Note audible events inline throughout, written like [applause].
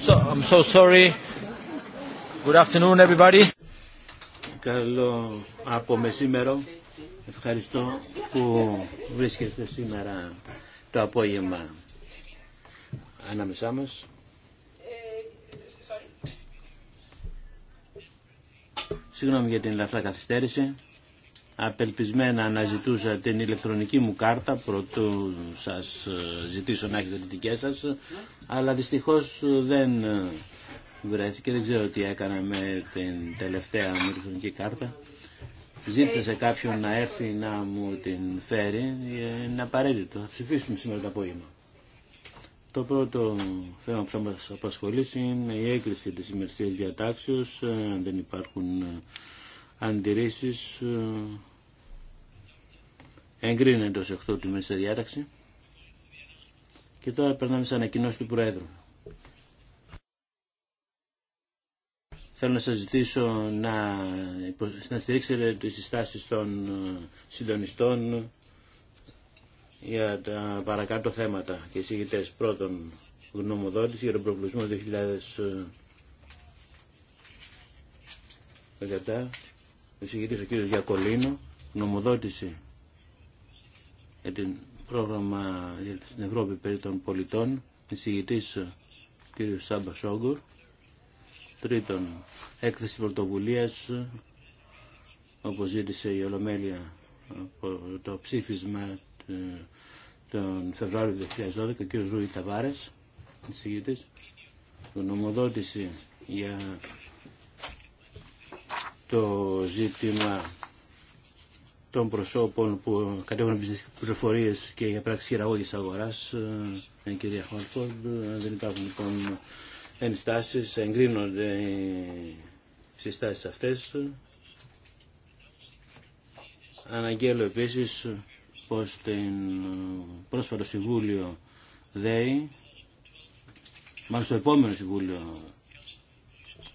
So, I'm so sorry. Good afternoon, everybody. Καλό από μεσήμερο. Ευχαριστώ που βρίσκεστε σήμερα το απόγευμα ανάμεσά μας. Συγγνώμη για την λαφρά καθυστέρηση απελπισμένα αναζητούσα την ηλεκτρονική μου κάρτα πρωτού σας ε, ζητήσω να έχετε τις δικές σας αλλά δυστυχώς ε, δεν ε, βρέθηκε, δεν ξέρω τι έκανα με την τελευταία μου ηλεκτρονική κάρτα ζήτησα σε κάποιον να έρθει να μου την φέρει είναι απαραίτητο, θα ψηφίσουμε σήμερα το απόγευμα το πρώτο θέμα που θα μας απασχολήσει είναι η έγκριση της ημερησίας διατάξεως αν δεν υπάρχουν αντιρρήσεις εγκρίνεται ως 8 τη μέσα διάταξη. Και τώρα περνάμε σε ανακοινώσει του Προέδρου. Θέλω να σας ζητήσω να, να στηρίξετε τις συστάσεις των ε, συντονιστών για τα παρακάτω θέματα και εισηγητές πρώτον γνωμοδότηση για τον προβλησμό 2017 εισηγητής ο κ. Γιακολίνο γνωμοδότηση για την πρόγραμμα για Ευρώπη περί των πολιτών, εισηγητής ε, κ. Σάμπα Σόγκουρ. Τρίτον, έκθεση πρωτοβουλία ε, όπως ζήτησε η Ολομέλεια ε, το ψήφισμα τον Φεβράριο του 2012, ο κ. Ρούι Ταβάρες, εισηγητής, γνωμοδότηση για το ζήτημα των προσώπων που κατέχουν πληροφορίε και για πράξη χειραγώγη αγορά ε, ε, κυρία ε, δεν υπάρχουν λοιπόν ενστάσει, εγκρίνονται οι συστάσει αυτέ. Αναγγέλλω επίση πω την ε, πρόσφατο Συμβούλιο ΔΕΗ, μάλλον στο επόμενο Συμβούλιο,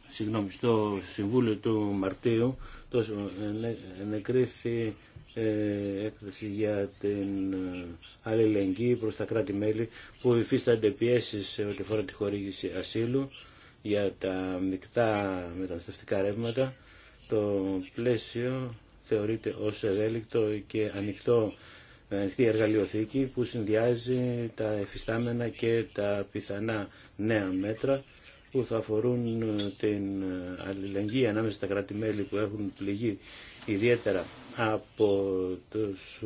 συγγνώμη, στο Συμβούλιο του Μαρτίου, Αυγούστος ενεκρίθη ε, έκθεση για την ε, αλληλεγγύη προς τα κράτη-μέλη που υφίστανται πιέσεις σε ό,τι φορά τη χορήγηση ασύλου για τα μεικτά μεταναστευτικά ρεύματα. Το πλαίσιο θεωρείται ως ευέλικτο και ανοιχτό ε, ανοιχτή εργαλειοθήκη που συνδυάζει τα εφιστάμενα και τα πιθανά νέα μέτρα που θα αφορούν ε, την ε, αλληλεγγύη ανάμεσα στα κράτη-μέλη που έχουν πληγεί ιδιαίτερα από τους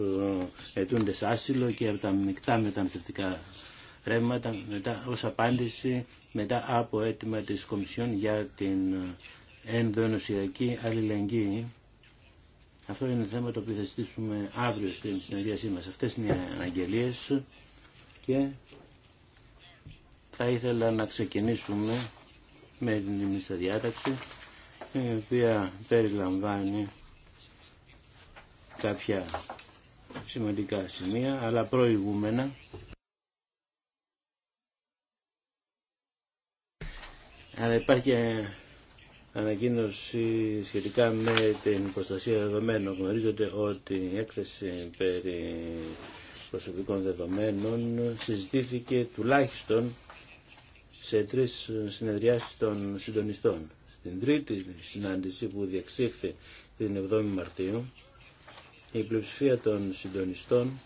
ε, ετούντε άσυλο και από τα μεικτά μεταναστευτικά ρεύματα μετά, ως απάντηση μετά από αίτημα της Κομισιόν για την ενδονοσιακή αλληλεγγύη. Αυτό είναι θέμα το οποίο θα συζητήσουμε αύριο στην συνεδρίασή μας. Αυτές είναι οι αναγγελίες και θα ήθελα να ξεκινήσουμε με την νημιστή η οποία περιλαμβάνει κάποια σημαντικά σημεία αλλά προηγούμενα αλλά υπάρχει ανακοίνωση σχετικά με την προστασία δεδομένων. Γνωρίζετε ότι η έκθεση περί προσωπικών δεδομένων συζητήθηκε τουλάχιστον σε τρεις συνεδριάσεις των συντονιστών. Στην τρίτη συνάντηση που διεξήχθη την 7η Μαρτίου, η πλειοψηφία των συντονιστών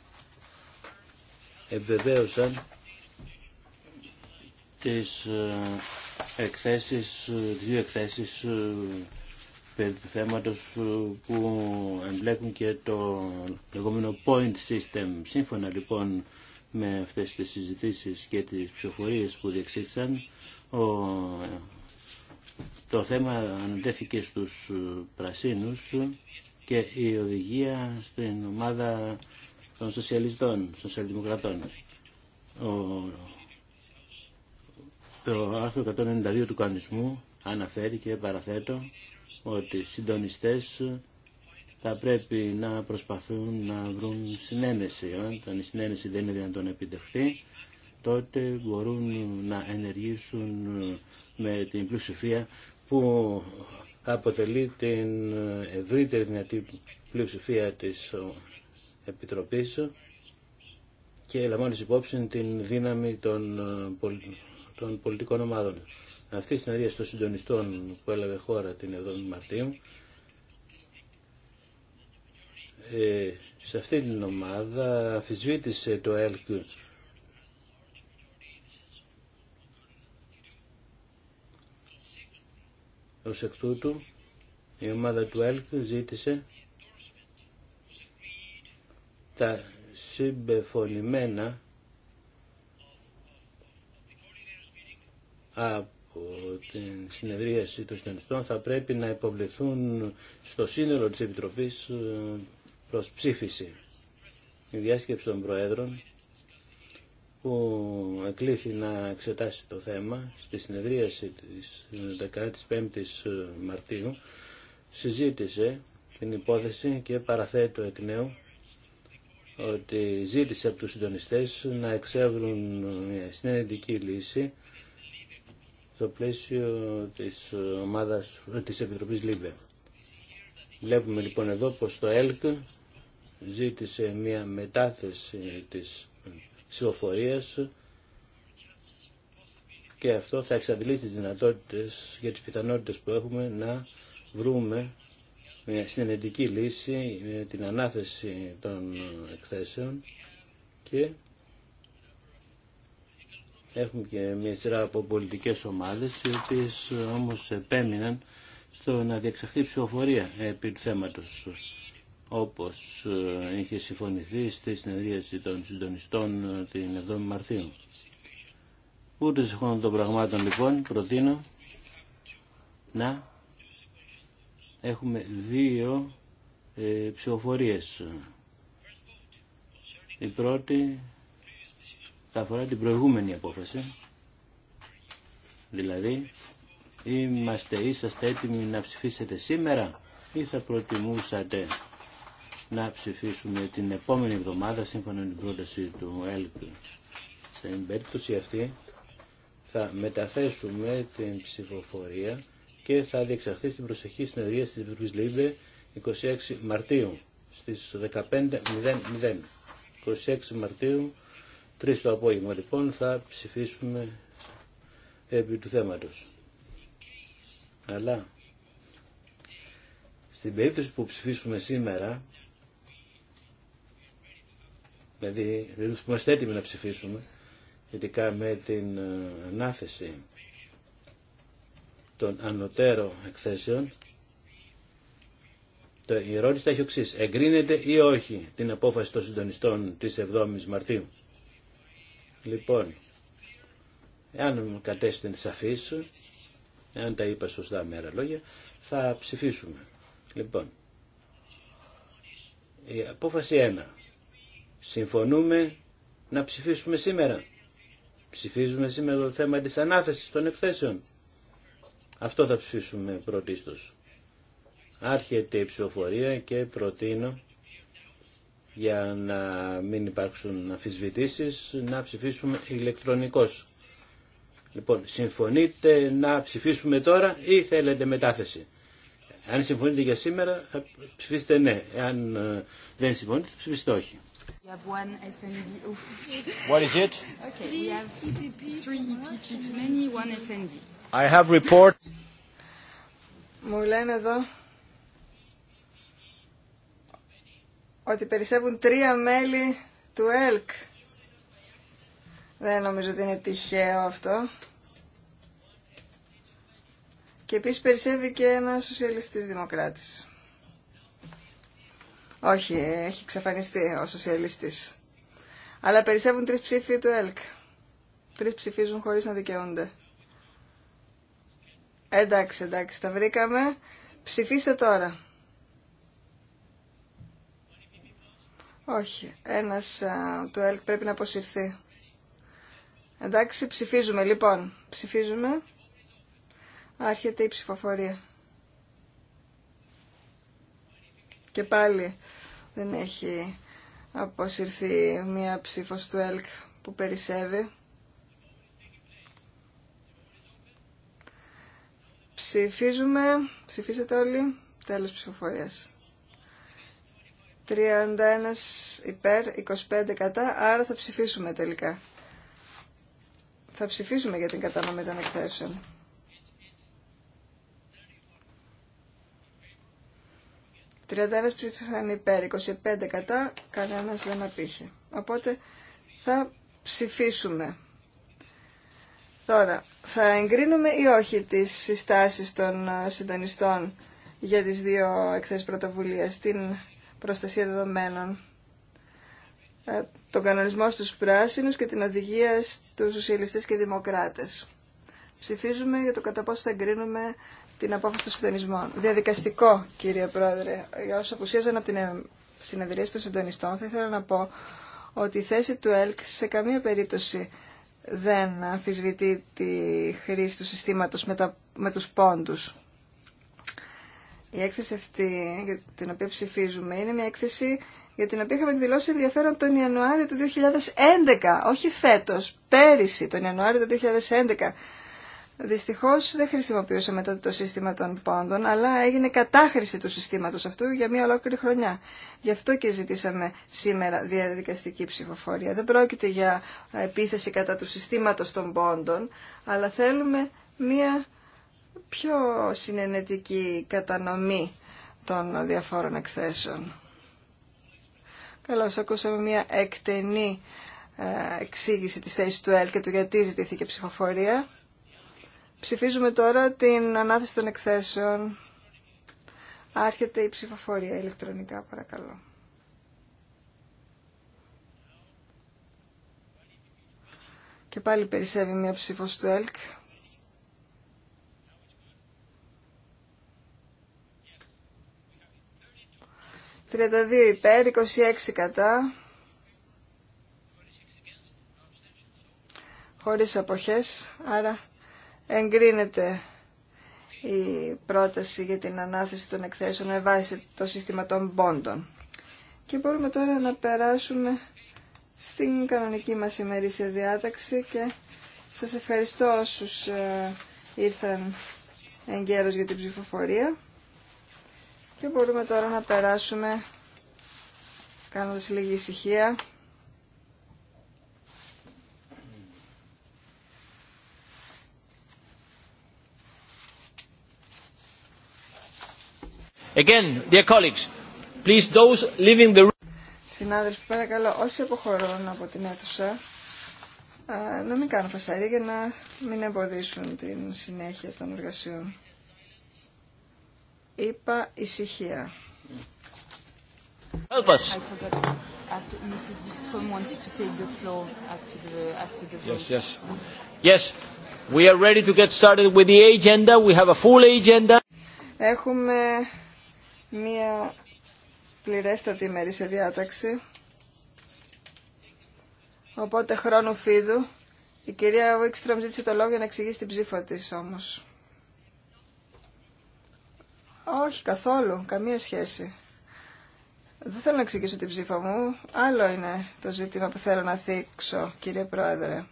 επιβεβαίωσαν τις ε, εκθέσεις, δύο εκθέσεις ε, περί του θέματος ε, που εμπλέκουν και το λεγόμενο point system. Σύμφωνα λοιπόν με αυτές τις συζητήσεις και τις ψηφοφορίες που διεξήχθησαν ο... το θέμα ανατέθηκε στους πρασίνους και η οδηγία στην ομάδα των σοσιαλιστών, σοσιαλδημοκρατών. Ο... Το άρθρο 192 του κανονισμού αναφέρει και παραθέτω ότι συντονιστές θα πρέπει να προσπαθούν να βρουν συνένεση. Όταν η συνένεση δεν είναι δυνατόν επιτευχθεί, τότε μπορούν να ενεργήσουν με την πλειοψηφία που αποτελεί την ευρύτερη δυνατή πλειοψηφία της Επιτροπής και λαμβάνει υπόψη την δύναμη των, πολιτικών ομάδων. Αυτή η συνεδρία των συντονιστών που έλαβε χώρα την 7η Μαρτίου ε, σε αυτή την ομάδα αφισβήτησε το ΕΛΚ ως εκ τούτου η ομάδα του ΕΛΚ ζήτησε τα συμπεφωνημένα από την συνεδρίαση των συντονιστών θα πρέπει να υποβληθούν στο σύνολο της Επιτροπής ε, προς ψήφιση. Η διάσκεψη των Προέδρων που εκλήθη να εξετάσει το θέμα στη συνεδρίαση της 15ης Μαρτίου συζήτησε την υπόθεση και παραθέτω εκ νέου ότι ζήτησε από τους συντονιστές να εξεύρουν μια συνενετική λύση στο πλαίσιο της, ομάδας, της Επιτροπής ΛΥΜΠΕ. Βλέπουμε λοιπόν εδώ πως το ΕΛΚ ζήτησε μια μετάθεση της ψηφοφορία και αυτό θα εξαντλήσει τις δυνατότητες για τις πιθανότητες που έχουμε να βρούμε μια συνενετική λύση με την ανάθεση των εκθέσεων και έχουμε και μια σειρά από πολιτικές ομάδες οι οποίες όμως επέμειναν στο να διεξαχθεί ψηφοφορία επί του θέματος όπως ε, είχε συμφωνηθεί στη συνεδρίαση των συντονιστών ε, την 7η Μαρτίου. Ούτε συγχώνων των πραγμάτων λοιπόν προτείνω να έχουμε δύο ε, ψηφοφορίες. Η πρώτη θα την προηγούμενη προηγούμενη απόφαση, δηλαδή είμαστε, είσαστε έτοιμοι να ψηφίσετε σήμερα ή θα προτιμούσατε να ψηφίσουμε την επόμενη εβδομάδα σύμφωνα με την πρόταση του ΕΛΚ. Στην περίπτωση αυτή θα μεταθέσουμε την ψηφοφορία και θα διεξαχθεί στην προσεχή συνεδρία της Βουλής Λίμπε 26 Μαρτίου στις 15.00. 26 Μαρτίου, 3 το απόγευμα λοιπόν, θα ψηφίσουμε επί του θέματος. Αλλά στην περίπτωση που ψηφίσουμε σήμερα δηλαδή δεν είμαστε έτοιμοι να ψηφίσουμε ειδικά με την ε, ανάθεση των ανωτέρων εκθέσεων η ερώτηση θα έχει οξύ. Εγκρίνεται ή όχι την απόφαση των συντονιστών της 7ης Μαρτίου. Λοιπόν, εάν μου κατέστη τη σαφή, εάν τα είπα σωστά με άλλα λόγια, θα ψηφίσουμε. Λοιπόν, η οχι την αποφαση των συντονιστων της 7 ης μαρτιου λοιπον εαν κατεστη την σαφη εαν τα ειπα σωστα με αλλα λογια θα ψηφισουμε λοιπον η αποφαση 1 συμφωνούμε να ψηφίσουμε σήμερα. Ψηφίζουμε σήμερα το θέμα της ανάθεσης των εκθέσεων. Αυτό θα ψηφίσουμε πρωτίστως. Άρχεται η ψηφοφορία και προτείνω για να μην υπάρξουν αμφισβητήσεις να ψηφίσουμε ηλεκτρονικός. Λοιπόν, συμφωνείτε να ψηφίσουμε τώρα ή θέλετε μετάθεση. Αν συμφωνείτε για σήμερα θα ψηφίσετε ναι. Αν ε, δεν συμφωνείτε θα ψηφίσετε όχι. What is it? I have report. Μου λένε εδώ ότι περισσεύουν τρία μέλη του ΕΛΚ. Δεν νομίζω ότι είναι τυχαίο αυτό. Και επίσης περισσεύει και ένας σοσιαλιστής δημοκράτης. Όχι, έχει εξαφανιστεί ο σοσιαλιστής. Αλλά περισσεύουν τρεις ψήφοι του ΕΛΚ. Τρεις ψηφίζουν χωρίς να δικαιούνται. Εντάξει, εντάξει, τα βρήκαμε. Ψηφίστε τώρα. Όχι, ένας του ΕΛΚ πρέπει να αποσυρθεί. Εντάξει, ψηφίζουμε λοιπόν. Ψηφίζουμε. Άρχεται η ψηφοφορία. Και πάλι δεν έχει αποσυρθεί μία ψήφος του ΕΛΚ που περισσεύει. Ψηφίζουμε. Ψηφίσατε όλοι. Τέλος ψηφοφορίας. 31 υπέρ, 25 κατά, άρα θα ψηφίσουμε τελικά. Θα ψηφίσουμε για την κατάνομή των εκθέσεων. 31 ψήφισαν υπέρ, 25 κατά, κανένας δεν απήχε. Οπότε θα ψηφίσουμε. Τώρα, θα εγκρίνουμε ή όχι τις συστάσεις των ε, συντονιστών για τις δύο εκθέσεις πρωτοβουλίας, την προστασία δεδομένων, ε, τον κανονισμό στους πράσινους και την οδηγία στους σοσιαλιστές και δημοκράτες. Ψηφίζουμε για το κατά πόσο θα εγκρίνουμε την απόφαση των συντονισμών. Διαδικαστικό, κύριε Πρόεδρε, για όσου απουσίαζαν από την ε, συνεδρία των συντονιστών, θα ήθελα να πω ότι η θέση του ΕΛΚ σε καμία περίπτωση δεν αμφισβητεί τη χρήση του συστήματος με, τα, με τους πόντους. Η έκθεση αυτή, για την οποία ψηφίζουμε, είναι μια έκθεση για την οποία είχαμε εκδηλώσει ενδιαφέρον τον Ιανουάριο του 2011, όχι φέτος, πέρυσι, τον Ιανουάριο του 2011, Δυστυχώ δεν χρησιμοποιούσαμε τότε το σύστημα των πόντων, αλλά έγινε κατάχρηση του συστήματος αυτού για μια ολόκληρη χρονιά. Γι' αυτό και ζητήσαμε σήμερα διαδικαστική ψηφοφορία. Δεν πρόκειται για επίθεση κατά του συστήματος των πόντων, αλλά θέλουμε μια πιο συνενετική κατανομή των διαφόρων εκθέσεων. Καλώς ακούσαμε μια εκτενή ε, εξήγηση της θέσης του ΕΛ και του γιατί ζητήθηκε ψηφοφορία. Ψηφίζουμε τώρα την ανάθεση των εκθέσεων. Άρχεται η ψηφοφορία ηλεκτρονικά, παρακαλώ. Και πάλι περισσεύει μια ψήφος του ΕΛΚ. 32 δύο υπέρ, 26 κατά. Χωρίς αποχές, άρα εγκρίνεται η πρόταση για την ανάθεση των εκθέσεων με βάση το σύστημα των πόντων. Και μπορούμε τώρα να περάσουμε στην κανονική μας ημερήσια διάταξη και σας ευχαριστώ όσους ε, ήρθαν εγκαίρως για την ψηφοφορία. Και μπορούμε τώρα να περάσουμε, κάνοντας λίγη ησυχία, Again, dear colleagues, please those leaving the room. Συνάδελφοι, παρακαλώ, όσοι αποχωρούν από την αίθουσα, να μην κάνουν φασαρία για να μην εμποδίσουν την συνέχεια των εργασιών. Είπα ησυχία. Help us. After Mrs. Wikström wanted to take the floor after the after the vote. Yes, yes, yes. We are ready to get started with the agenda. We have a full agenda. Έχουμε μία πληρέστατη ημέρη σε διάταξη. Οπότε χρόνου φίδου. Η κυρία Βίξτρομ ζήτησε το λόγο για να εξηγήσει την ψήφα της όμως. Όχι καθόλου, καμία σχέση. Δεν θέλω να εξηγήσω την ψήφα μου. Άλλο είναι το ζήτημα που θέλω να θίξω, κύριε Πρόεδρε.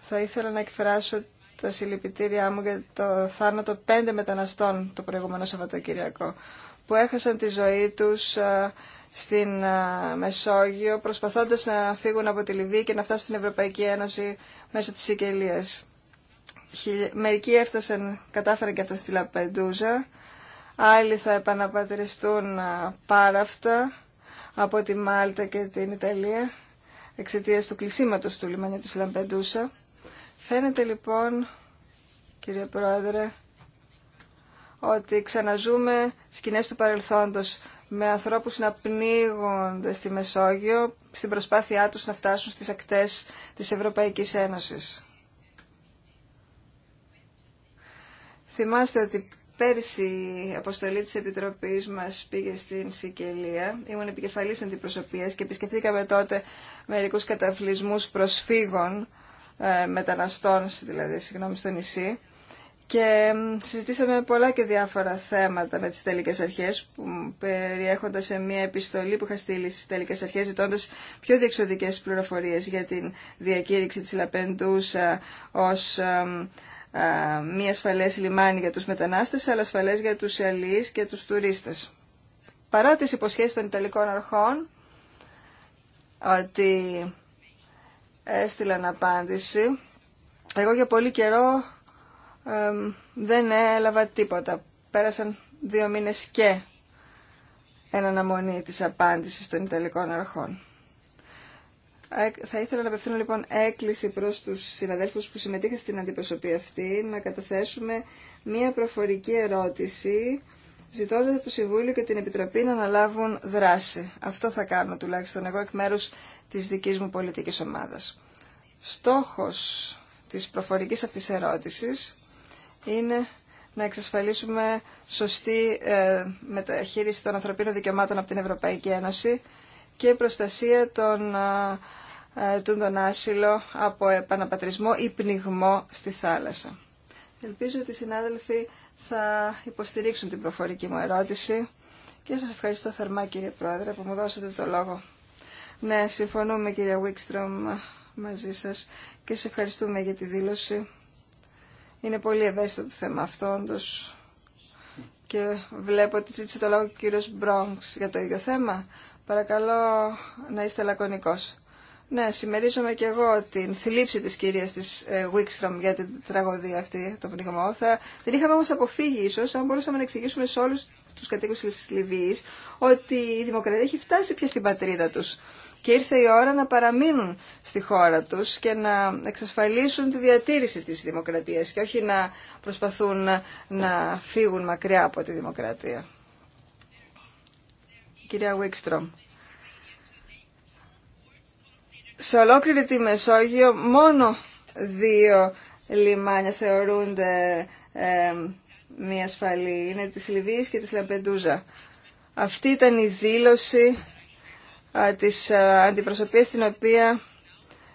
Θα ήθελα να εκφράσω τα συλληπιτήριά μου για το θάνατο πέντε μεταναστών το προηγούμενο Σαββατοκυριακό που έχασαν τη ζωή τους ε, στην ε, Μεσόγειο προσπαθώντας να φύγουν από τη Λιβύη και να φτάσουν στην Ευρωπαϊκή Ένωση μέσω της Σικελίας. Μερικοί έφτασαν, κατάφεραν και αυτά στη Λαπεντούζα, άλλοι θα επαναπατριστούν ε, πάραφτα από τη Μάλτα και την Ιταλία εξαιτίας του κλεισίματος του λιμανιού της Λαμπεντούσα Φαίνεται λοιπόν, κύριε Πρόεδρε, ότι ξαναζούμε σκηνές του παρελθόντος με ανθρώπους να πνίγονται στη Μεσόγειο στην προσπάθειά τους να φτάσουν στις ακτές της Ευρωπαϊκής Ένωσης. Θυμάστε ότι πέρσι η αποστολή της Επιτροπής μας πήγε στην Σικελία. Ήμουν επικεφαλής αντιπροσωπείας και επισκεφτήκαμε τότε μερικούς καταφλισμούς προσφύγων ε, μεταναστών, δηλαδή, συγγνώμη, στο νησί. Και συζητήσαμε πολλά και διάφορα θέματα με τις τελικές αρχές, που περιέχοντας σε μια επιστολή που είχα στείλει στις τελικές αρχές, ζητώντα πιο διεξοδικές πληροφορίες για την διακήρυξη της Λαπεντούσα ως ε, ε, μη ασφαλές λιμάνι για τους μετανάστες, αλλά ασφαλές για τους αλληλείς και τους τουρίστες. Παρά τις υποσχέσεις των Ιταλικών αρχών, ότι έστειλαν απάντηση. Εγώ για πολύ καιρό δεν έλαβα τίποτα. Πέρασαν δύο μήνες και εν αναμονή της απάντησης των Ιταλικών αρχών. Ε, θα ήθελα να απευθύνω λοιπόν έκκληση προς τους συναδέλφους που συμμετείχαν στην αντιπροσωπή αυτή να καταθέσουμε μία προφορική ερώτηση ζητώντας από το Συμβούλιο και την Επιτροπή να αναλάβουν δράση. Αυτό θα κάνω τουλάχιστον εγώ εκ μέρους της δικής μου πολιτικής ομάδας. Στόχος της προφορικής αυτής ερώτησης είναι να εξασφαλίσουμε σωστή ε, μεταχείριση των ανθρωπίνων δικαιωμάτων από την Ευρωπαϊκή Ένωση και προστασία των ε, ε, των τον από επαναπατρισμό ή πνιγμό στη θάλασσα. Ελπίζω ότι οι συνάδελφοι θα υποστηρίξουν την προφορική μου ερώτηση και σας ευχαριστώ θερμά κύριε Πρόεδρε που μου δώσατε το λόγο. Ναι, συμφωνούμε κύριε Βίξτρομ μαζί σας και σε ευχαριστούμε για τη δήλωση. Είναι πολύ ευαίσθητο το θέμα αυτό όντως. Και βλέπω ότι ζήτησε το λόγο ο κύριος Μπρόγκς για το ίδιο θέμα. Παρακαλώ να είστε λακωνικός. Ναι, συμμερίζομαι και εγώ την θλίψη της κυρίας της ε, Wickstrom για την τραγωδία αυτή, το πνιγμό. Θα... Την είχαμε όμως αποφύγει ίσως, αν μπορούσαμε να εξηγήσουμε σε όλους τους κατοίκους της Λιβύης ότι η δημοκρατία έχει φτάσει πια στην πατρίδα τους και ήρθε η ώρα να παραμείνουν στη χώρα τους και να εξασφαλίσουν τη διατήρηση της δημοκρατίας και όχι να προσπαθούν να φύγουν μακριά από τη δημοκρατία. κυρία Wickstrom σε ολόκληρη τη Μεσόγειο μόνο δύο λιμάνια θεωρούνται ε, μη ασφαλή. Είναι της Λιβύης και της Λαμπεντούζα. Αυτή ήταν η δήλωση της α, την οποία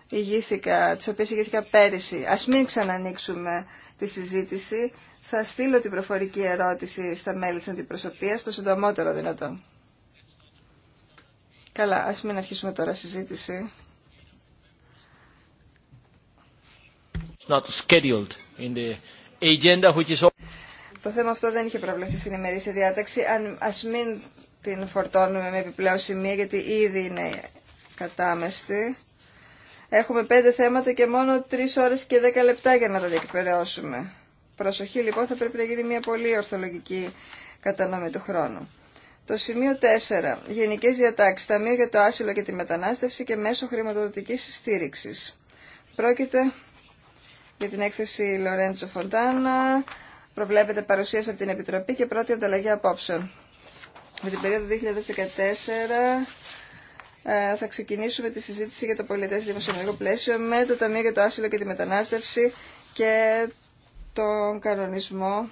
ηγήθηκα, της οποίας ηγήθηκα πέρυσι. Ας μην ξανανοίξουμε τη συζήτηση. Θα στείλω την προφορική ερώτηση στα μέλη της αντιπροσωπείας το συντομότερο δυνατόν. Καλά, ας μην αρχίσουμε τώρα συζήτηση. Το θέμα αυτό δεν είχε προβλεφθεί στην ημερήσια διάταξη. Αν, ας μην την φορτώνουμε με επιπλέον σημεία γιατί ήδη είναι κατάμεστη. Έχουμε πέντε θέματα και μόνο τρεις ώρες και δέκα λεπτά για να τα διεκπαιρεώσουμε. Προσοχή λοιπόν θα πρέπει να γίνει μια πολύ ορθολογική κατανομή του χρόνου. Το σημείο 4. Γενικέ διατάξει. Ταμείο για το άσυλο και τη μετανάστευση και μέσω χρηματοδοτική στήριξη. Πρόκειται για την έκθεση Λορέντζο Φοντάνα. Προβλέπεται παρουσίαση από την Επιτροπή και πρώτη ανταλλαγή απόψεων. Με την περίοδο 2014 ε, θα ξεκινήσουμε τη συζήτηση για το πολιτές δημοσιονομικό πλαίσιο με το Ταμείο για το Άσυλο και τη Μετανάστευση και τον κανονισμό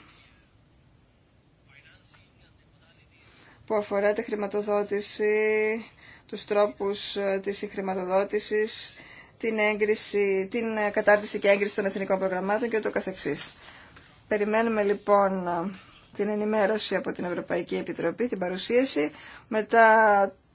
που αφορά τη χρηματοδότηση, τους τρόπους ε, της χρηματοδότησης την, έγκριση, την ε, κατάρτιση και έγκριση των εθνικών προγραμμάτων και το καθεξής. Περιμένουμε λοιπόν ε, την ενημέρωση από την Ευρωπαϊκή Επιτροπή, την παρουσίαση. Μετά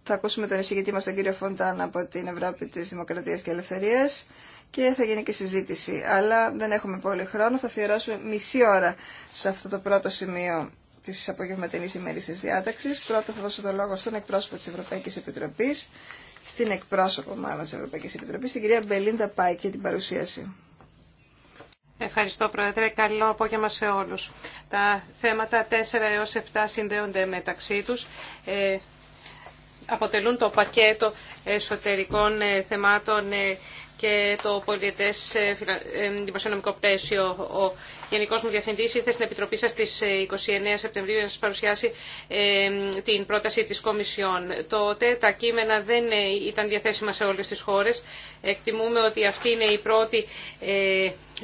θα ακούσουμε τον εισηγητή μας τον κύριο Φοντάν από την Ευρώπη της Δημοκρατίας και Ελευθερίας και θα γίνει και συζήτηση. Αλλά δεν έχουμε πολύ χρόνο, θα αφιερώσουμε μισή ώρα σε αυτό το πρώτο σημείο της απογευματινής ημέρη διάταξης. Πρώτα θα δώσω το λόγο στον εκπρόσωπο της Ευρωπαϊκής Επιτροπής στην εκπρόσωπο μάλλον της Ευρωπαϊκής Επιτροπής, την κυρία Μπελίντα Πάικ και την παρουσίαση. Ευχαριστώ Πρόεδρε. Καλό απόγευμα σε όλους. Τα θέματα 4 έως 7 συνδέονται μεταξύ τους. Ε, αποτελούν το πακέτο εσωτερικών ε, θεμάτων ε, και το πολιτές ε, ε, δημοσιονομικό πλαίσιο. Ο Γενικός μου Διευθυντής ήρθε στην Επιτροπή σας στις 29 ε, Σεπτεμβρίου να σας παρουσιάσει την πρόταση της Κομισιόν. Τότε τα κείμενα δεν ήταν διαθέσιμα σε όλες τις χώρες. Εκτιμούμε ότι αυτή είναι η πρώτη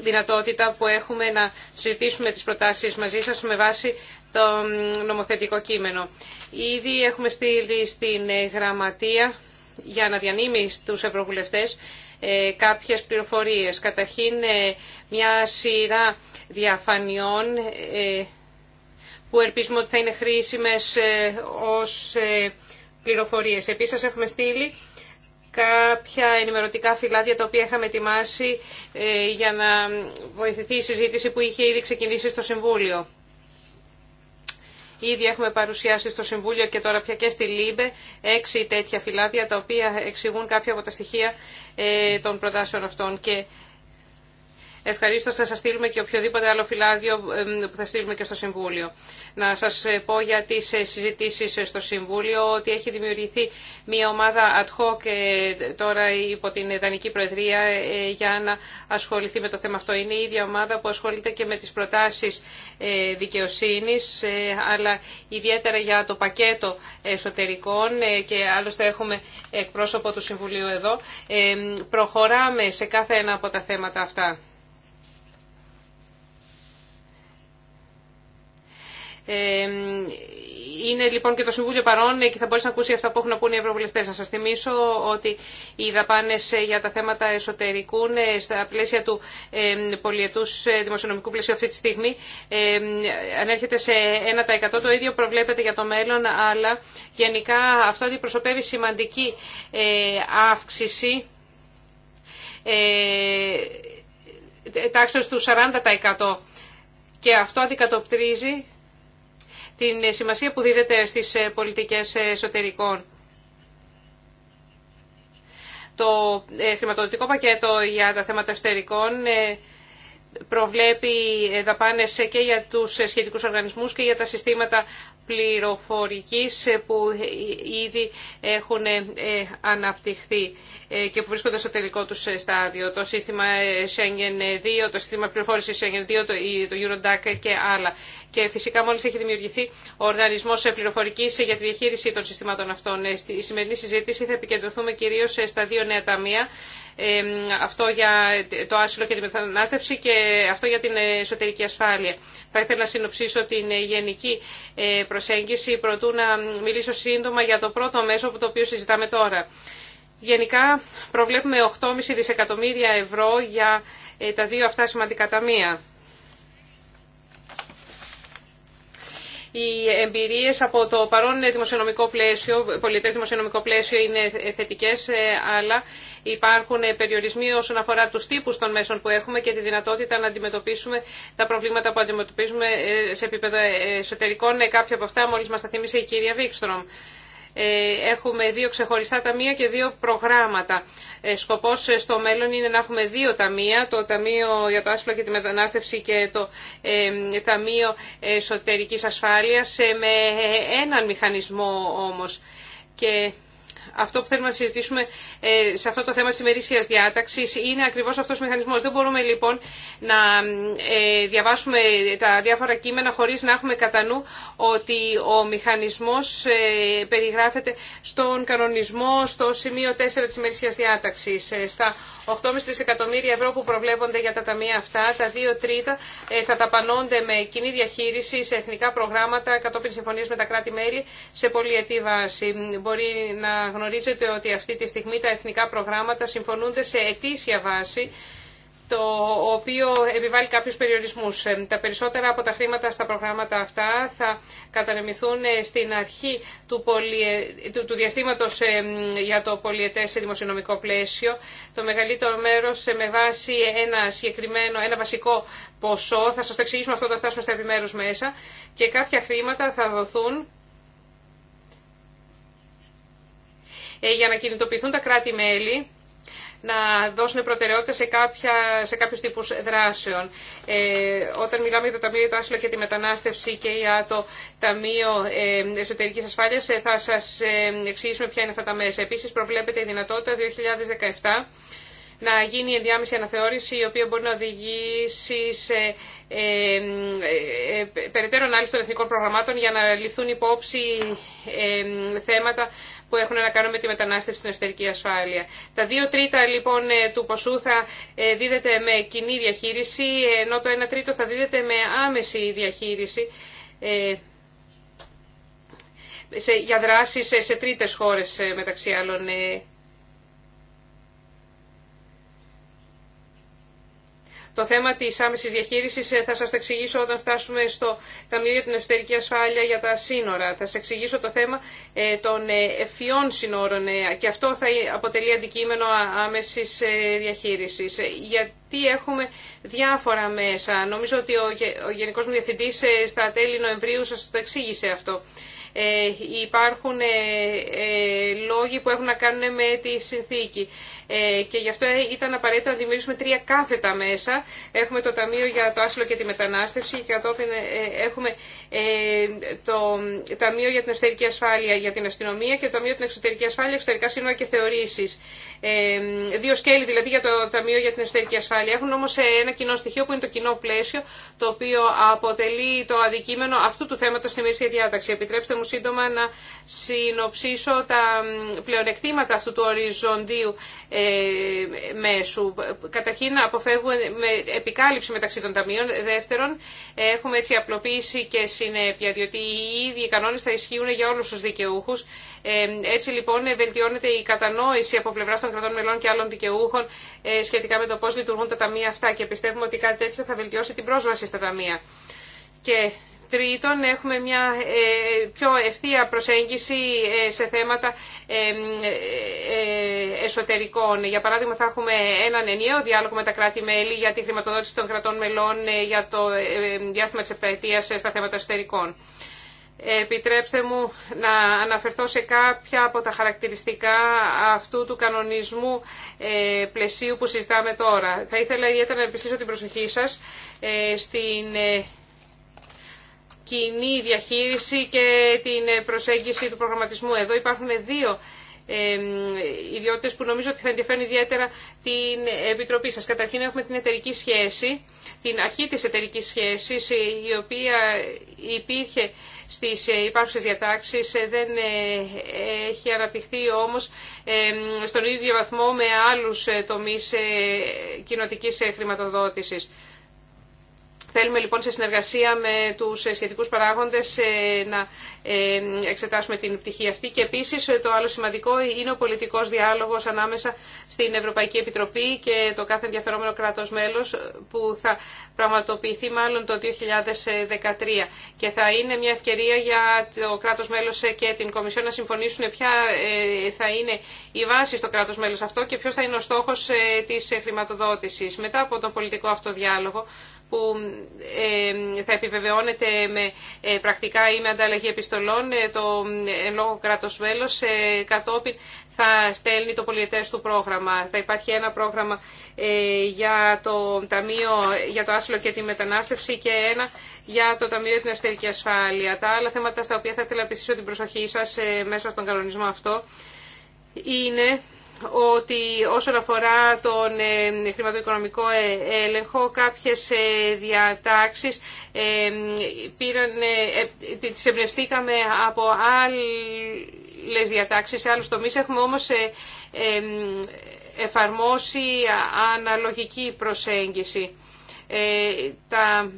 δυνατότητα που έχουμε να συζητήσουμε τις προτάσεις μαζί σας με βάση το νομοθετικό κείμενο. Ήδη έχουμε στείλει στην γραμματεία για να διανύμει στους ευρωβουλευτές ε, κάποιες πληροφορίες. Καταρχήν ε, μια σειρά διαφανειών ε, που ελπίζουμε ότι θα είναι χρήσιμες ως πληροφορίες. Επίσης έχουμε στείλει κάποια ενημερωτικά φυλάδια τα οποία είχαμε ετοιμάσει για να βοηθηθεί η συζήτηση που είχε ήδη ξεκινήσει στο Συμβούλιο. Ήδη έχουμε παρουσιάσει στο Συμβούλιο και τώρα πια και στη ΛΥΜΠΕ έξι τέτοια φυλάδια τα οποία εξηγούν κάποια από τα στοιχεία ε, των προτάσεων αυτών. Και Ευχαρίστω θα σα στείλουμε και οποιοδήποτε άλλο φυλάδιο που θα στείλουμε και στο Συμβούλιο. Να σα ε, πω για τι ε, συζητήσει ε, στο Συμβούλιο ότι έχει δημιουργηθεί μια ομάδα ad hoc τώρα υπό την Δανική Προεδρία για να ασχοληθεί με το θέμα αυτό. Είναι η ίδια ομάδα που ασχολείται και με τι προτάσει δικαιοσύνη, αλλά ιδιαίτερα για το πακέτο εσωτερικών και άλλωστε έχουμε εκπρόσωπο του Συμβουλίου εδώ. Προχωράμε σε κάθε ένα από τα θέματα αυτά. είναι λοιπόν και το Συμβούλιο παρόν και θα μπορείς να ακούσει αυτά που έχουν να πούν οι ευρωβουλευτές Να σα θυμίσω ότι οι δαπάνε ε, για τα θέματα εσωτερικού ε, στα πλαίσια του πολιετού ε, δημοσιονομικού πλαισίου αυτή τη στιγμή ανέρχεται σε 1%. Το ίδιο προβλέπεται για το μέλλον, αλλά γενικά αυτό αντιπροσωπεύει σημαντική αύξηση τάξεως του 40% και αυτό αντικατοπτρίζει την σημασία που δίδεται στις ε, πολιτικές εσωτερικών. Το ε, χρηματοδοτικό πακέτο για τα θέματα εσωτερικών ε, προβλέπει δαπάνες και για τους σχετικούς οργανισμούς και για τα συστήματα πληροφορικής που ήδη έχουν ε, αναπτυχθεί ε, και που βρίσκονται στο τελικό τους ε, στάδιο. Το σύστημα Schengen 2, το σύστημα πληροφόρηση Schengen 2, το Eurodac και άλλα. Και φυσικά μόλις έχει δημιουργηθεί ο Οργανισμός Πληροφορικής για τη διαχείριση των συστημάτων αυτών. Στη σημερινή συζήτηση θα επικεντρωθούμε κυρίως στα δύο νέα ταμεία αυτό για το άσυλο και τη μετανάστευση και αυτό για την εσωτερική ασφάλεια. Θα ήθελα να συνοψίσω την γενική ε, προσέγγιση προτού να μιλήσω σύντομα για το πρώτο μέσο από το οποίο συζητάμε τώρα. Γενικά προβλέπουμε 8,5 δισεκατομμύρια ευρώ για ε, τα δύο αυτά σημαντικά ταμεία. Οι εμπειρίε από το παρόν δημοσιονομικό πλαίσιο, πολιτέ δημοσιονομικό πλαίσιο είναι θετικές, ε, αλλά υπάρχουν ε, περιορισμοί όσον αφορά τους τύπους των μέσων που έχουμε και τη δυνατότητα να αντιμετωπίσουμε τα προβλήματα που αντιμετωπίζουμε ε, σε επίπεδο εσωτερικών. Κάποια από αυτά μόλι μα τα θύμισε η κυρία Βίξτρομ. Ε, έχουμε δύο ξεχωριστά ταμεία και δύο προγράμματα. Ε, σκοπός ε, στο μέλλον είναι να έχουμε δύο ταμεία, το Ταμείο για το Άσυλο και τη Μετανάστευση και το Ταμείο Εσωτερικής Ασφάλειας με έναν μηχανισμό όμως. Και αυτό που θέλουμε να συζητήσουμε ε, σε αυτό το θέμα τη ημερήσια διάταξη είναι ακριβώ αυτό ο μηχανισμό. Δεν μπορούμε λοιπόν να ε, διαβάσουμε τα διάφορα κείμενα χωρί να έχουμε κατά νου ότι ο μηχανισμό ε, περιγράφεται στον κανονισμό στο σημείο 4 τη ημερήσια διάταξη. Στα 8,5 δισεκατομμύρια ευρώ που προβλέπονται για τα ταμεία αυτά, τα 2 τρίτα θα ταπανώνται με κοινή διαχείριση σε εθνικά προγράμματα κατόπιν συμφωνίε με τα κράτη-μέλη σε πολυετή βάση. Μπορεί να Γνωρίζετε ότι αυτή τη στιγμή τα εθνικά προγράμματα συμφωνούνται σε ετήσια βάση το οποίο επιβάλλει κάποιους περιορισμούς. Ε, τα περισσότερα από τα χρήματα στα προγράμματα αυτά θα κατανεμηθούν ε, στην αρχή του, του διαστήματος ε, για το πολιετές δημοσιονομικό πλαίσιο. Το μεγαλύτερο μέρος με βάση ένα συγκεκριμένο, ένα βασικό ποσό, θα σας το εξηγήσουμε αυτό όταν φτάσουμε στα επιμέρους μέσα, και κάποια χρήματα θα δοθούν Ε, για να κινητοποιηθούν τα κράτη-μέλη να δώσουν προτεραιότητα σε, κάποια, σε κάποιους τύπους δράσεων. Ε, όταν μιλάμε για το Ταμείο για το και τη Μετανάστευση και για το Ταμείο ε, Εσωτερικής Ασφάλειας, ε, θα σας ε, εξηγήσουμε ποια είναι αυτά τα μέσα. Επίσης προβλέπεται η δυνατότητα 2017 να γίνει ενδιάμεση αναθεώρηση η οποία μπορεί να οδηγήσει σε ε, περαιτέρω ανάλυση των εθνικών προγραμμάτων για να ληφθούν υπόψη θέματα που έχουν να κάνουν με τη μετανάστευση στην εσωτερική ασφάλεια. Τα δύο τρίτα λοιπόν ε, του ποσού θα ε, δίδεται με κοινή διαχείριση, ενώ το ένα τρίτο θα δίδεται με άμεση διαχείριση ε, για δράσεις σε τρίτες χώρες μεταξύ άλλων. Το θέμα της άμεσης διαχείρισης ε, θα σας το εξηγήσω όταν φτάσουμε στο Ταμείο για την Εσωτερική Ασφάλεια για τα σύνορα. Θα σα εξηγήσω το θέμα ε, των ε, ευφυών σύνορων και αυτό θα αποτελεί αντικείμενο άμεσης διαχείρισης. Γιατί έχουμε διάφορα μέσα. Νομίζω ότι ο Γενικός μου Διευθυντής στα τέλη Νοεμβρίου σα το εξήγησε αυτό. Ε, υπάρχουν λόγοι που έχουν να κάνουν με τη συνθήκη. Ε, και γι' αυτό ε, ήταν απαραίτητο να δημιουργήσουμε τρία κάθετα μέσα. Έχουμε το Ταμείο για το Άσυλο και τη Μετανάστευση και κατόπιν ε, έχουμε το Ταμείο για την Εσωτερική Ασφάλεια για την Αστυνομία και το Ταμείο για την Εξωτερική Ασφάλεια, Εξωτερικά Σύνορα και Θεωρήσει. Δύο σκέλη δηλαδή για το Ταμείο για την Εσωτερική Ασφάλεια. Έχουν όμω ένα κοινό στοιχείο που είναι το κοινό πλαίσιο, το οποίο αποτελεί το αντικείμενο αυτού του θέματο στη μέση διάταξη. Επιτρέψτε μου σύντομα να συνοψίσω τα πλεονεκτήματα αυτού του οριζοντίου ε, μέσου. Καταρχήν αποφεύγουμε επικάλυψη μεταξύ των ταμείων. Δεύτερον, έχουμε έτσι απλοποίηση και συνέπεια, διότι οι ίδιοι κανόνες θα ισχύουν για όλους τους δικαιούχους. Ε, έτσι λοιπόν βελτιώνεται η κατανόηση από πλευρά των κρατών μελών και άλλων δικαιούχων ε, σχετικά με το πώς λειτουργούν τα ταμεία αυτά και πιστεύουμε ότι κάτι τέτοιο θα βελτιώσει την πρόσβαση στα ταμεία. Και τρίτον, έχουμε μια ε, πιο ευθεία προσέγγιση ε, σε θέματα ε, εσωτερικών. Για παράδειγμα, θα έχουμε έναν ενιαίο διάλογο με τα κράτη-μέλη για τη χρηματοδότηση των κρατών μελών για το διάστημα της επταετίας στα θέματα εσωτερικών. Επιτρέψτε μου να αναφερθώ σε κάποια από τα χαρακτηριστικά αυτού του κανονισμού πλαισίου που συζητάμε τώρα. Θα ήθελα ιδιαίτερα να επιστήσω την προσοχή σας στην κοινή διαχείριση και την προσέγγιση του προγραμματισμού. Εδώ υπάρχουν δύο ε, ιδιότητες που νομίζω ότι θα ενδιαφέρουν ιδιαίτερα την Επιτροπή σας. Καταρχήν έχουμε την εταιρική σχέση, την αρχή της εταιρική σχέσης, η οποία υπήρχε στις υπάρχουσες διατάξεις, δεν ε, έχει αναπτυχθεί όμως στον ίδιο βαθμό με άλλους τομείς ε, κοινοτικής ε, χρηματοδότησης. Θέλουμε λοιπόν σε συνεργασία με τους σχετικούς παράγοντες ε, να ε, εξετάσουμε την πτυχή αυτή και επίσης το άλλο σημαντικό είναι ο πολιτικός διάλογος ανάμεσα στην Ευρωπαϊκή Επιτροπή και το κάθε ενδιαφερόμενο κράτος μέλος που θα πραγματοποιηθεί μάλλον το 2013 και θα είναι μια ευκαιρία για το κράτος μέλος και την Κομισιό να συμφωνήσουν ποια ε, θα είναι η βάση στο κράτος μέλος αυτό και ποιος θα είναι ο στόχος της χρηματοδότησης. Μετά από τον πολιτικό αυτό διάλογο που θα επιβεβαιώνεται με ε, πρακτικά ή με ανταλλαγή επιστολών. Ε, το ε, λόγο κράτος μέλος κατόπιν θα στέλνει το πολιετές του πρόγραμμα. Θα υπάρχει ένα πρόγραμμα για το Ταμείο για το Άσυλο και τη Μετανάστευση και ένα για το Ταμείο για την Εστερική Ασφάλεια. Τα άλλα θέματα στα οποία θα ήθελα να την προσοχή σας μέσα στον κανονισμό αυτό είναι ότι όσον αφορά τον ε, χρηματοοικονομικό ε, έλεγχο, κάποιες ε, διατάξεις πήραν, τις εμπνευστήκαμε από άλλες διατάξεις σε άλλους τομείς. Έχουμε όμως εφαρμόσει αναλογική προσέγγιση. Τα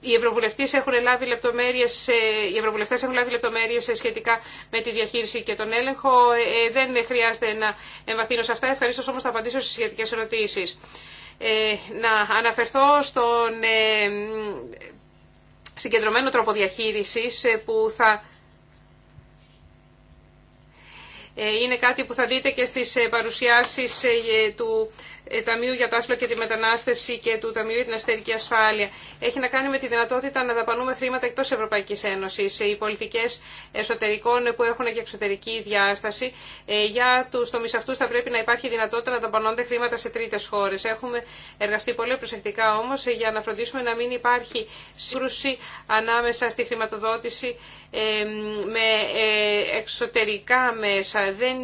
οι ευρωβουλευτές έχουν λάβει λεπτομέρειες, ε, οι ε, σχετικά με τη διαχείριση και τον έλεγχο. Ε, δεν χρειάζεται να εμβαθύνω σε αυτά. Ευχαριστώ όμω θα απαντήσω στις σχετικές ερωτήσεις. να αναφερθώ στον συγκεντρωμένο τρόπο διαχείρισης που θα είναι κάτι που θα δείτε και στις παρουσιάσεις του ε, Ταμείου για το Άσυλο και τη Μετανάστευση και του Ταμείου για την Εσωτερική Ασφάλεια έχει να κάνει με τη δυνατότητα να δαπανούμε χρήματα εκτό Ευρωπαϊκή Ένωση. Ε, οι πολιτικέ εσωτερικών που έχουν και εξωτερική διάσταση. Ε, για του τομεί αυτού θα πρέπει να υπάρχει δυνατότητα να δαπανώνται χρήματα σε τρίτε χώρε. Έχουμε εργαστεί πολύ προσεκτικά όμω για να φροντίσουμε να μην υπάρχει σύγκρουση ανάμεσα στη χρηματοδότηση με εξωτερικά μέσα. Δεν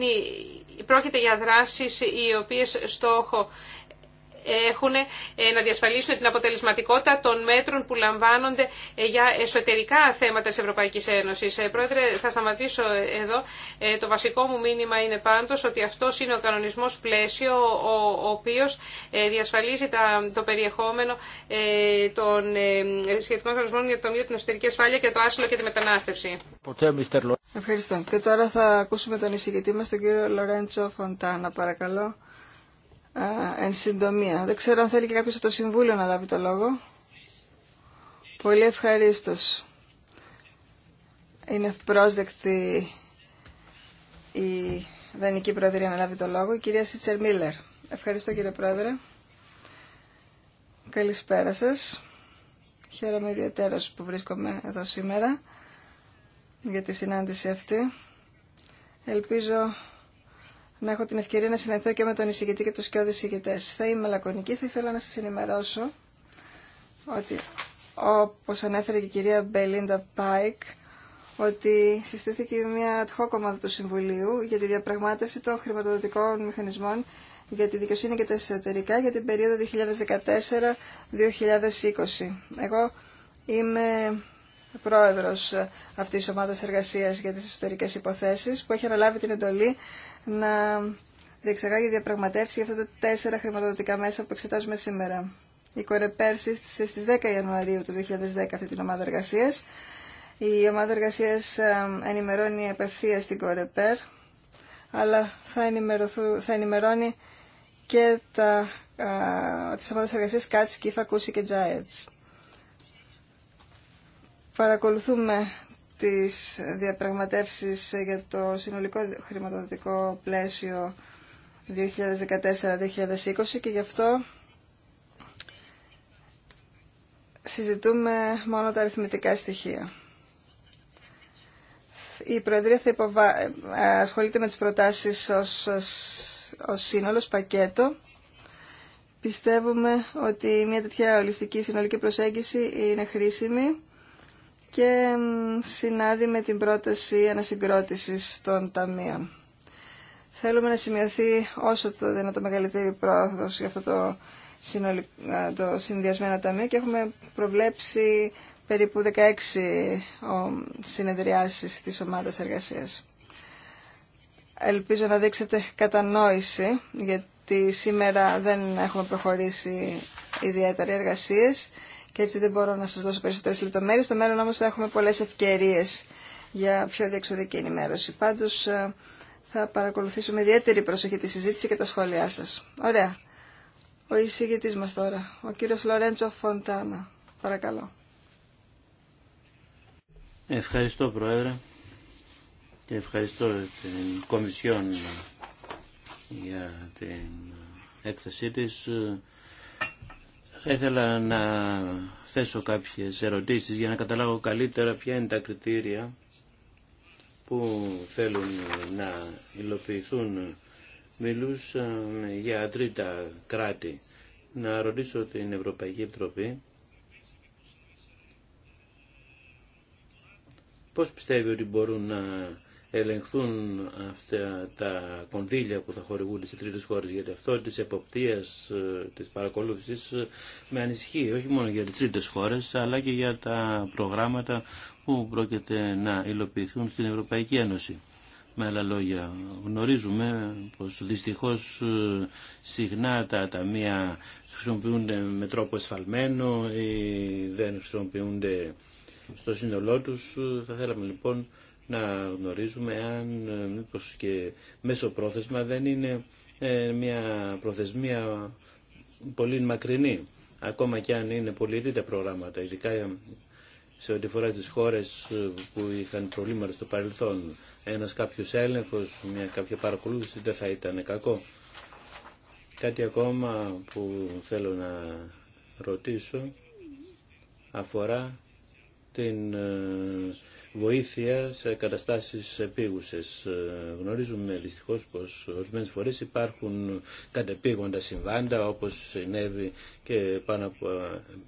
Πρόκειται για δράσεις οι οποίες στόχο έχουν ε, να διασφαλίσουν την αποτελεσματικότητα των μέτρων που λαμβάνονται ε, για εσωτερικά θέματα της Ευρωπαϊκής Ένωσης. Ε, πρόεδρε, θα σταματήσω εδώ. Το βασικό μου μήνυμα είναι πάντως ότι αυτό είναι ο κανονισμός πλαίσιο ο οποίος διασφαλίζει το περιεχόμενο των σχετικών κανονισμών για το μείο την εσωτερική ασφάλεια και το άσυλο και τη μετανάστευση. Ευχαριστώ. Και τώρα θα ακούσουμε τον εισηγητή μας, τον κύριο Λορέντσο Φοντάνα, παρακαλώ εν συντομία. Δεν ξέρω αν θέλει και κάποιος από το Συμβούλιο να λάβει το λόγο. Πολύ ευχαριστώ. Είναι πρόσδεκτη η Δανική Προεδρία να λάβει το λόγο. Η κυρία Σίτσερ Μίλλερ. Ευχαριστώ κύριε Πρόεδρε. Καλησπέρα σας. Χαίρομαι ιδιαίτερα που βρίσκομαι εδώ σήμερα για τη συνάντηση αυτή. Ελπίζω να έχω την ευκαιρία να συναντηθώ και με τον εισηγητή και τους σκιώδες εισηγητές. Θα είμαι λακωνική, θα ήθελα να σας ενημερώσω ότι όπως ανέφερε και η κυρία Μπελίντα Πάικ, ότι συστήθηκε μια ad hoc ομάδα του Συμβουλίου για τη διαπραγμάτευση των χρηματοδοτικών μηχανισμών για τη δικαιοσύνη και τα εσωτερικά για την περίοδο 2014-2020. Εγώ είμαι πρόεδρος αυτής της ομάδας εργασίας για τις εσωτερικές υποθέσεις που έχει αναλάβει την εντολή να διεξαγάγει διαπραγματεύσει για αυτά τα τέσσερα χρηματοδοτικά μέσα που εξετάζουμε σήμερα. Η Κορεπέρ σύστησε στις 10 Ιανουαρίου του 2010 αυτή την ομάδα εργασίας. Η ομάδα εργασίας ενημερώνει απευθεία την Κορεπέρ, αλλά θα, θα ενημερώνει και τα, α, τις ομάδες εργασίας Κάτς, Κίφα, κουσί και Τζάετς. Παρακολουθούμε τις διαπραγματεύσεις για το συνολικό χρηματοδοτικό πλαίσιο 2014-2020 και γι' αυτό συζητούμε μόνο τα αριθμητικά στοιχεία. Η Προεδρία θα υποβα... Ε, ασχολείται με τις προτάσεις ως, ως, πακέτο. Πιστεύουμε ότι μια τέτοια ολιστική συνολική προσέγγιση είναι χρήσιμη και συνάδει με την πρόταση ανασυγκρότησης των ταμείων. Θέλουμε να σημειωθεί όσο το δυνατό μεγαλύτερη πρόοδος για αυτό το, το συνδυασμένο ταμείο και έχουμε προβλέψει περίπου 16 συνεδριάσεις της ομάδας εργασίας. Ελπίζω να δείξετε κατανόηση γιατί σήμερα δεν έχουμε προχωρήσει ιδιαίτερα εργασίες και έτσι δεν μπορώ να σας δώσω περισσότερες λεπτομέρειες. Στο μέλλον όμως θα έχουμε πολλές ευκαιρίες για πιο διεξοδική ενημέρωση. Πάντως ε, θα παρακολουθήσουμε ιδιαίτερη προσοχή τη συζήτηση και τα σχόλιά σας. Ωραία. Ο εισηγητής μας τώρα, ο κύριος Λορέντσο Φοντάνα. Παρακαλώ. Ευχαριστώ Πρόεδρε και ευχαριστώ την Κομισιόν για την έκθεσή της θα ήθελα να θέσω κάποιες ερωτήσεις για να καταλάβω καλύτερα ποια είναι τα κριτήρια που θέλουν να υλοποιηθούν. μίλους για τρίτα κράτη. Να ρωτήσω την Ευρωπαϊκή Επιτροπή πώς πιστεύει ότι μπορούν να ελεγχθούν αυτά τα κονδύλια που θα χορηγούν σε τρίτες χώρε γιατί αυτό της εποπτείας, ε, της παρακολούθησης ε, με ανησυχεί όχι μόνο για τις τρίτες χώρες αλλά και για τα προγράμματα που πρόκειται να υλοποιηθούν στην Ευρωπαϊκή Ένωση. Με άλλα λόγια, γνωρίζουμε πως δυστυχώς ε, συχνά τα ταμεία χρησιμοποιούνται με τρόπο εσφαλμένο ή δεν χρησιμοποιούνται στο σύνολό τους. Θα θέλαμε λοιπόν να γνωρίζουμε αν ε, μήπως και μέσω πρόθεσμα δεν είναι ε, μια προθεσμία πολύ μακρινή. Ακόμα και αν είναι πολύ τα προγράμματα, ειδικά ε, σε ό,τι φορά τις χώρες που είχαν προβλήματα στο παρελθόν. Ένας κάποιος έλεγχος, μια κάποια παρακολούθηση δεν θα ήταν κακό. Κάτι ακόμα που θέλω να ρωτήσω αφορά την βοήθεια σε καταστάσεις επίγουσες. Ε, γνωρίζουμε δυστυχώ πω ορισμένε φορές υπάρχουν κατεπήγοντα συμβάντα όπως συνέβη και πάνω από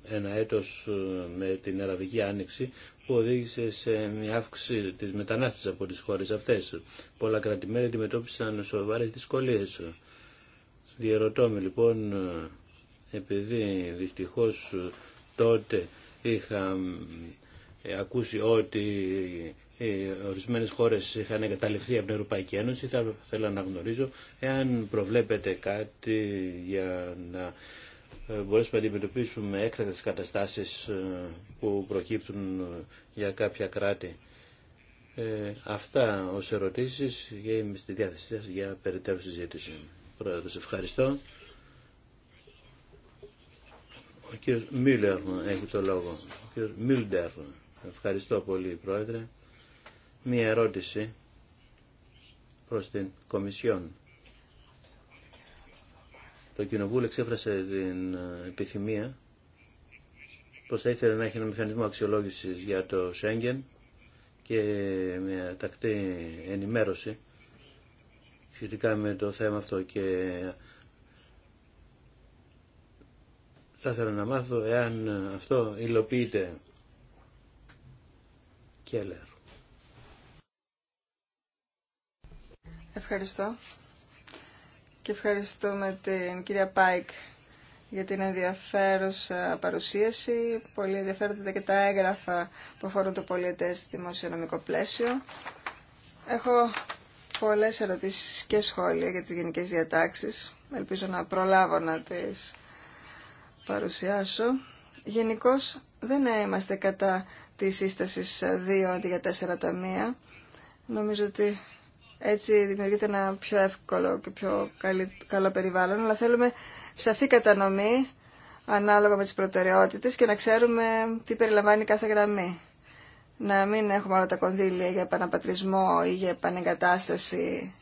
ένα έτος ε, με την Αραβική Άνοιξη που οδήγησε σε μια αύξηση της μετανάστευσης από τις χώρες αυτές. Πολλά κρατημέρια αντιμετώπισαν σοβαρές δυσκολίε. Διερωτώ με λοιπόν, ε, επειδή δυστυχώ τότε είχα ε, ακούσει ότι οι ε, ορισμένες χώρες είχαν εγκαταλειφθεί από την Ευρωπαϊκή Ένωση, θα θέλω να γνωρίζω εάν προβλέπετε κάτι για να ε, μπορέσουμε να αντιμετωπίσουμε έκτακτες καταστάσεις που προκύπτουν για κάποια κράτη. Ε, αυτά ως ερωτήσεις και είμαι στη διάθεσή σας για περαιτέρω συζήτηση. Πρόεδρος, ευχαριστώ. Ο κύριος Μίλερ έχει το λόγο. Ο κύριος Ευχαριστώ πολύ, Πρόεδρε. Μία ερώτηση προς την Κομισιόν. Το Κοινοβούλιο εξέφρασε την ε, επιθυμία πως θα ήθελε να έχει ένα μηχανισμό αξιολόγησης για το Σέγγεν και μια τακτή ενημέρωση σχετικά με το θέμα αυτό και θα ήθελα να μάθω εάν αυτό υλοποιείται Ευχαριστώ. Και ευχαριστούμε την κυρία Πάικ για την ενδιαφέρουσα παρουσίαση. Πολύ ενδιαφέροντα και τα έγγραφα που αφορούν το πολιτές δημοσιονομικό πλαίσιο. Έχω πολλές ερωτήσεις και σχόλια για τις γενικές διατάξεις. Ελπίζω να προλάβω να τις παρουσιάσω. Γενικώ δεν είμαστε κατά Τη σύσταση 2 αντί για 4 ταμεία. Νομίζω ότι έτσι δημιουργείται ένα πιο εύκολο και πιο καλό περιβάλλον, αλλά θέλουμε σαφή κατανομή ανάλογα με τις προτεραιότητες και να ξέρουμε τι περιλαμβάνει κάθε γραμμή. Να μην έχουμε όλα τα κονδύλια για επαναπατρισμό ή για επανεγκατάσταση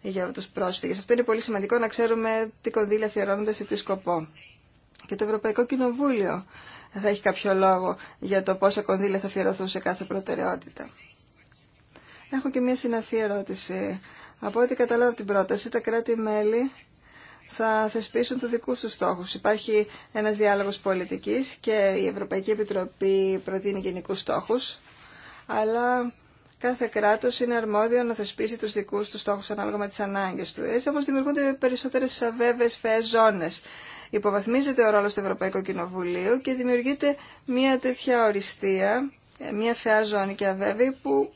ή για τους πρόσφυγες. Αυτό είναι πολύ σημαντικό να ξέρουμε τι κονδύλια αφιερώνονται σε τι σκοπό. Και το Ευρωπαϊκό Κοινοβούλιο θα έχει κάποιο λόγο για το πόσα κονδύλια θα αφιερωθούν σε κάθε προτεραιότητα. Έχω και μια συναφή ερώτηση. Από ό,τι κατάλαβα από την πρόταση, τα κράτη-μέλη θα θεσπίσουν του δικού του στόχου. Υπάρχει ένα διάλογο πολιτική και η Ευρωπαϊκή Επιτροπή προτείνει γενικού στόχου, αλλά κάθε κράτο είναι αρμόδιο να θεσπίσει του δικού του στόχου ανάλογα με τι ανάγκε του. Έτσι όμω δημιουργούνται περισσότερε αβέβαιε φαίε ζώνε υποβαθμίζεται ο ρόλο του Ευρωπαϊκού Κοινοβουλίου και δημιουργείται μια τέτοια οριστία, μια φαιά ζώνη και αβέβαιη που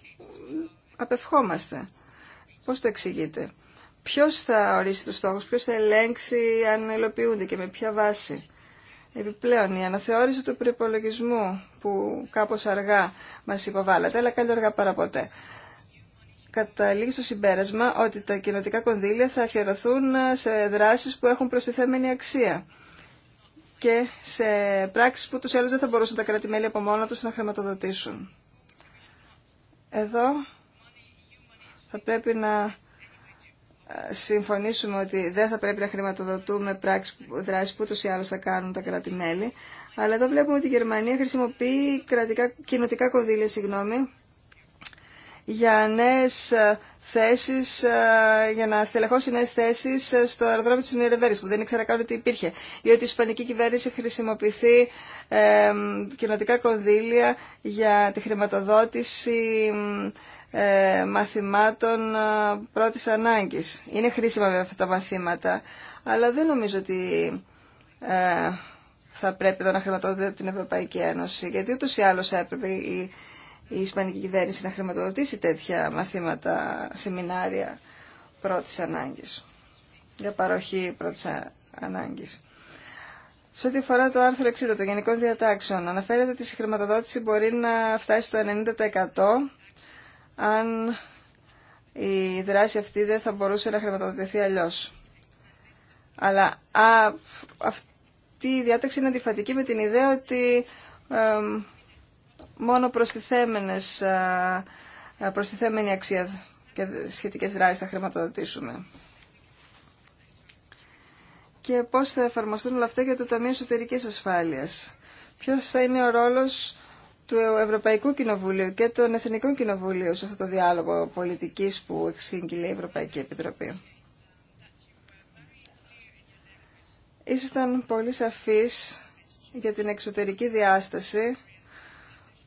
απευχόμαστε. Πώς το εξηγείτε. Ποιο θα ορίσει του στόχου, ποιο θα ελέγξει αν υλοποιούνται και με ποια βάση. Επιπλέον, η αναθεώρηση του προπολογισμού που κάπως αργά μας υποβάλλατε, αλλά καλό αργά παραποτέ καταλήγει στο συμπέρασμα ότι τα κοινοτικά κονδύλια θα αφιερωθούν σε δράσεις που έχουν προστιθέμενη αξία και σε πράξεις που τους άλλους δεν θα μπορούσαν τα κρατη από μόνα τους να χρηματοδοτήσουν. Εδώ θα πρέπει να ε, συμφωνήσουμε ότι δεν θα πρέπει να χρηματοδοτούμε πράξεις, δράσεις που τους ή άλλως θα κάνουν τα κράτη-μέλη, αλλά εδώ βλέπουμε ότι η Γερμανία χρησιμοποιεί κρατικά, κοινοτικά κονδύλια, συγγνώμη, για νέες ε, θέσεις, ε, για να στελεχώσει νέες θέσεις ε, στο αεροδρόμιο της Νιρεβέρης που δεν ήξερα καν ότι υπήρχε. Ή ότι η Ισπανική κυβέρνηση χρησιμοποιηθεί ε, κοινοτικά κονδύλια για τη χρηματοδότηση ε, μαθημάτων πρώτη πρώτης ανάγκης. Είναι χρήσιμα με αυτά τα μαθήματα, αλλά δεν νομίζω ότι ε, θα πρέπει να χρηματοδοτείται από την Ευρωπαϊκή Ένωση, γιατί ούτως ή άλλως έπρεπε η η Ισπανική κυβέρνηση να χρηματοδοτήσει τέτοια μαθήματα, σεμινάρια πρώτης ανάγκης, για παροχή πρώτης ανάγκης. Σε ό,τι αφορά το άρθρο 60 των Γενικών Διατάξεων, αναφέρεται ότι η χρηματοδότηση μπορεί να φτάσει στο 90% αν η δράση αυτή δεν θα μπορούσε να χρηματοδοτηθεί αλλιώς. Αλλά αυτή η διάταξη είναι αντιφατική με την ιδέα ότι μόνο προστιθέμενες, προστιθέμενη αξία και σχετικές δράσεις θα χρηματοδοτήσουμε. Και πώς θα εφαρμοστούν όλα αυτά για το Ταμείο Εσωτερικής Ασφάλειας. Ποιος θα είναι ο ρόλος του Ευρωπαϊκού Κοινοβουλίου και των Εθνικών Κοινοβουλίων σε αυτό το διάλογο πολιτικής που εξήγηλε η Ευρωπαϊκή Επιτροπή. Ήσασταν πολύ σαφείς για την εξωτερική διάσταση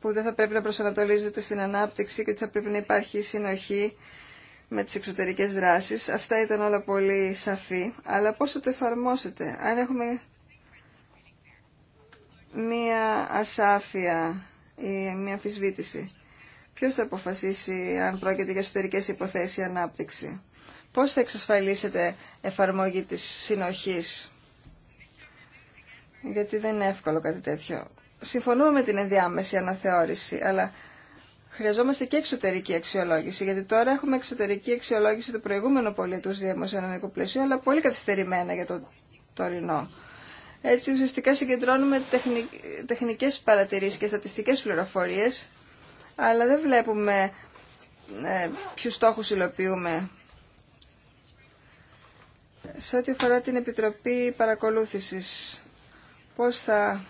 που δεν θα πρέπει να προσανατολίζεται στην ανάπτυξη και ότι θα πρέπει να υπάρχει συνοχή με τις εξωτερικές δράσεις. Αυτά ήταν όλα πολύ σαφή. Αλλά πώς θα το εφαρμόσετε, αν έχουμε μία ασάφεια ή μία αμφισβήτηση. Ποιος θα αποφασίσει αν πρόκειται για εσωτερικές υποθέσεις ή ανάπτυξη. Πώς θα εξασφαλίσετε εφαρμόγη της συνοχής. Γιατί δεν είναι εύκολο κάτι τέτοιο συμφωνούμε με την ενδιάμεση αναθεώρηση, αλλά χρειαζόμαστε και εξωτερική αξιολόγηση, γιατί τώρα έχουμε εξωτερική αξιολόγηση του προηγούμενου πολιτού δημοσιονομικού πλαισίου, αλλά πολύ καθυστερημένα για το τωρινό. Έτσι ουσιαστικά συγκεντρώνουμε τεχνικές παρατηρήσεις και στατιστικές πληροφορίες, αλλά δεν βλέπουμε ε, ποιους στόχους υλοποιούμε. Σε ό,τι αφορά την Επιτροπή Παρακολούθησης, πώς θα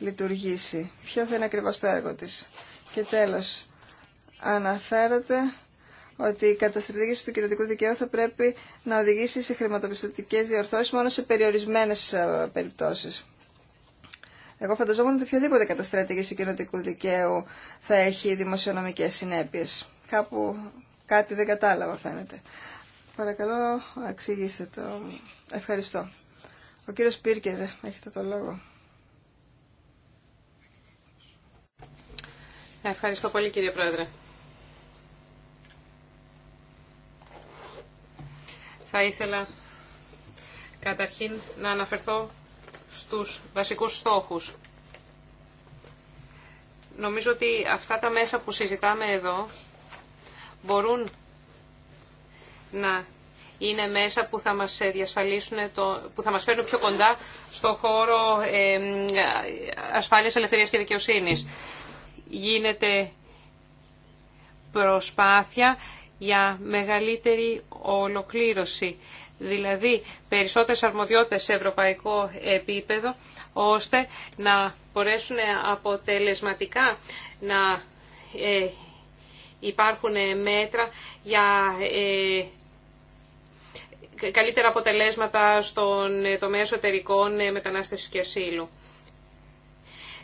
λειτουργήσει, ποιο θα είναι ακριβώς το έργο της. Και τέλος, αναφέρατε ότι η καταστρατήγηση του κοινωτικού δικαίου θα πρέπει να οδηγήσει σε χρηματοπιστωτικές διορθώσεις μόνο σε περιορισμένες ε, περιπτώσεις. Εγώ φανταζόμουν ότι οποιαδήποτε καταστρατήγηση κοινωτικού δικαίου θα έχει δημοσιονομικές συνέπειες. Κάπου κάτι δεν κατάλαβα φαίνεται. Παρακαλώ, εξηγήστε το. Ευχαριστώ. Ο κύριος Πίρκερ, έχετε το λόγο. Ευχαριστώ πολύ κύριε Πρόεδρε. Θα ήθελα καταρχήν να αναφερθώ στους βασικούς στόχους. Νομίζω ότι αυτά τα μέσα που συζητάμε εδώ μπορούν να είναι μέσα που θα μας διασφαλίσουν, το, που θα μας φέρνουν πιο κοντά στο χώρο ε, ασφάλειας, ελευθερίας και δικαιοσύνης γίνεται προσπάθεια για μεγαλύτερη ολοκλήρωση, δηλαδή περισσότερες αρμοδιότητες σε ευρωπαϊκό επίπεδο, ώστε να μπορέσουν αποτελεσματικά να ε, υπάρχουν μέτρα για ε, καλύτερα αποτελέσματα στον τομέα εσωτερικών ε, μετανάστευσης και ασύλου.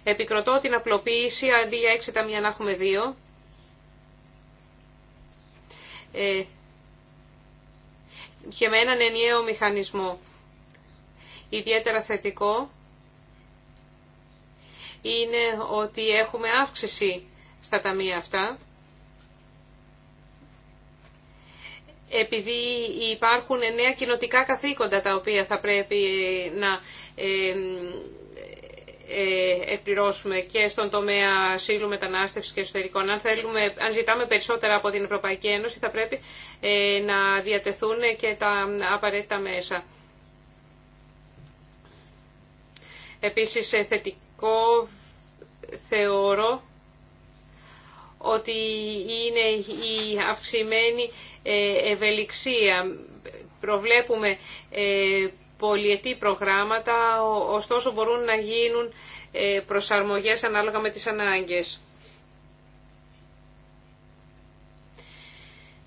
Επικροτώ την απλοποίηση, αντί για έξι ταμεία να έχουμε δύο. Ε, και με έναν ενιαίο μηχανισμό. Ιδιαίτερα θετικό είναι ότι έχουμε αύξηση στα ταμεία αυτά. επειδή υπάρχουν νέα κοινοτικά καθήκοντα τα οποία θα πρέπει να ε, εκπληρώσουμε και στον τομέα ασύλου, μετανάστευση και εσωτερικών. Αν, θέλουμε, αν ζητάμε περισσότερα από την Ευρωπαϊκή Ένωση, θα πρέπει ε, να διατεθούν και τα απαραίτητα μέσα. Επίσης, ε, θετικό θεωρώ ότι είναι η αυξημένη ε, ευελιξία. Προβλέπουμε πολιετή προγράμματα, ωστόσο μπορούν να γίνουν ε, προσαρμογές ανάλογα με τις ανάγκες.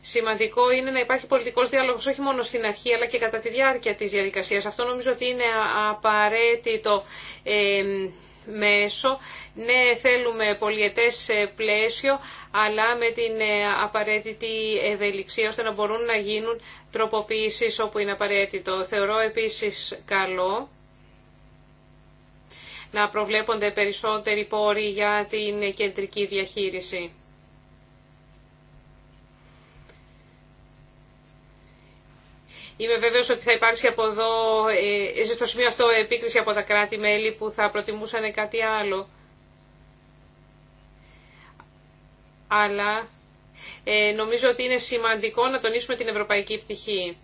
Σημαντικό είναι να υπάρχει πολιτικός διάλογος όχι μόνο στην αρχή αλλά και κατά τη διάρκεια της διαδικασίας. Αυτό νομίζω ότι είναι απαραίτητο ε, μέσο. Ναι, θέλουμε πολιετές ε, πλαίσιο, αλλά με την ε, απαραίτητη ευελιξία, ώστε να μπορούν να γίνουν τροποποιήσεις όπου είναι απαραίτητο. Θεωρώ επίσης καλό να προβλέπονται περισσότεροι πόροι για την κεντρική διαχείριση. Είμαι βέβαιος ότι θα υπάρξει από εδώ, ε, στο σημείο αυτό, επίκριση από τα κράτη-μέλη που θα προτιμούσαν κάτι άλλο. Αλλά ε, νομίζω ότι είναι σημαντικό να τονίσουμε την ευρωπαϊκή πτυχή.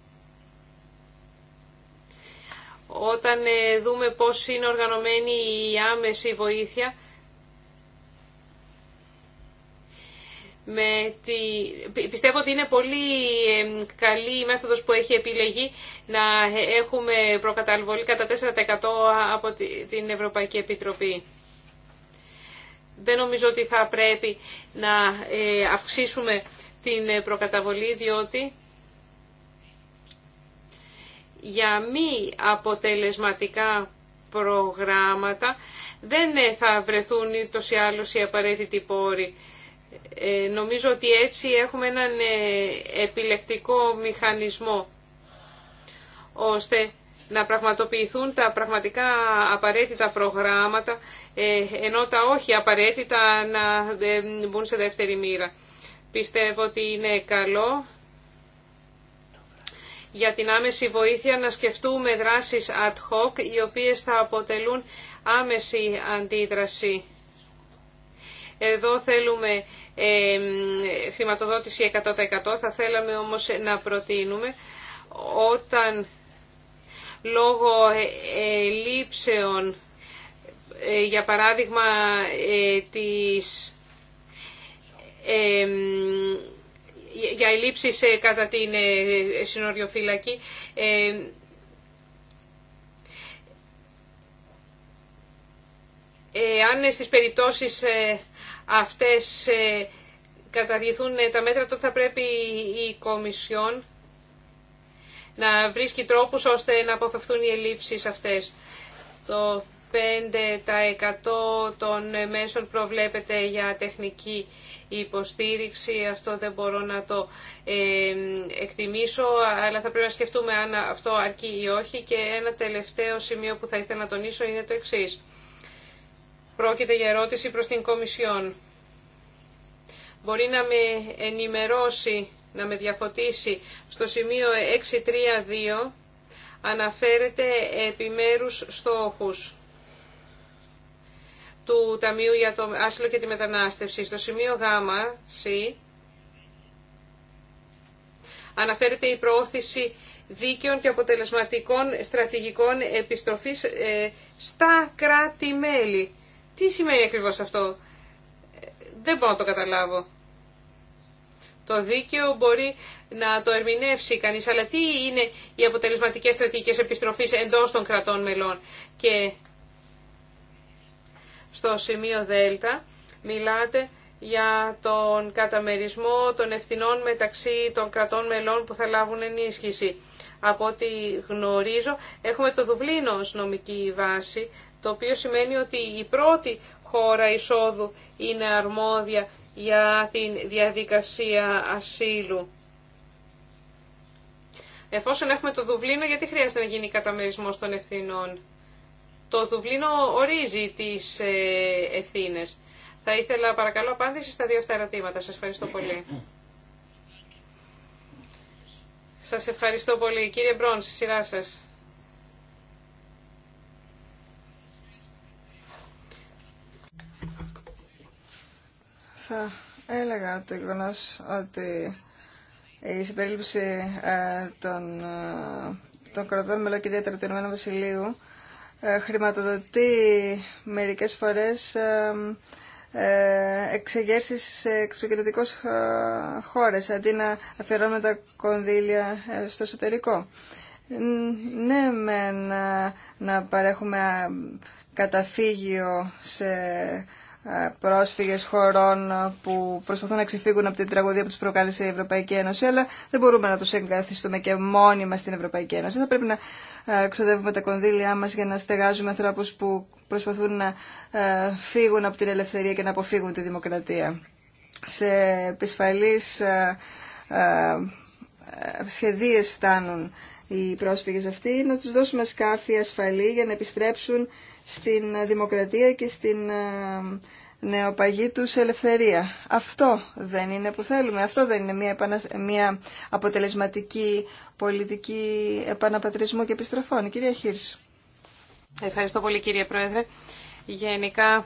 Όταν ε, δούμε πώς είναι οργανωμένη η άμεση βοήθεια, με τη... Πιστεύω ότι είναι πολύ καλή η μέθοδος που έχει επιλεγεί να έχουμε προκαταβολή κατά 4% από την Ευρωπαϊκή Επιτροπή. Δεν νομίζω ότι θα πρέπει να ε, αυξήσουμε την προκαταβολή διότι για μη αποτελεσματικά προγράμματα δεν θα βρεθούν ούτως ή άλλως οι απαραίτητοι πόροι. Ε, νομίζω ότι έτσι έχουμε έναν ε, επιλεκτικό μηχανισμό ώστε να πραγματοποιηθούν τα πραγματικά απαραίτητα προγράμματα, ε, ενώ τα όχι απαραίτητα να μπουν σε δεύτερη μοίρα. Πιστεύω ότι είναι καλό για την άμεση βοήθεια να σκεφτούμε δράσεις ad hoc, οι οποίες θα αποτελούν άμεση αντίδραση εδώ θέλουμε χρηματοδότηση 100%. Θα θέλαμε όμως να προτείνουμε όταν λόγω ε, λήψεων, ε, για παράδειγμα, ε, της για ελλείψεις κατά την συνοριοφύλακη, αν στις περιπτώσεις αυτές ε, καταργηθούν ε, τα μέτρα, τότε θα πρέπει η Κομισιόν να βρίσκει τρόπους ώστε να αποφευθούν οι ελλείψεις αυτές. Το 5% των μέσων προβλέπεται για τεχνική υποστήριξη. Αυτό δεν μπορώ να το ε, εκτιμήσω, αλλά θα πρέπει να σκεφτούμε αν αυτό αρκεί ή όχι. Και ένα τελευταίο σημείο που θα ήθελα να τονίσω είναι το εξής. Πρόκειται για ερώτηση προς την Κομισιόν. Μπορεί να με ενημερώσει, να με διαφωτίσει. Στο σημείο 632 αναφέρεται επιμέρους στόχους του Ταμείου για το Άσυλο και τη Μετανάστευση. Στο σημείο Γ, αναφέρεται η προώθηση δίκαιων και αποτελεσματικών στρατηγικών επιστροφής ε, στα κράτη-μέλη. Τι σημαίνει ακριβώς αυτό. Δεν μπορώ να το καταλάβω. Το δίκαιο μπορεί να το ερμηνεύσει κανείς, αλλά τι είναι οι αποτελεσματικές στρατηγικές επιστροφής εντός των κρατών μελών. Και στο σημείο Δέλτα μιλάτε για τον καταμερισμό των ευθυνών μεταξύ των κρατών μελών που θα λάβουν ενίσχυση. Από ό,τι γνωρίζω, έχουμε το Δουβλίνο νομική βάση το οποίο σημαίνει ότι η πρώτη χώρα εισόδου είναι αρμόδια για την διαδικασία ασύλου. Εφόσον έχουμε το Δουβλίνο, γιατί χρειάζεται να γίνει καταμερισμός των ευθυνών. Το Δουβλίνο ορίζει τις ε, ευθύνες. Θα ήθελα παρακαλώ απάντηση στα δύο αυτά ερωτήματα. Σας ευχαριστώ πολύ. Σας ευχαριστώ πολύ. Κύριε Μπρόν, στη σειρά σας. Θα έλεγα το γεγονό ότι η συμπερίληψη ε, των, ε, των κρατών μελο και ιδιαίτερα του Ηνωμένου Βασιλείου ε, χρηματοδοτεί μερικές φορές εξεγέρσεις σε εξωτερικές χώρες αντί να αφιερώνουμε τα κονδύλια στο εσωτερικό. Ναι, με να, να παρέχουμε καταφύγιο σε ε, πρόσφυγες χωρών ε, που προσπαθούν να ξεφύγουν από την τραγωδία που τους προκάλεσε η Ευρωπαϊκή Ένωση, αλλά δεν μπορούμε να τους εγκαθιστούμε και μόνοι μας στην Ευρωπαϊκή Ένωση. Θα πρέπει να ε, ξοδεύουμε τα κονδύλια μας για να στεγάζουμε ανθρώπους που προσπαθούν να φύγουν από την ελευθερία και να αποφύγουν τη δημοκρατία. Σε επισφαλείς σχεδίες φτάνουν οι πρόσφυγες αυτοί, να τους δώσουμε σκάφη ασφαλή για να επιστρέψουν στην δημοκρατία και στην ε, νεοπαγή τους ελευθερία. Αυτό δεν είναι που θέλουμε. Αυτό δεν είναι μια, αποτελεσματική πολιτική επαναπατρισμού και επιστροφών. Κυρία Χίρς. Ευχαριστώ πολύ κύριε Πρόεδρε. Γενικά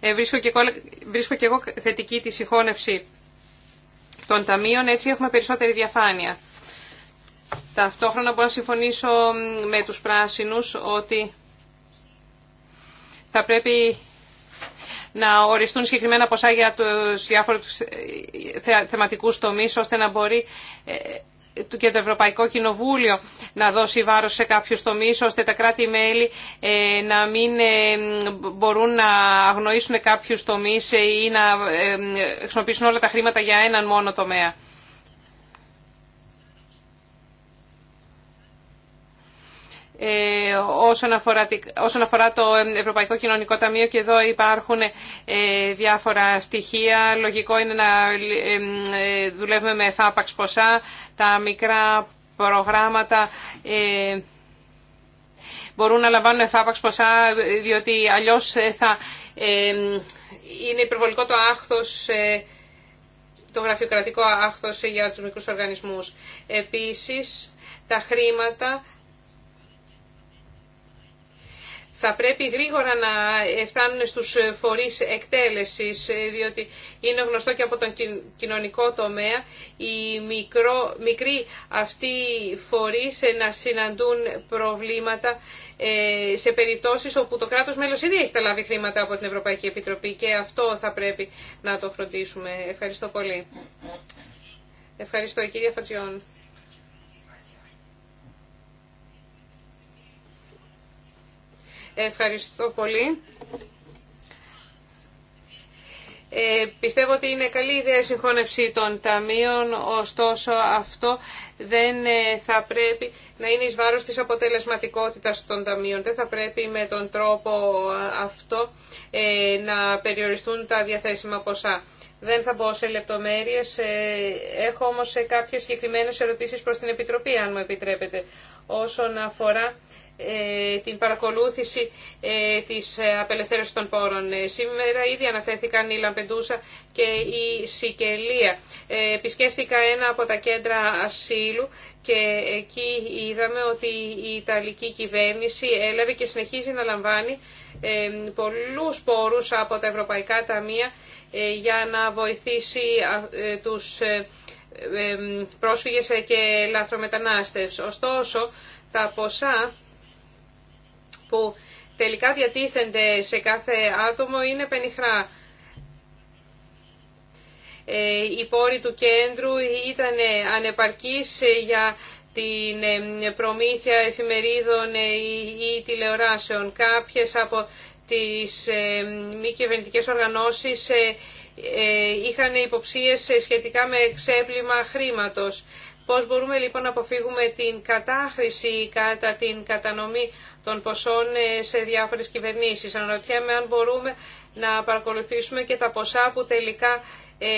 ε, βρίσκω, και... βρίσκω και εγώ θετική τη συγχώνευση των ταμείων. Έτσι έχουμε περισσότερη διαφάνεια. Ταυτόχρονα μπορώ να συμφωνήσω με τους πράσινους ότι θα πρέπει να οριστούν συγκεκριμένα ποσά για τους διάφορους θεματικούς τομείς ώστε να μπορεί ε, και το Ευρωπαϊκό Κοινοβούλιο να δώσει βάρος σε κάποιους τομείς ώστε τα κράτη-μέλη ε, να μην ε, μπορούν να αγνοήσουν κάποιους τομείς ή να χρησιμοποιήσουν όλα τα χρήματα για έναν μόνο τομέα. Ε, όσον αφορά το Ευρωπαϊκό Κοινωνικό Ταμείο και εδώ υπάρχουν ε, διάφορα στοιχεία. Λογικό είναι να ε, δουλεύουμε με εφάπαξ ποσά, τα μικρά προγράμματα μπορούν να λαμβάνουν εφάπαξ ποσά, διότι αλλιώς θα είναι υπερβολικό το άχθος, το γραφειοκρατικό άχθος για τους μικρούς οργανισμούς. Επίσης, τα χρήματα θα πρέπει γρήγορα να φτάνουν στους φορείς εκτέλεσης, διότι είναι γνωστό και από τον κοινωνικό τομέα οι μικρό, μικροί αυτοί φορείς να συναντούν προβλήματα ε, σε περιπτώσεις όπου το κράτος μέλος ήδη έχει τα λάβει χρήματα από την Ευρωπαϊκή Επιτροπή και αυτό θα πρέπει να το φροντίσουμε. Ευχαριστώ πολύ. Ευχαριστώ κυρία Φατζιόν. Ευχαριστώ πολύ. Ε, πιστεύω ότι είναι καλή ιδέα η συγχώνευση των ταμείων, ωστόσο αυτό δεν ε, θα πρέπει να είναι εις βάρος της αποτελεσματικότητας των ταμείων. Δεν θα πρέπει με τον τρόπο αυτό ε, να περιοριστούν τα διαθέσιμα ποσά. Δεν θα μπω σε λεπτομέρειες, ε, έχω όμως κάποιες συγκεκριμένες ερωτήσεις προς την Επιτροπή, αν μου επιτρέπετε, όσον αφορά ε, την παρακολούθηση ε, της ε, απελευθέρωσης των πόρων. Σήμερα ήδη αναφέρθηκαν η Λαμπεντούσα και η Σικελία. Επισκέφθηκα ένα από τα κέντρα ασύλου και εκεί είδαμε ότι η Ιταλική κυβέρνηση έλαβε και συνεχίζει να λαμβάνει πολλούς πόρους από τα Ευρωπαϊκά Ταμεία για να βοηθήσει τους πρόσφυγες και λαθρομετανάστευς. Ωστόσο, τα ποσά που τελικά διατίθενται σε κάθε άτομο είναι πενιχρά. Οι ε, πόροι του κέντρου ήταν ανεπαρκείς για την ε, προμήθεια εφημερίδων ε, ή τηλεοράσεων. Κάποιες από τις μη κυβερνητικέ οργανώσεις είχαν υποψίες σχετικά με ξέπλυμα χρήματος. Πώς μπορούμε λοιπόν να αποφύγουμε την κατάχρηση κατά την κατανομή των ποσών ε, σε διάφορες κυβερνήσεις. Αναρωτιέμαι αν μπορούμε να παρακολουθήσουμε και τα ποσά που τελικά ε,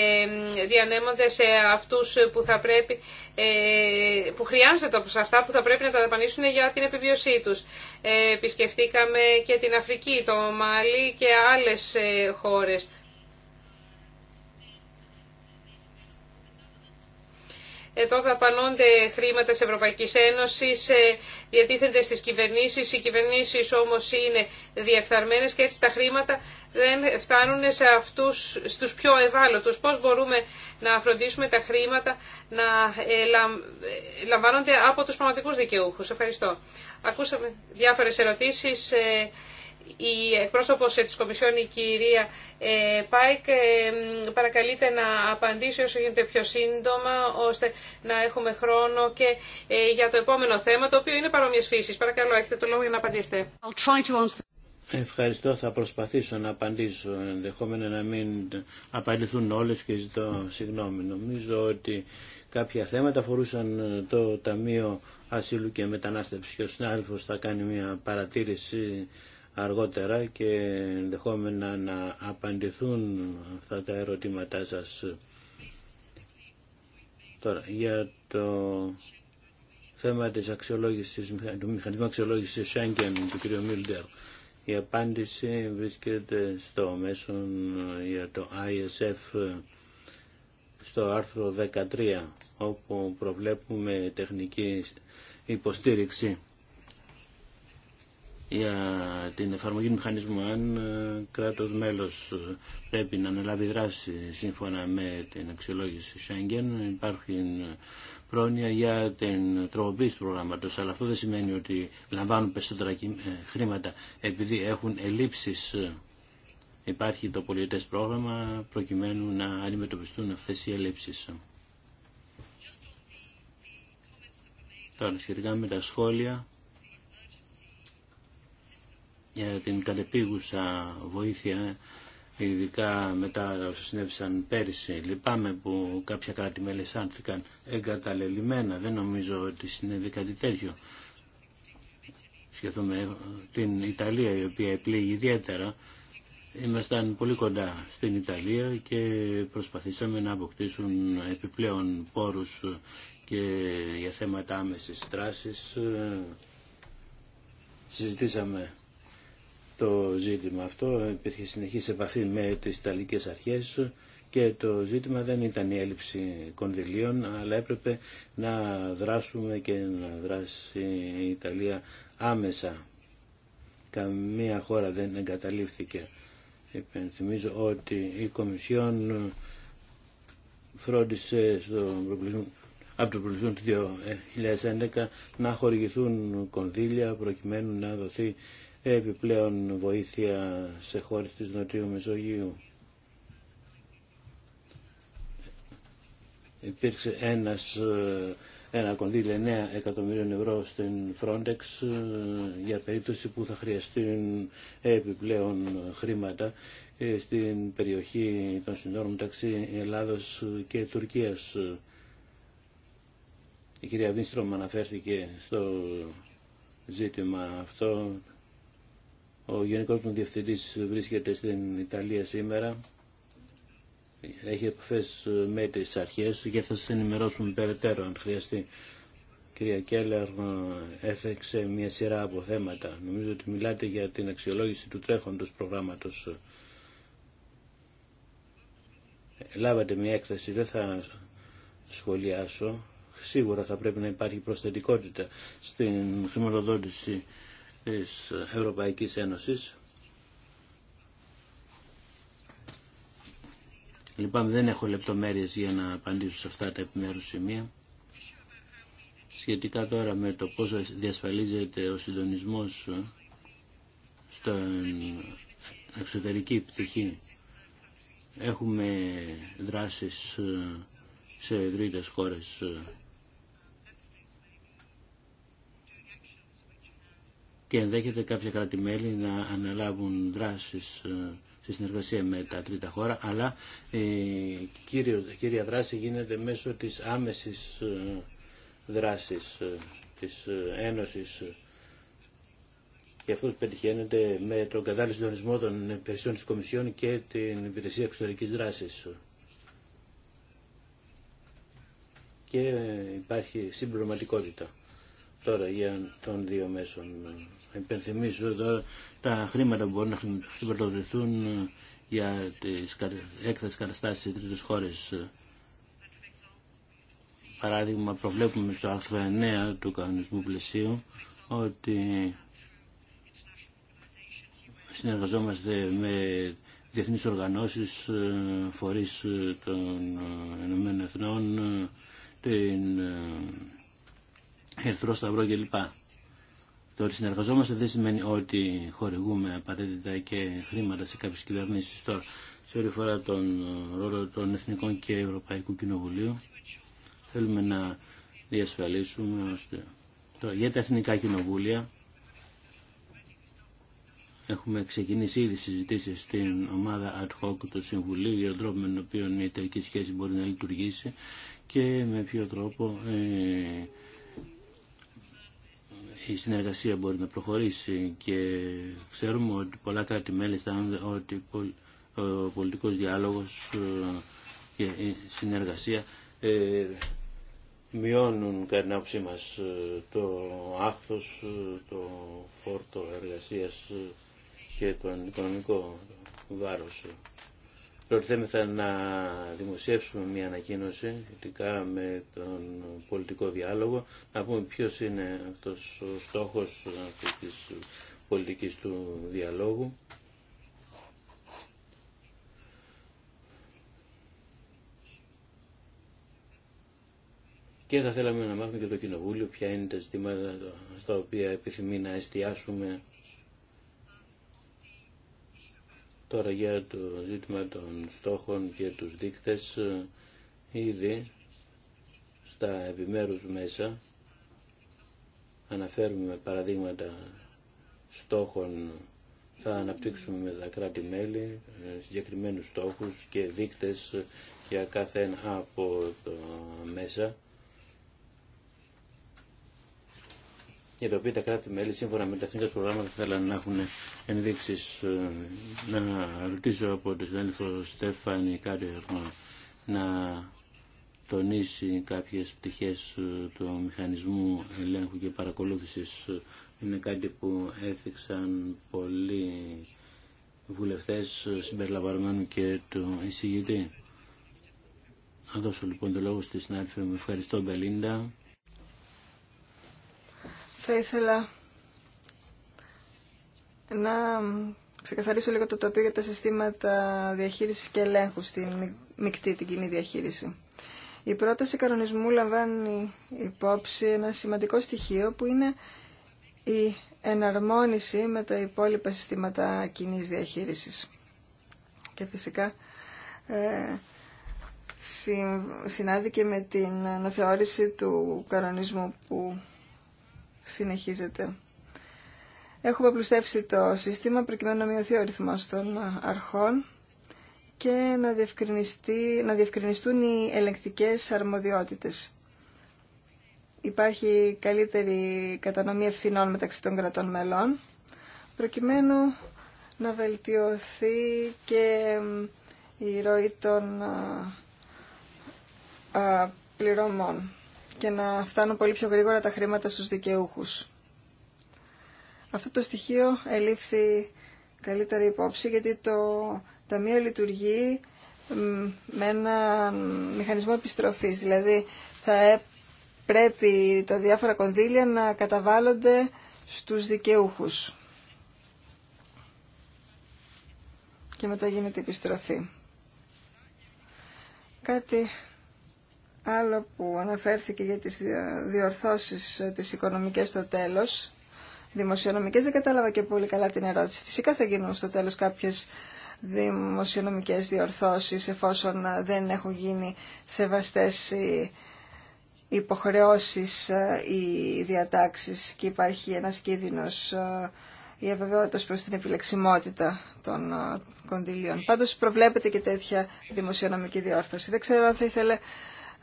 διανέμονται σε αυτούς που θα πρέπει, ε, που χρειάζονται τα ποσά αυτά, που θα πρέπει να τα δαπανίσουν για την επιβίωσή τους. Επισκεφτήκαμε και την Αφρική, το Μάλι και άλλες χώρες. Εδώ δαπανώνται χρήματα της Ευρωπαϊκής Ένωσης, ε, διατίθενται στις κυβερνήσεις, οι κυβερνήσεις όμως είναι διεφθαρμένες και έτσι τα χρήματα δεν φτάνουν σε αυτούς, στους πιο ευάλωτους. Πώς μπορούμε να φροντίσουμε τα χρήματα να ε, ε, λαμβάνονται από τους πραγματικούς δικαιούχους. Ευχαριστώ. Ακούσαμε διάφορες ερωτήσεις η εκπρόσωπος της Κομισιόν, η κυρία ε, Πάικ, ε, παρακαλείται να απαντήσει όσο γίνεται πιο σύντομα, ώστε να έχουμε χρόνο και ε, για το επόμενο θέμα, το οποίο είναι παρόμοιες φύσεις. Παρακαλώ, έχετε το λόγο για να απαντήσετε. Ευχαριστώ. Θα προσπαθήσω να απαντήσω. Ενδεχόμενα να μην απαντηθούν όλες και ζητώ συγγνώμη. Νομίζω ότι κάποια θέματα αφορούσαν το Ταμείο Ασύλου και Μετανάστευσης και ο συνάδελφος θα κάνει μια παρατήρηση αργότερα και ενδεχόμενα να απαντηθούν αυτά τα ερωτήματά σας. Τώρα, για το θέμα της αξιολόγησης, του μηχανισμού αξιολόγησης Schengen του κ. Μίλντερ. Η απάντηση βρίσκεται στο μέσον για το ISF στο άρθρο 13 όπου προβλέπουμε τεχνική υποστήριξη για την εφαρμογή μηχανισμού αν ε, κράτος μέλος ε, πρέπει να αναλάβει δράση σύμφωνα με την αξιολόγηση Schengen υπάρχει ε, πρόνοια για την τροποποίηση του προγράμματος αλλά αυτό δεν σημαίνει ότι λαμβάνουν περισσότερα χρήματα επειδή έχουν ελλείψεις υπάρχει το πολιετές πρόγραμμα προκειμένου να αντιμετωπιστούν αυτές οι ελλείψεις. Τώρα σχετικά με τα σχόλια για την κατεπίγουσα βοήθεια, ειδικά μετά όσα συνέβησαν πέρυσι. Λυπάμαι που κάποια κράτη μελεσάνθηκαν εγκαταλελειμμένα. Δεν νομίζω ότι συνέβη κάτι τέτοιο. με ε, την Ιταλία η οποία επλήγει ιδιαίτερα. Ήμασταν πολύ κοντά στην Ιταλία και προσπαθήσαμε να αποκτήσουν επιπλέον πόρους και για θέματα άμεσης δράσης συζητήσαμε το ζήτημα αυτό. Υπήρχε συνεχής επαφή με τις ιταλικέ αρχέ και το ζήτημα δεν ήταν η έλλειψη κονδυλίων, αλλά έπρεπε να δράσουμε και να δράσει η Ιταλία άμεσα. Καμία χώρα δεν εγκαταλείφθηκε. Υπενθυμίζω ότι η Κομισιόν φρόντισε από το προηγούμενο του 2011 να χορηγηθούν κονδύλια προκειμένου να δοθεί επιπλέον βοήθεια σε χώρες της Νοτιού Μεσογείου. Υπήρξε ένας, ένα κονδύλι 9 εκατομμύριων ευρώ στην Frontex ε, για περίπτωση που θα χρειαστούν επιπλέον χρήματα ε, στην περιοχή των συνόρων μεταξύ Ελλάδος και Τουρκίας. Η κυρία Βίνστρομ αναφέρθηκε στο ζήτημα αυτό ο Γενικός μου Διευθυντής βρίσκεται στην Ιταλία σήμερα. Έχει επαφές με τι αρχές και θα σας ενημερώσουμε περαιτέρω αν χρειαστεί. Κυρία Κέλλερ έφεξε μια σειρά από θέματα. Νομίζω ότι μιλάτε για την αξιολόγηση του τρέχοντος προγράμματος. Λάβατε μια έκθεση, δεν θα σχολιάσω. Σίγουρα θα πρέπει να υπάρχει προσθετικότητα στην χρηματοδότηση της Ευρωπαϊκής Ένωσης. Λοιπόν, δεν έχω λεπτομέρειες για να απαντήσω σε αυτά τα επιμέρους σημεία. Σχετικά τώρα με το πώς διασφαλίζεται ο συντονισμός στην εξωτερική πτυχή. Έχουμε δράσεις σε ευρύτερε χώρες και ενδέχεται κάποια κράτη-μέλη να αναλάβουν δράσεις ε, στη συνεργασία με τα τρίτα χώρα, αλλά η ε, κύρια δράση γίνεται μέσω της άμεσης ε, δράσης της Ένωσης και αυτό πετυχαίνεται με τον κατάλληλο συντονισμό των υπηρεσιών της Κομισιόν και την υπηρεσία εξωτερικής δράσης. Και υπάρχει συμπληρωματικότητα. Τώρα για τον δύο μέσων. Υπενθυμίζω εδώ τα χρήματα που μπορούν να χρηματοδοτηθούν ε, για τις έκθεση καταστάσεις σε τρίτες χώρες. Παράδειγμα, προβλέπουμε στο άρθρο 9 του κανονισμού πλαισίου ότι συνεργαζόμαστε με διεθνείς οργανώσεις, ε, φορείς ε, των Ηνωμένων Εθνών, την Ερθρό Σταυρό κλπ. Το ότι συνεργαζόμαστε δεν σημαίνει ότι χορηγούμε απαραίτητα και χρήματα σε κάποιε κυβερνήσει τώρα. Σε ό,τι αφορά τον ρόλο των Εθνικών και Ευρωπαϊκού Κοινοβουλίου, θέλουμε να διασφαλίσουμε ώστε... Τώρα, για τα Εθνικά Κοινοβούλια έχουμε ξεκινήσει ήδη συζητήσει στην ομάδα ad hoc του Συμβουλίου για τον τρόπο με τον οποίο η τελική σχέση μπορεί να λειτουργήσει και με ποιο τρόπο ε, η συνεργασία μπορεί να προχωρήσει και ξέρουμε ότι πολλά κράτη-μέλη αισθάνονται ότι ο πολιτικός διάλογος ε, και η συνεργασία ε, μειώνουν κατά την άποψή μας ε, το άχθος, το φόρτο εργασίας και τον οικονομικό βάρος προτιθέμεθα να δημοσιεύσουμε μια ανακοίνωση ειδικά με τον πολιτικό διάλογο, να πούμε ποιος είναι αυτός ο στόχος αυτής της πολιτικής του διαλόγου. Και θα θέλαμε να μάθουμε και το Κοινοβούλιο ποια είναι τα ζητήματα στα οποία επιθυμεί να εστιάσουμε Τώρα για το ζήτημα των στόχων και τους δείκτες ε, ήδη στα επιμέρους μέσα αναφέρουμε παραδείγματα στόχων θα αναπτύξουμε με τα κράτη-μέλη ε, συγκεκριμένους στόχους και δείκτες ε, για κάθε ένα από τα μέσα για το οποίο τα κράτη-μέλη σύμφωνα με τα εθνικά προγράμματα θέλαν να έχουν ενδείξει. Ε, να ρωτήσω από τον συνάδελφο Στέφανη κάτι να τονίσει κάποιες πτυχές ε, του μηχανισμού ελέγχου και παρακολούθησης. Είναι κάτι που έθιξαν πολλοί βουλευτές ε, συμπεριλαμβανομένου και του εισηγητή. Να δώσω λοιπόν το λόγο στη συνάδελφη Ευχαριστώ Μπελίντα θα ήθελα να ξεκαθαρίσω λίγο το τοπίο για τα συστήματα διαχείρισης και ελέγχου στην μεικτή, την κοινή διαχείριση. Η πρόταση κανονισμού λαμβάνει υπόψη ένα σημαντικό στοιχείο που είναι η εναρμόνιση με τα υπόλοιπα συστήματα κοινή διαχείρισης. Και φυσικά ε, συνάδει και με την αναθεώρηση του κανονισμού που συνεχίζεται. Έχουμε πλουστεύσει το σύστημα προκειμένου να μειωθεί ο ρυθμός των αρχών και να, να διευκρινιστούν οι ελεγκτικές αρμοδιότητες. Υπάρχει καλύτερη κατανομή ευθυνών μεταξύ των κρατών μελών, προκειμένου να βελτιωθεί και η ροή των πληρωμών και να φτάνουν πολύ πιο γρήγορα τα χρήματα στους δικαιούχους. Αυτό το στοιχείο ελήφθη καλύτερη υπόψη γιατί το Ταμείο λειτουργεί με ένα μηχανισμό επιστροφής. Δηλαδή θα ε, πρέπει τα διάφορα κονδύλια να καταβάλλονται στους δικαιούχους. Και μετά γίνεται επιστροφή. Κάτι άλλο που αναφέρθηκε για τις διορθώσεις ε, της οικονομικής στο τέλος, δημοσιονομικές, δεν κατάλαβα και πολύ καλά την ερώτηση. Φυσικά θα γίνουν στο τέλος κάποιες δημοσιονομικές διορθώσεις εφόσον ε, δεν έχουν γίνει σεβαστές οι υποχρεώσεις, η ε, διατάξεις και υπάρχει ένας κίνδυνος η αβεβαιότητα προς την επιλεξιμότητα των κονδυλίων. Πάντως προβλέπεται και τέτοια δημοσιονομική διόρθωση. Δεν ξέρω αν θα ήθελε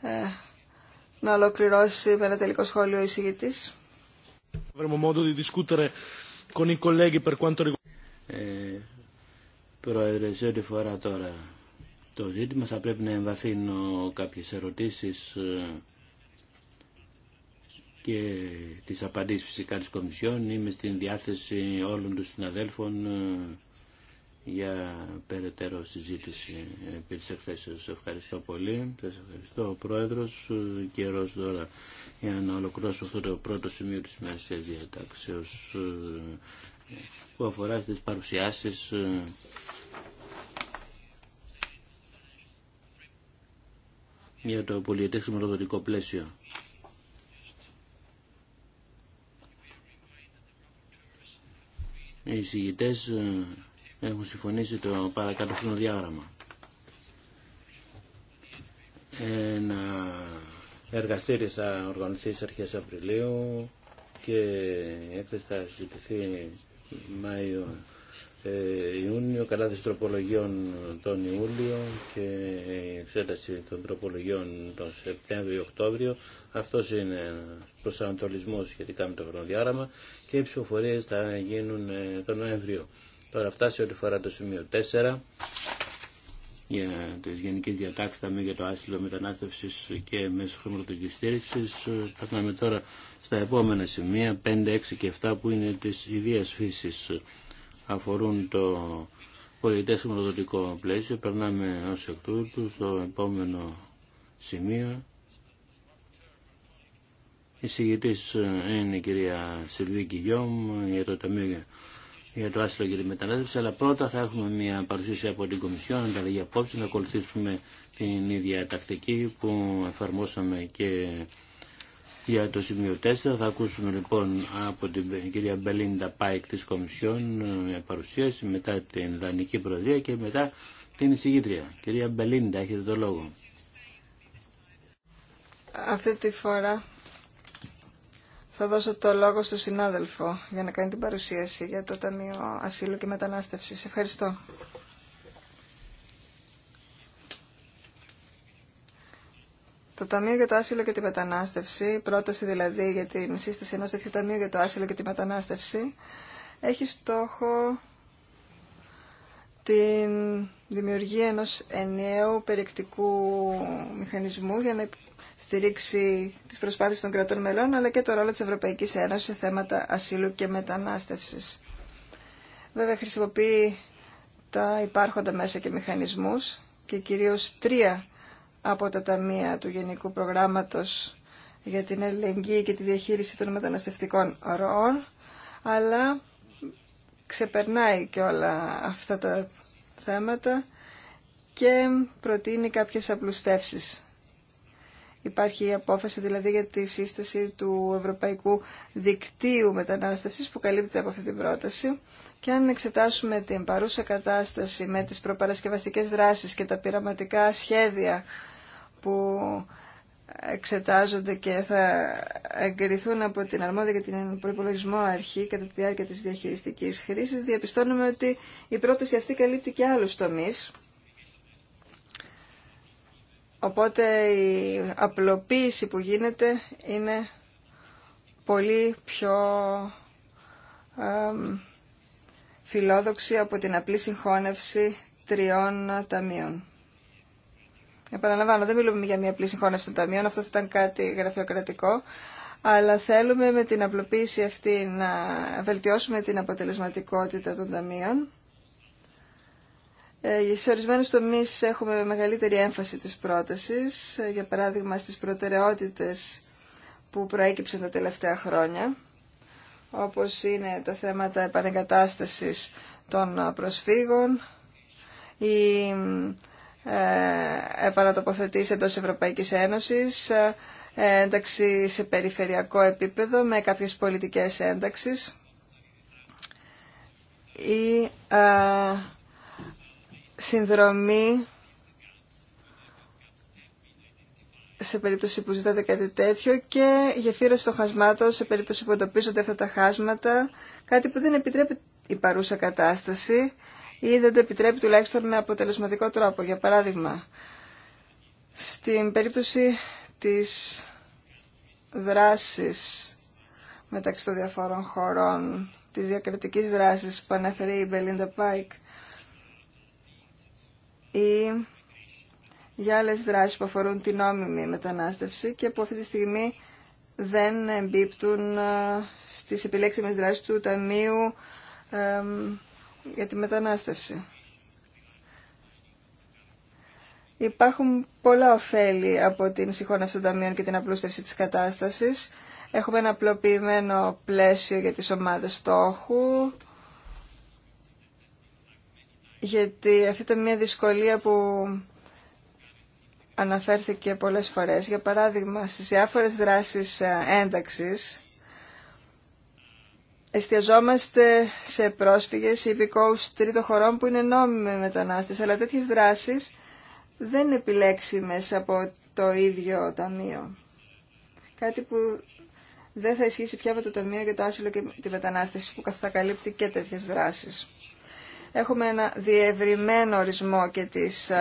ε, να ολοκληρώσει με ένα τελικό σχόλιο ο εισηγητής. Ε, πρόεδρε, σε ό,τι φορά τώρα το ζήτημα θα πρέπει να εμβαθύνω κάποιες ερωτήσεις ε, και τις απαντήσεις φυσικά της Κομισιόν. Είμαι στην διάθεση όλων των συναδέλφων για περαιτέρω συζήτηση επί της εκθέσεως. ευχαριστώ πολύ. Σας ευχαριστώ ο Πρόεδρος. Καιρός τώρα για να ολοκληρώσω αυτό το πρώτο σημείο της Μέσης Διατάξεως ε, που αφορά στις παρουσιάσεις ε, για το πολιετές χρηματοδοτικό πλαίσιο. Οι εισηγητές ε, έχουν συμφωνήσει το παρακάτω χρονοδιάγραμμα. Ένα εργαστήρι θα οργανωθεί στις αρχές Απριλίου και έκθεση θα συζητηθεί Μάιο ε, Ιούνιο, κατάθεση τροπολογιών τον Ιούλιο και εξέταση των τροπολογιών τον Σεπτέμβριο-Οκτώβριο. Αυτός είναι προσανατολισμός σχετικά με το χρονοδιάγραμμα και οι ψηφοφορίες θα γίνουν ε, τον Νοέμβριο. Τώρα φτάσει ό,τι φορά το σημείο 4 για τι γενικέ διατάξει ταμείου για το άσυλο μετανάστευση και μέσω χρηματοδοτική στήριξη. Περνάμε τώρα στα επόμενα σημεία 5, 6 και 7 που είναι τη ιδία φύση. Αφορούν το πολιτέ χρηματοδοτικό πλαίσιο. Περνάμε ω εκ τούτου στο επόμενο σημείο. Η συγητής είναι η κυρία Σιλβίκη Γιώμ για το Ταμείο για το άσυλο και τη μετανάστευση, αλλά πρώτα θα έχουμε μια παρουσίαση από την Κομισιόν, ανταλλαγή απόψε, να ακολουθήσουμε την ίδια τακτική που εφαρμόσαμε και για το σημείο 4. Θα ακούσουμε λοιπόν από την κυρία Μπελίντα Πάικ της Κομισιόν μια παρουσίαση, μετά την Δανική Προεδρία και μετά την εισηγήτρια. Κυρία Μπελίντα, έχετε το λόγο. Αυτή τη φορά θα δώσω το λόγο στον συνάδελφο για να κάνει την παρουσίαση για το Ταμείο Ασύλου και Μετανάστευσης. Ευχαριστώ. Το Ταμείο για το Άσυλο και τη Μετανάστευση, πρόταση δηλαδή για την σύσταση ενός τέτοιου Ταμείου για το Άσυλο και τη Μετανάστευση, έχει στόχο την δημιουργία ενός ενιαίου περιεκτικού μηχανισμού για να στηρίξει τις προσπάθειες των κρατών μελών, αλλά και το ρόλο της Ευρωπαϊκής Ένωσης σε θέματα ασύλου και μετανάστευσης. Βέβαια, χρησιμοποιεί τα υπάρχοντα μέσα και μηχανισμούς και κυρίως τρία από τα ταμεία του Γενικού Προγράμματος για την ελεγγύη και τη διαχείριση των μεταναστευτικών ροών, αλλά ξεπερνάει και όλα αυτά τα θέματα και προτείνει κάποιες απλουστεύσεις Υπάρχει η απόφαση δηλαδή για τη σύσταση του Ευρωπαϊκού Δικτύου Μετανάστευσης που καλύπτει από αυτή την πρόταση. Και αν εξετάσουμε την παρούσα κατάσταση με τις προπαρασκευαστικές δράσεις και τα πειραματικά σχέδια που εξετάζονται και θα εγκριθούν από την αρμόδια για την προπολογισμό αρχή κατά τη διάρκεια της διαχειριστικής χρήσης, διαπιστώνουμε ότι η πρόταση αυτή καλύπτει και άλλους τομείς Οπότε η απλοποίηση που γίνεται είναι πολύ πιο φιλόδοξη από την απλή συγχώνευση τριών ταμείων. Επαναλαμβάνω, δεν μιλούμε για μια απλή συγχώνευση των ταμείων, αυτό θα ήταν κάτι γραφειοκρατικό, αλλά θέλουμε με την απλοποίηση αυτή να βελτιώσουμε την αποτελεσματικότητα των ταμείων ε, σε ορισμένους τομείς έχουμε μεγαλύτερη έμφαση της πρότασης, ε, για παράδειγμα στις προτεραιότητες που προέκυψαν τα τελευταία χρόνια, όπως είναι τα θέματα επανεγκατάστασης των προσφύγων, η ε, εντός Ευρωπαϊκής Ένωσης, ε, ένταξη σε περιφερειακό επίπεδο με κάποιες πολιτικές ένταξεις ή συνδρομή σε περίπτωση που ζητάτε κάτι τέτοιο και γεφύρωση των χασμάτων σε περίπτωση που εντοπίζονται αυτά τα χάσματα, κάτι που δεν επιτρέπει η παρούσα κατάσταση ή δεν το επιτρέπει τουλάχιστον με αποτελεσματικό τρόπο. Για παράδειγμα, στην περίπτωση της δράσης μεταξύ των διαφόρων χωρών, της διακριτικής δράσης που αναφέρει η Μπελίντα Πάικ, ή για άλλες δράσεις που αφορούν την νόμιμη μετανάστευση και που αυτή τη στιγμή δεν εμπίπτουν ε, στις επιλέξιμες δράσεις του Ταμείου ε, για τη μετανάστευση. Υπάρχουν πολλά ωφέλη από την συγχώνευση των ταμείων και την απλούστευση της κατάστασης. Έχουμε ένα απλοποιημένο πλαίσιο για τις ομάδες στόχου, γιατί αυτή ήταν μια δυσκολία που αναφέρθηκε πολλές φορές. Για παράδειγμα, στις διάφορες δράσεις ε, ένταξης εστιαζόμαστε σε πρόσφυγες ή υπηκόους τρίτων χωρών που είναι νόμιμοι μετανάστες, αλλά τέτοιες δράσεις δεν είναι επιλέξιμες από το ίδιο ταμείο. Κάτι που δεν θα ισχύσει πια με το Ταμείο για το Άσυλο και τη Μετανάστευση που θα καλύπτει και τέτοιες δράσεις έχουμε ένα διευρυμένο ορισμό και της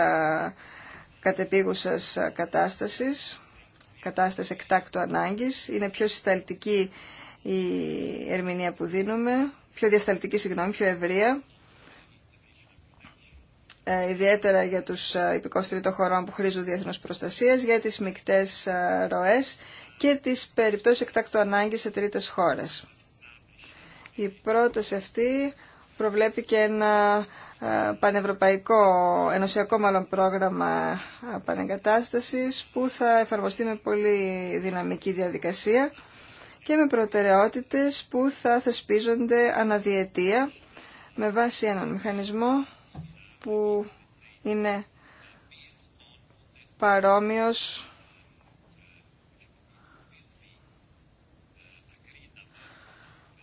κατεπίγουσας κατάστασης, κατάσταση εκτάκτου ανάγκης. Είναι πιο συσταλτική η ερμηνεία που δίνουμε, πιο διασταλτική, συγγνώμη, πιο ευρεία. Ε, ιδιαίτερα για τους υπηκός τρίτων χωρών που χρήζουν διεθνούς προστασίας, για τις μικτές ροές και τις περιπτώσεις εκτάκτου ανάγκης σε τρίτες χώρες. Η πρόταση αυτή προβλέπει και ένα ε, πανευρωπαϊκό, ενωσιακό μάλλον πρόγραμμα ε, πανεγκατάστασης που θα εφαρμοστεί με πολύ δυναμική διαδικασία και με προτεραιότητες που θα θεσπίζονται αναδιετία με βάση έναν μηχανισμό που είναι παρόμοιος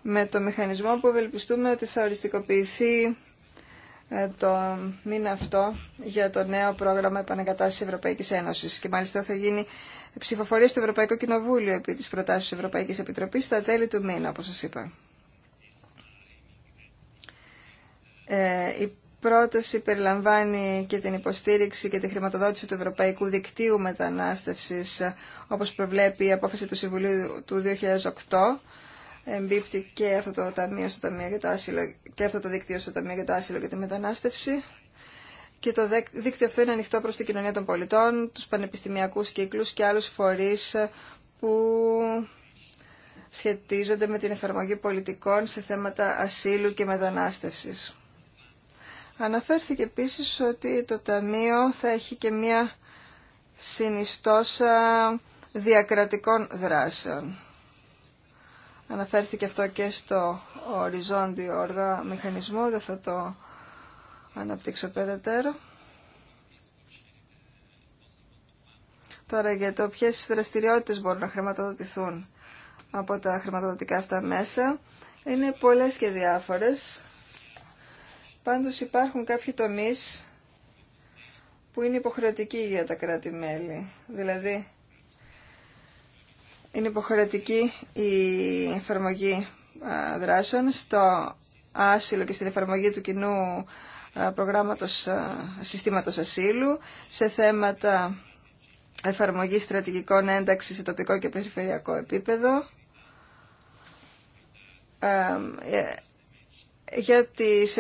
με το μηχανισμό που ευελπιστούμε ότι θα οριστικοποιηθεί ε, το μήνα αυτό για το νέο πρόγραμμα επανεγκατάστασης Ευρωπαϊκής Ένωσης και μάλιστα θα γίνει ψηφοφορία στο Ευρωπαϊκό Κοινοβούλιο επί της προτάσεως της Ευρωπαϊκής Επιτροπής στα τέλη του μήνα, όπως σας είπα. Ε, η πρόταση περιλαμβάνει και την υποστήριξη και τη χρηματοδότηση του Ευρωπαϊκού Δικτύου Μετανάστευσης, όπως προβλέπει η απόφαση του Συμβουλίου του 2008, εμπίπτει και αυτό το ταμείο στο ταμείο για το άσυλο, και αυτό το δίκτυο στο ταμείο για το άσυλο και τη μετανάστευση. Και το δίκτυο αυτό είναι ανοιχτό προς την κοινωνία των πολιτών, τους πανεπιστημιακούς κύκλους και άλλους φορείς που σχετίζονται με την εφαρμογή πολιτικών σε θέματα ασύλου και μετανάστευσης. Αναφέρθηκε επίσης ότι το Ταμείο θα έχει και μία συνιστόσα διακρατικών δράσεων. Αναφέρθηκε αυτό και στο οριζόντιο οργά μηχανισμό, δεν θα το αναπτύξω περαιτέρω. Τώρα για το ποιες δραστηριότητες μπορούν να χρηματοδοτηθούν από τα χρηματοδοτικά αυτά μέσα. Είναι πολλές και διάφορες. Πάντως υπάρχουν κάποιοι τομείς που είναι υποχρεωτικοί για τα κράτη-μέλη. Δηλαδή, είναι υποχρεωτική η εφαρμογή δράσεων στο άσυλο και στην εφαρμογή του κοινού προγράμματος συστήματος ασύλου σε θέματα εφαρμογή στρατηγικών ένταξης σε τοπικό και περιφερειακό επίπεδο ε, για τις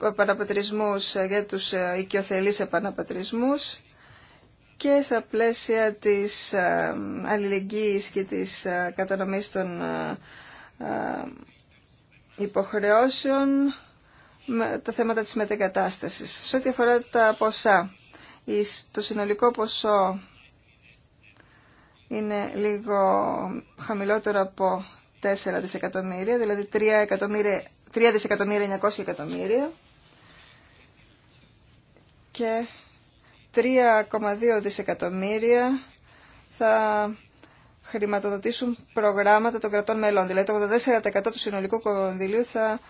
επαναπατρισμούς, για τους ε, οικειοθελείς επαναπατρισμούς και στα πλαίσια της ε, αλληλεγγύης και της ε, κατανομής των ε, υποχρεώσεων με τα θέματα της μετεγκατάστασης. Σε ό,τι αφορά τα ποσά, το συνολικό ποσό είναι λίγο χαμηλότερο από 4 δισεκατομμύρια, δηλαδή 3 εκατομμύρια 3 δισεκατομμύρια 900 εκατομμύρια και 3,2 δισεκατομμύρια θα χρηματοδοτήσουν προγράμματα των κρατών μελών. Δηλαδή το 84% του συνολικού κονδυλίου θα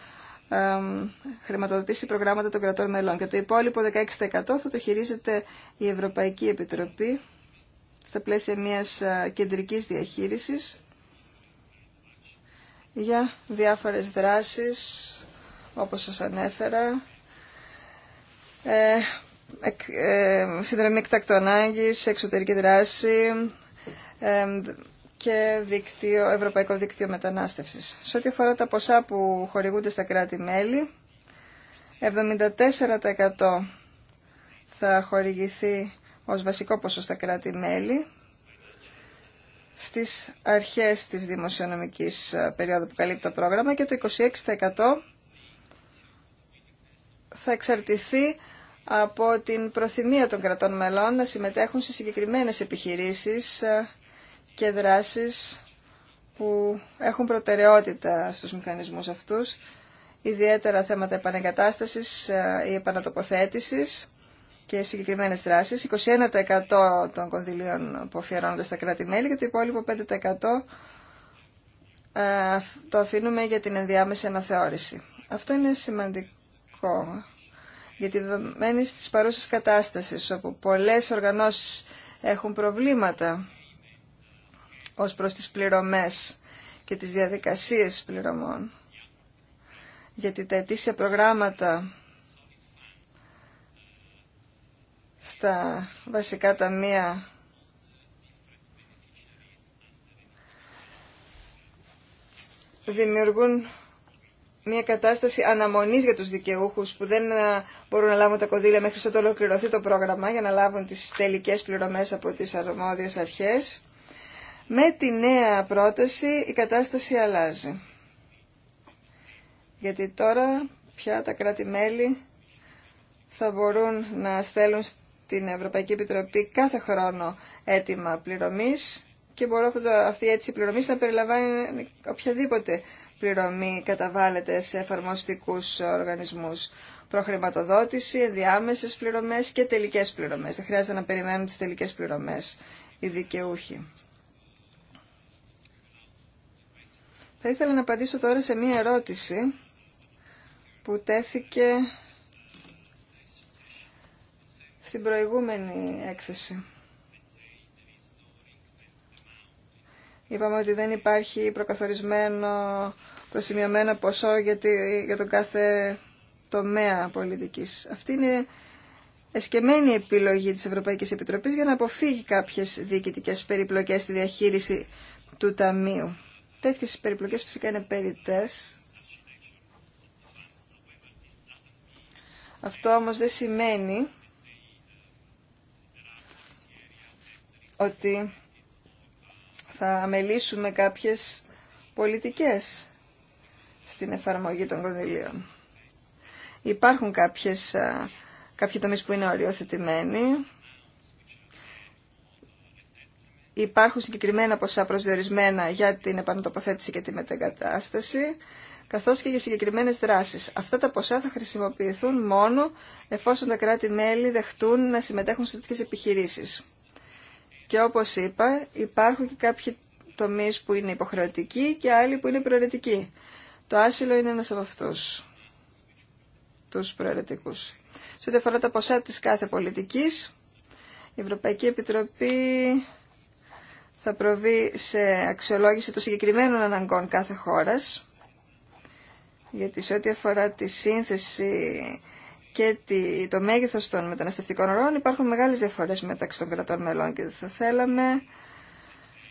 χρηματοδοτήσει προγράμματα των κρατών μελών και το υπόλοιπο 16% θα το χειρίζεται η Ευρωπαϊκή Επιτροπή στα πλαίσια μιας ε, κεντρικής διαχείρισης για διάφορες δράσεις όπως σας ανέφερα ε, ε, συνδρομή ανάγκη, εξωτερική δράση και δίκτυο, ευρωπαϊκό δίκτυο μετανάστευσης. Σε ό,τι αφορά τα ποσά που χορηγούνται στα κράτη-μέλη, 74% θα χορηγηθεί ως βασικό ποσό στα κράτη-μέλη στις αρχές της δημοσιονομικής ε, περίοδου που καλύπτει το πρόγραμμα και το 26% θα εξαρτηθεί από την προθυμία των κρατών μελών να συμμετέχουν σε συγκεκριμένες επιχειρήσεις ε, και δράσεις που έχουν προτεραιότητα στους μηχανισμούς αυτούς, ιδιαίτερα θέματα επανεγκατάστασης ε, ή επανατοποθέτησης και συγκεκριμένες δράσεις, 21% των κονδυλίων που αφιερώνονται στα κράτη-μέλη και το υπόλοιπο 5% ε, το αφήνουμε για την ενδιάμεση αναθεώρηση. Αυτό είναι σημαντικό για τη δεδομένη τη παρούσα κατάσταση, όπου πολλέ οργανώσει έχουν προβλήματα ω προς τι πληρωμές και τι διαδικασίε πληρωμών, γιατί τα ετήσια προγράμματα στα βασικά ταμεία δημιουργούν μια κατάσταση αναμονής για τους δικαιούχου που δεν ε, μπορούν να λάβουν τα κονδύλια μέχρι ότου ολοκληρωθεί το πρόγραμμα για να λάβουν τις τελικέ πληρωμές από τις αρμόδιες αρχές. Με τη νέα πρόταση η κατάσταση αλλάζει. Γιατί τώρα πια τα κράτη-μέλη θα μπορούν να στέλνουν στην Ευρωπαϊκή Επιτροπή κάθε χρόνο αίτημα πληρωμής και μπορούν αυτή η αίτηση πληρωμής να περιλαμβάνει οποιαδήποτε πληρωμή καταβάλλεται σε εφαρμοστικούς οργανισμούς. Προχρηματοδότηση, ενδιάμεσες πληρωμές και τελικές πληρωμές. Δεν χρειάζεται να περιμένουν τις τελικές πληρωμές οι δικαιούχοι. Θα ήθελα να απαντήσω τώρα σε μία ερώτηση που τέθηκε στην προηγούμενη έκθεση. Είπαμε ότι δεν υπάρχει προκαθορισμένο, προσημειωμένο ποσό για, για τον κάθε τομέα πολιτικής. Αυτή είναι εσκεμμένη επιλογή της Ευρωπαϊκής Επιτροπής για να αποφύγει κάποιες διοικητικές περιπλοκές στη διαχείριση του Ταμείου. Τέτοιες περιπλοκές φυσικά είναι περιττές. Αυτό όμως δεν σημαίνει ότι θα αμελήσουμε κάποιες πολιτικές στην εφαρμογή των κονδυλίων. Υπάρχουν κάποιες, κάποιοι τομείς που είναι οριοθετημένοι. Υπάρχουν συγκεκριμένα ποσά προσδιορισμένα για την επανατοποθέτηση και τη μετεγκατάσταση, καθώς και για συγκεκριμένες δράσεις. Αυτά τα ποσά θα χρησιμοποιηθούν μόνο εφόσον τα κράτη-μέλη δεχτούν να συμμετέχουν σε τέτοιες επιχειρήσεις. Και όπως είπα, υπάρχουν και κάποιοι τομείς που είναι υποχρεωτικοί και άλλοι που είναι προαιρετικοί. Το άσυλο είναι ένας από αυτούς, τους προαιρετικούς. Σε ό,τι αφορά τα ποσά της κάθε πολιτικής, η Ευρωπαϊκή Επιτροπή θα προβεί σε αξιολόγηση των συγκεκριμένων αναγκών κάθε χώρας, γιατί σε ό,τι αφορά τη σύνθεση και το μέγεθος των μεταναστευτικών ορών υπάρχουν μεγάλες διαφορές μεταξύ των κρατών μελών και θα θέλαμε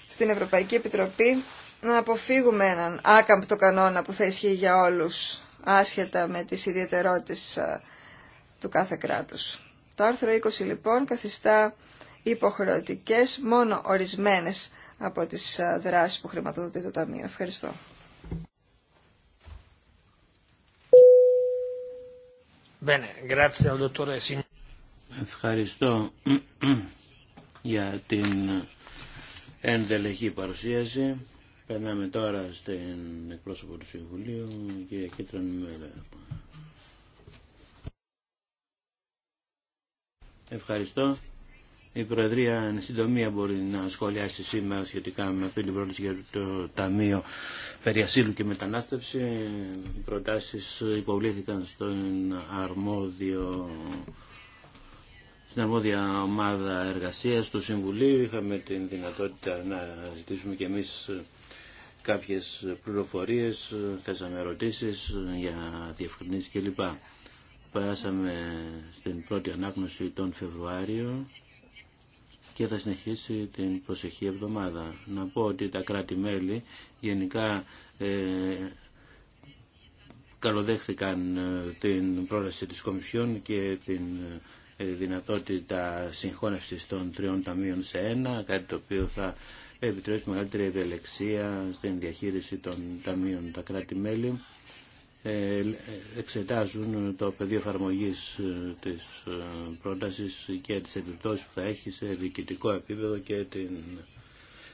στην Ευρωπαϊκή Επιτροπή να αποφύγουμε έναν άκαμπτο κανόνα που θα ισχύει για όλους άσχετα με τις ιδιαιτερότητες του κάθε κράτους. Το άρθρο 20 λοιπόν καθιστά υποχρεωτικές μόνο ορισμένες από τις δράσεις που χρηματοδοτεί το Ταμείο. Ευχαριστώ. Ευχαριστώ [clears throat] για την ενδελεχή παρουσίαση. Περνάμε τώρα στην εκπρόσωπο του Συμβουλίου, κυρία Κίτρον Μέλλα. Ευχαριστώ. Η Προεδρία εν συντομία μπορεί να σχολιάσει σήμερα σχετικά με αυτή την πρόταση για το Ταμείο Περιασύλου και Μετανάστευση. Οι προτάσεις υποβλήθηκαν στον αρμόδιο στην αρμόδια ομάδα εργασίας του Συμβουλίου είχαμε την δυνατότητα να ζητήσουμε και εμείς κάποιες πληροφορίες, θέσαμε ερωτήσεις για διευκρινήσεις κλπ. Περάσαμε στην πρώτη ανάγνωση τον Φεβρουάριο και θα συνεχίσει την προσεχή εβδομάδα. Να πω ότι τα κράτη-μέλη γενικά ε, καλοδέχθηκαν ε, την πρόταση της Κομισιόν και την ε, δυνατότητα συγχώνευσης των τριών ταμείων σε ένα, κάτι το οποίο θα επιτρέψει μεγαλύτερη ευελεξία στην διαχείριση των ταμείων τα κράτη-μέλη ε, εξετάζουν το πεδίο εφαρμογή ε, της ε, πρότασης και τις επιπτώσεις που θα έχει σε διοικητικό επίπεδο και την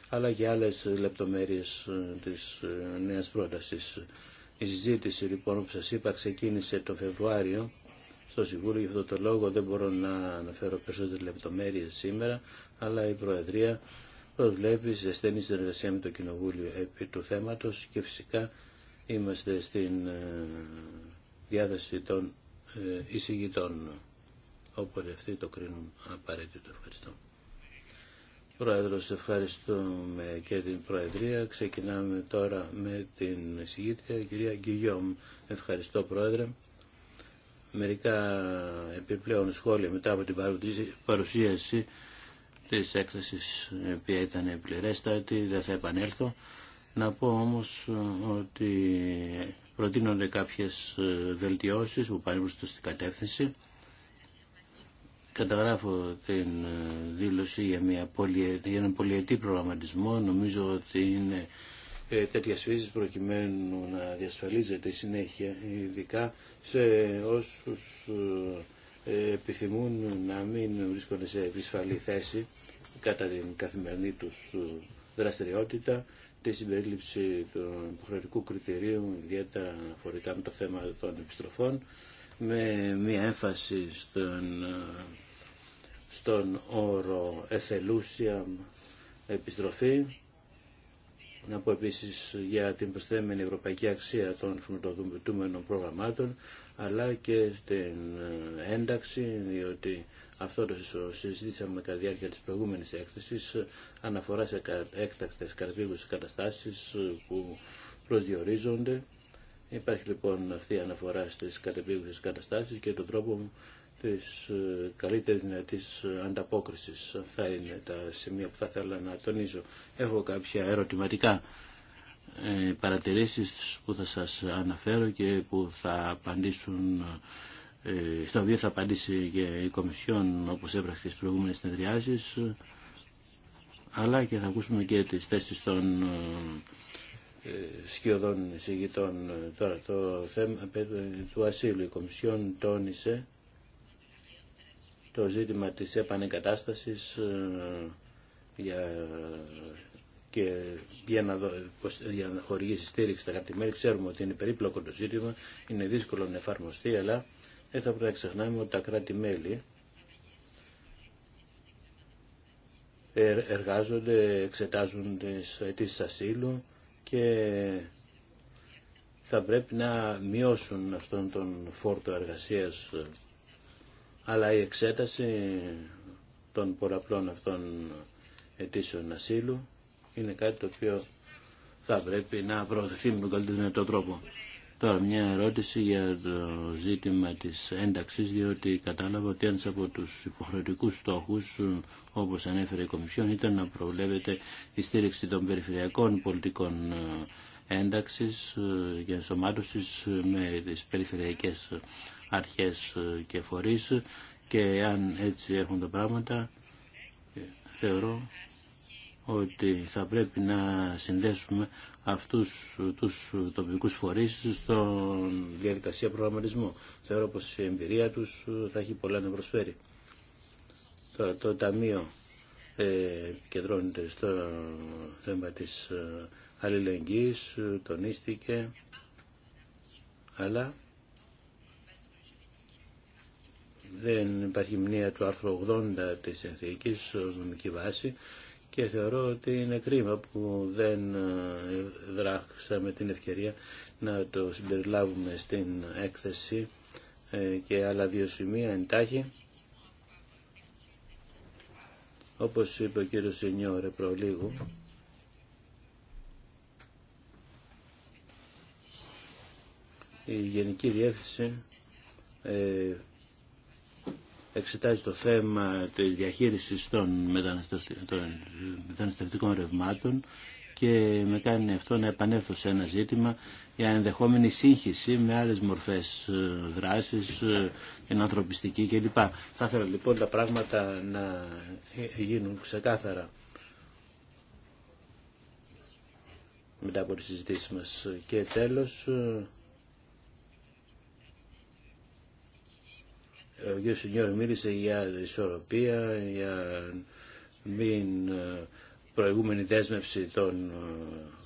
αλλά και άλλες λεπτομέρειες της νέας πρότασης. Η συζήτηση λοιπόν που σας είπα ξεκίνησε το Φεβρουάριο στο Συμβούλιο, γι' αυτό το λόγο δεν μπορώ να αναφέρω περισσότερες λεπτομέρειες σήμερα, αλλά η Προεδρία προσβλέπει σε στενή συνεργασία με το Κοινοβούλιο επί του θέματος και φυσικά Είμαστε στην ε, διάθεση των ε, εισηγητών, όπου αυτοί το κρίνουν απαραίτητο. Ευχαριστώ. Πρόεδρος, ευχαριστούμε και την Προεδρία. Ξεκινάμε τώρα με την εισηγήτρια, κυρία Γκυγιόμ. Ευχαριστώ, Πρόεδρε. Μερικά επιπλέον σχόλια μετά από την παρουσίαση της έκθεσης, η οποία ήταν πληρέστατη, δεν θα επανέλθω. Να πω όμως ε, ότι προτείνονται κάποιες ε, βελτιώσεις που πάνε προς την κατεύθυνση. Καταγράφω την ε, δήλωση για, μια πολυε... για έναν πολυετή προγραμματισμό. Νομίζω ότι είναι ε, προκειμένου να διασφαλίζεται η συνέχεια, ειδικά σε όσους επιθυμούν να μην βρίσκονται σε επισφαλή θέση κατά την καθημερινή τους δραστηριότητα τη συμπερίληψη του υποχρεωτικού κριτηρίου, ιδιαίτερα αναφορικά με το θέμα των επιστροφών, με μία έμφαση στον, στον όρο εθελούσια επιστροφή. Να πω επίσης για την προσθέμενη ευρωπαϊκή αξία των χρηματοδοτούμενων προγραμμάτων, αλλά και στην ε, ένταξη, διότι αυτό το συζήτησαμε με τη διάρκεια της προηγούμενης έκθεσης, αναφορά σε έκτακτες καρδίγους καταστάσεις ε, που προσδιορίζονται. Υπάρχει λοιπόν αυτή η αναφορά στις κατεπίγουσες καταστάσεις και τον τρόπο της ε, καλύτερης δυνατής ε, ανταπόκρισης. θα είναι τα σημεία που θα ήθελα να τονίζω. Έχω κάποια ερωτηματικά παρατηρήσεις που θα σας αναφέρω και που θα απαντήσουν ε, στο οποίο θα απαντήσει και η Κομισιόν όπως έπραξε τις προηγούμενες συνεδριάσεις αλλά και θα ακούσουμε και τις θέσεις των ε, σκιωδών εισηγητών τώρα το θέμα του ασύλου η Κομισιόν τόνισε το ζήτημα της επανεκατάστασης ε, για, και για να, δω, για να χορηγήσει στήριξη στα κατημέρια. Ξέρουμε ότι είναι περίπλοκο το ζήτημα, είναι δύσκολο να εφαρμοστεί, αλλά δεν θα πρέπει να ξεχνάμε ότι τα κράτη-μέλη ε, εργάζονται, εξετάζουν τις αιτήσεις ασύλου και θα πρέπει να μειώσουν αυτόν τον φόρτο εργασίας αλλά η εξέταση των πολλαπλών αυτών αιτήσεων ασύλου είναι κάτι το οποίο θα πρέπει να προωθηθεί με τον καλύτερο τρόπο. Τώρα μια ερώτηση για το ζήτημα της ένταξης, διότι κατάλαβα ότι ένας από τους υποχρεωτικούς στόχους, όπως ανέφερε η Κομισιόν, ήταν να προβλέπεται η στήριξη των περιφερειακών πολιτικών ε, ένταξης και ε, ενσωμάτωσης με τις περιφερειακές αρχές ε, και φορείς και αν έτσι έχουν τα πράγματα θεωρώ ότι θα πρέπει να συνδέσουμε αυτούς τους τοπικούς φορείς στον διαδικασία προγραμματισμού. Θεωρώ πως η εμπειρία τους ε, θα έχει πολλά να προσφέρει. Το, το Ταμείο ε, κεντρώνεται στο θέμα της ε, αλληλεγγύης, ε, τονίστηκε, αλλά δεν υπάρχει μνήμα του άρθρου 80 της συνθήκης ως νομική βάση και θεωρώ ότι είναι κρίμα που δεν ε, δράξαμε την ευκαιρία να το συμπεριλάβουμε στην έκθεση ε, και άλλα δύο σημεία εντάχει. Όπως είπε ο κύριος Σινιώρε προλίγου, η Γενική Διεύθυνση ε, εξετάζει το θέμα της διαχείρισης των μεταναστευτικών ρευμάτων και με κάνει αυτό να επανέλθω σε ένα ζήτημα για ενδεχόμενη σύγχυση με άλλες μορφές ε, δράσης, ε, την ανθρωπιστική κλπ. Θα ήθελα λοιπόν τα πράγματα να γίνουν ξεκάθαρα μετά από τις συζητήσεις μας. Και τέλος, ε, Ο κ. Σινιόρ μίλησε για ισορροπία, για μην ε, προηγούμενη δέσμευση των ε,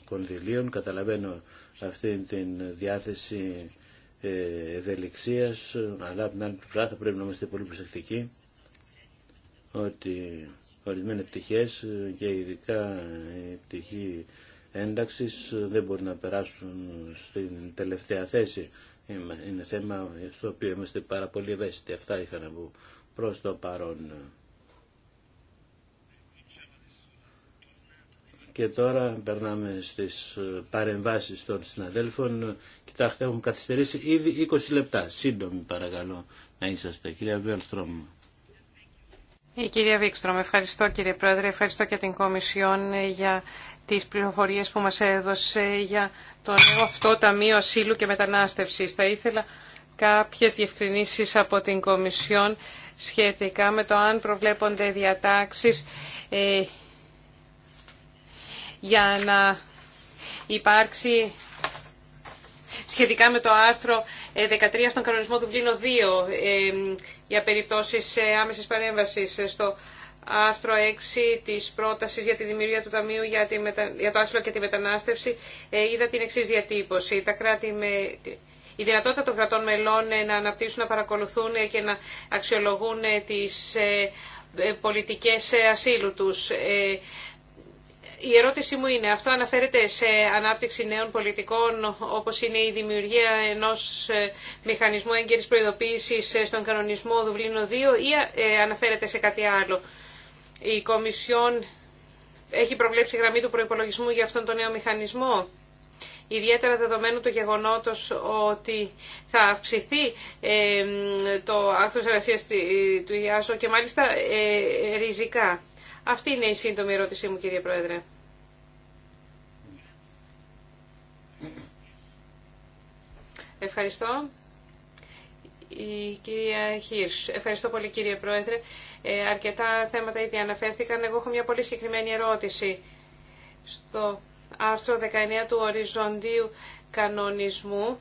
κονδυλίων. Καταλαβαίνω αυτή την διάθεση ε, ευελιξίας, αλλά από την άλλη πλευρά θα πρέπει να είμαστε πολύ προσεκτικοί ότι ορισμένες πτυχές και ειδικά η πτυχή ένταξης δεν μπορεί να περάσουν στην τελευταία θέση είναι θέμα στο οποίο είμαστε πάρα πολύ ευαίσθητοι. Αυτά είχα να πω προς το παρόν. Και τώρα περνάμε στις ε, παρεμβάσεις των συναδέλφων. Κοιτάξτε, έχουμε καθυστερήσει ήδη 20 λεπτά. Σύντομη παρακαλώ να είσαστε. Κυρία Βέλστρομ. Η κυρία Βίκστρομ, ευχαριστώ κύριε Πρόεδρε, ευχαριστώ και την Κομισιόν για τις πληροφορίες που μας έδωσε για το νέο αυτό Ταμείο Ασύλου και Μετανάστευσης. Θα ήθελα κάποιες διευκρινήσεις από την Κομισιόν σχετικά με το αν προβλέπονται διατάξεις ε, για να υπάρξει σχετικά με το άρθρο 13 ε, στον κανονισμό του Βλήνο 2 ε, για περιπτώσεις ε, άμεσης παρέμβασης στο άρθρο 6 της πρότασης για τη δημιουργία του Ταμείου για, το άσυλο και τη μετανάστευση είδα την εξής διατύπωση. Τα Η δυνατότητα των κρατών μελών να αναπτύσσουν, να παρακολουθούν και να αξιολογούν τις πολιτικές ασύλου τους η ερώτησή μου είναι, αυτό αναφέρεται σε ανάπτυξη νέων πολιτικών, όπως είναι η δημιουργία ενός ε, μηχανισμού έγκαιρης προειδοποίησης ε, στον κανονισμό Δουβλίνο 2 ή ε, αναφέρεται σε κάτι άλλο. Η Κομισιόν έχει προβλέψει γραμμή του προϋπολογισμού για αυτόν τον νέο μηχανισμό. Ιδιαίτερα δεδομένου του γεγονότος ότι θα αυξηθεί το άρθρος εργασίας του ΙΑΣΟ και μάλιστα ριζικά. Αυτή είναι η σύντομη ερώτησή μου, κύριε Πρόεδρε. Ευχαριστώ. Η κυρία Χίρς. Ευχαριστώ πολύ κύριε Πρόεδρε. Ε, αρκετά θέματα ήδη αναφέρθηκαν. Εγώ έχω μια πολύ συγκεκριμένη ερώτηση. Στο άρθρο 19 του οριζοντίου κανονισμού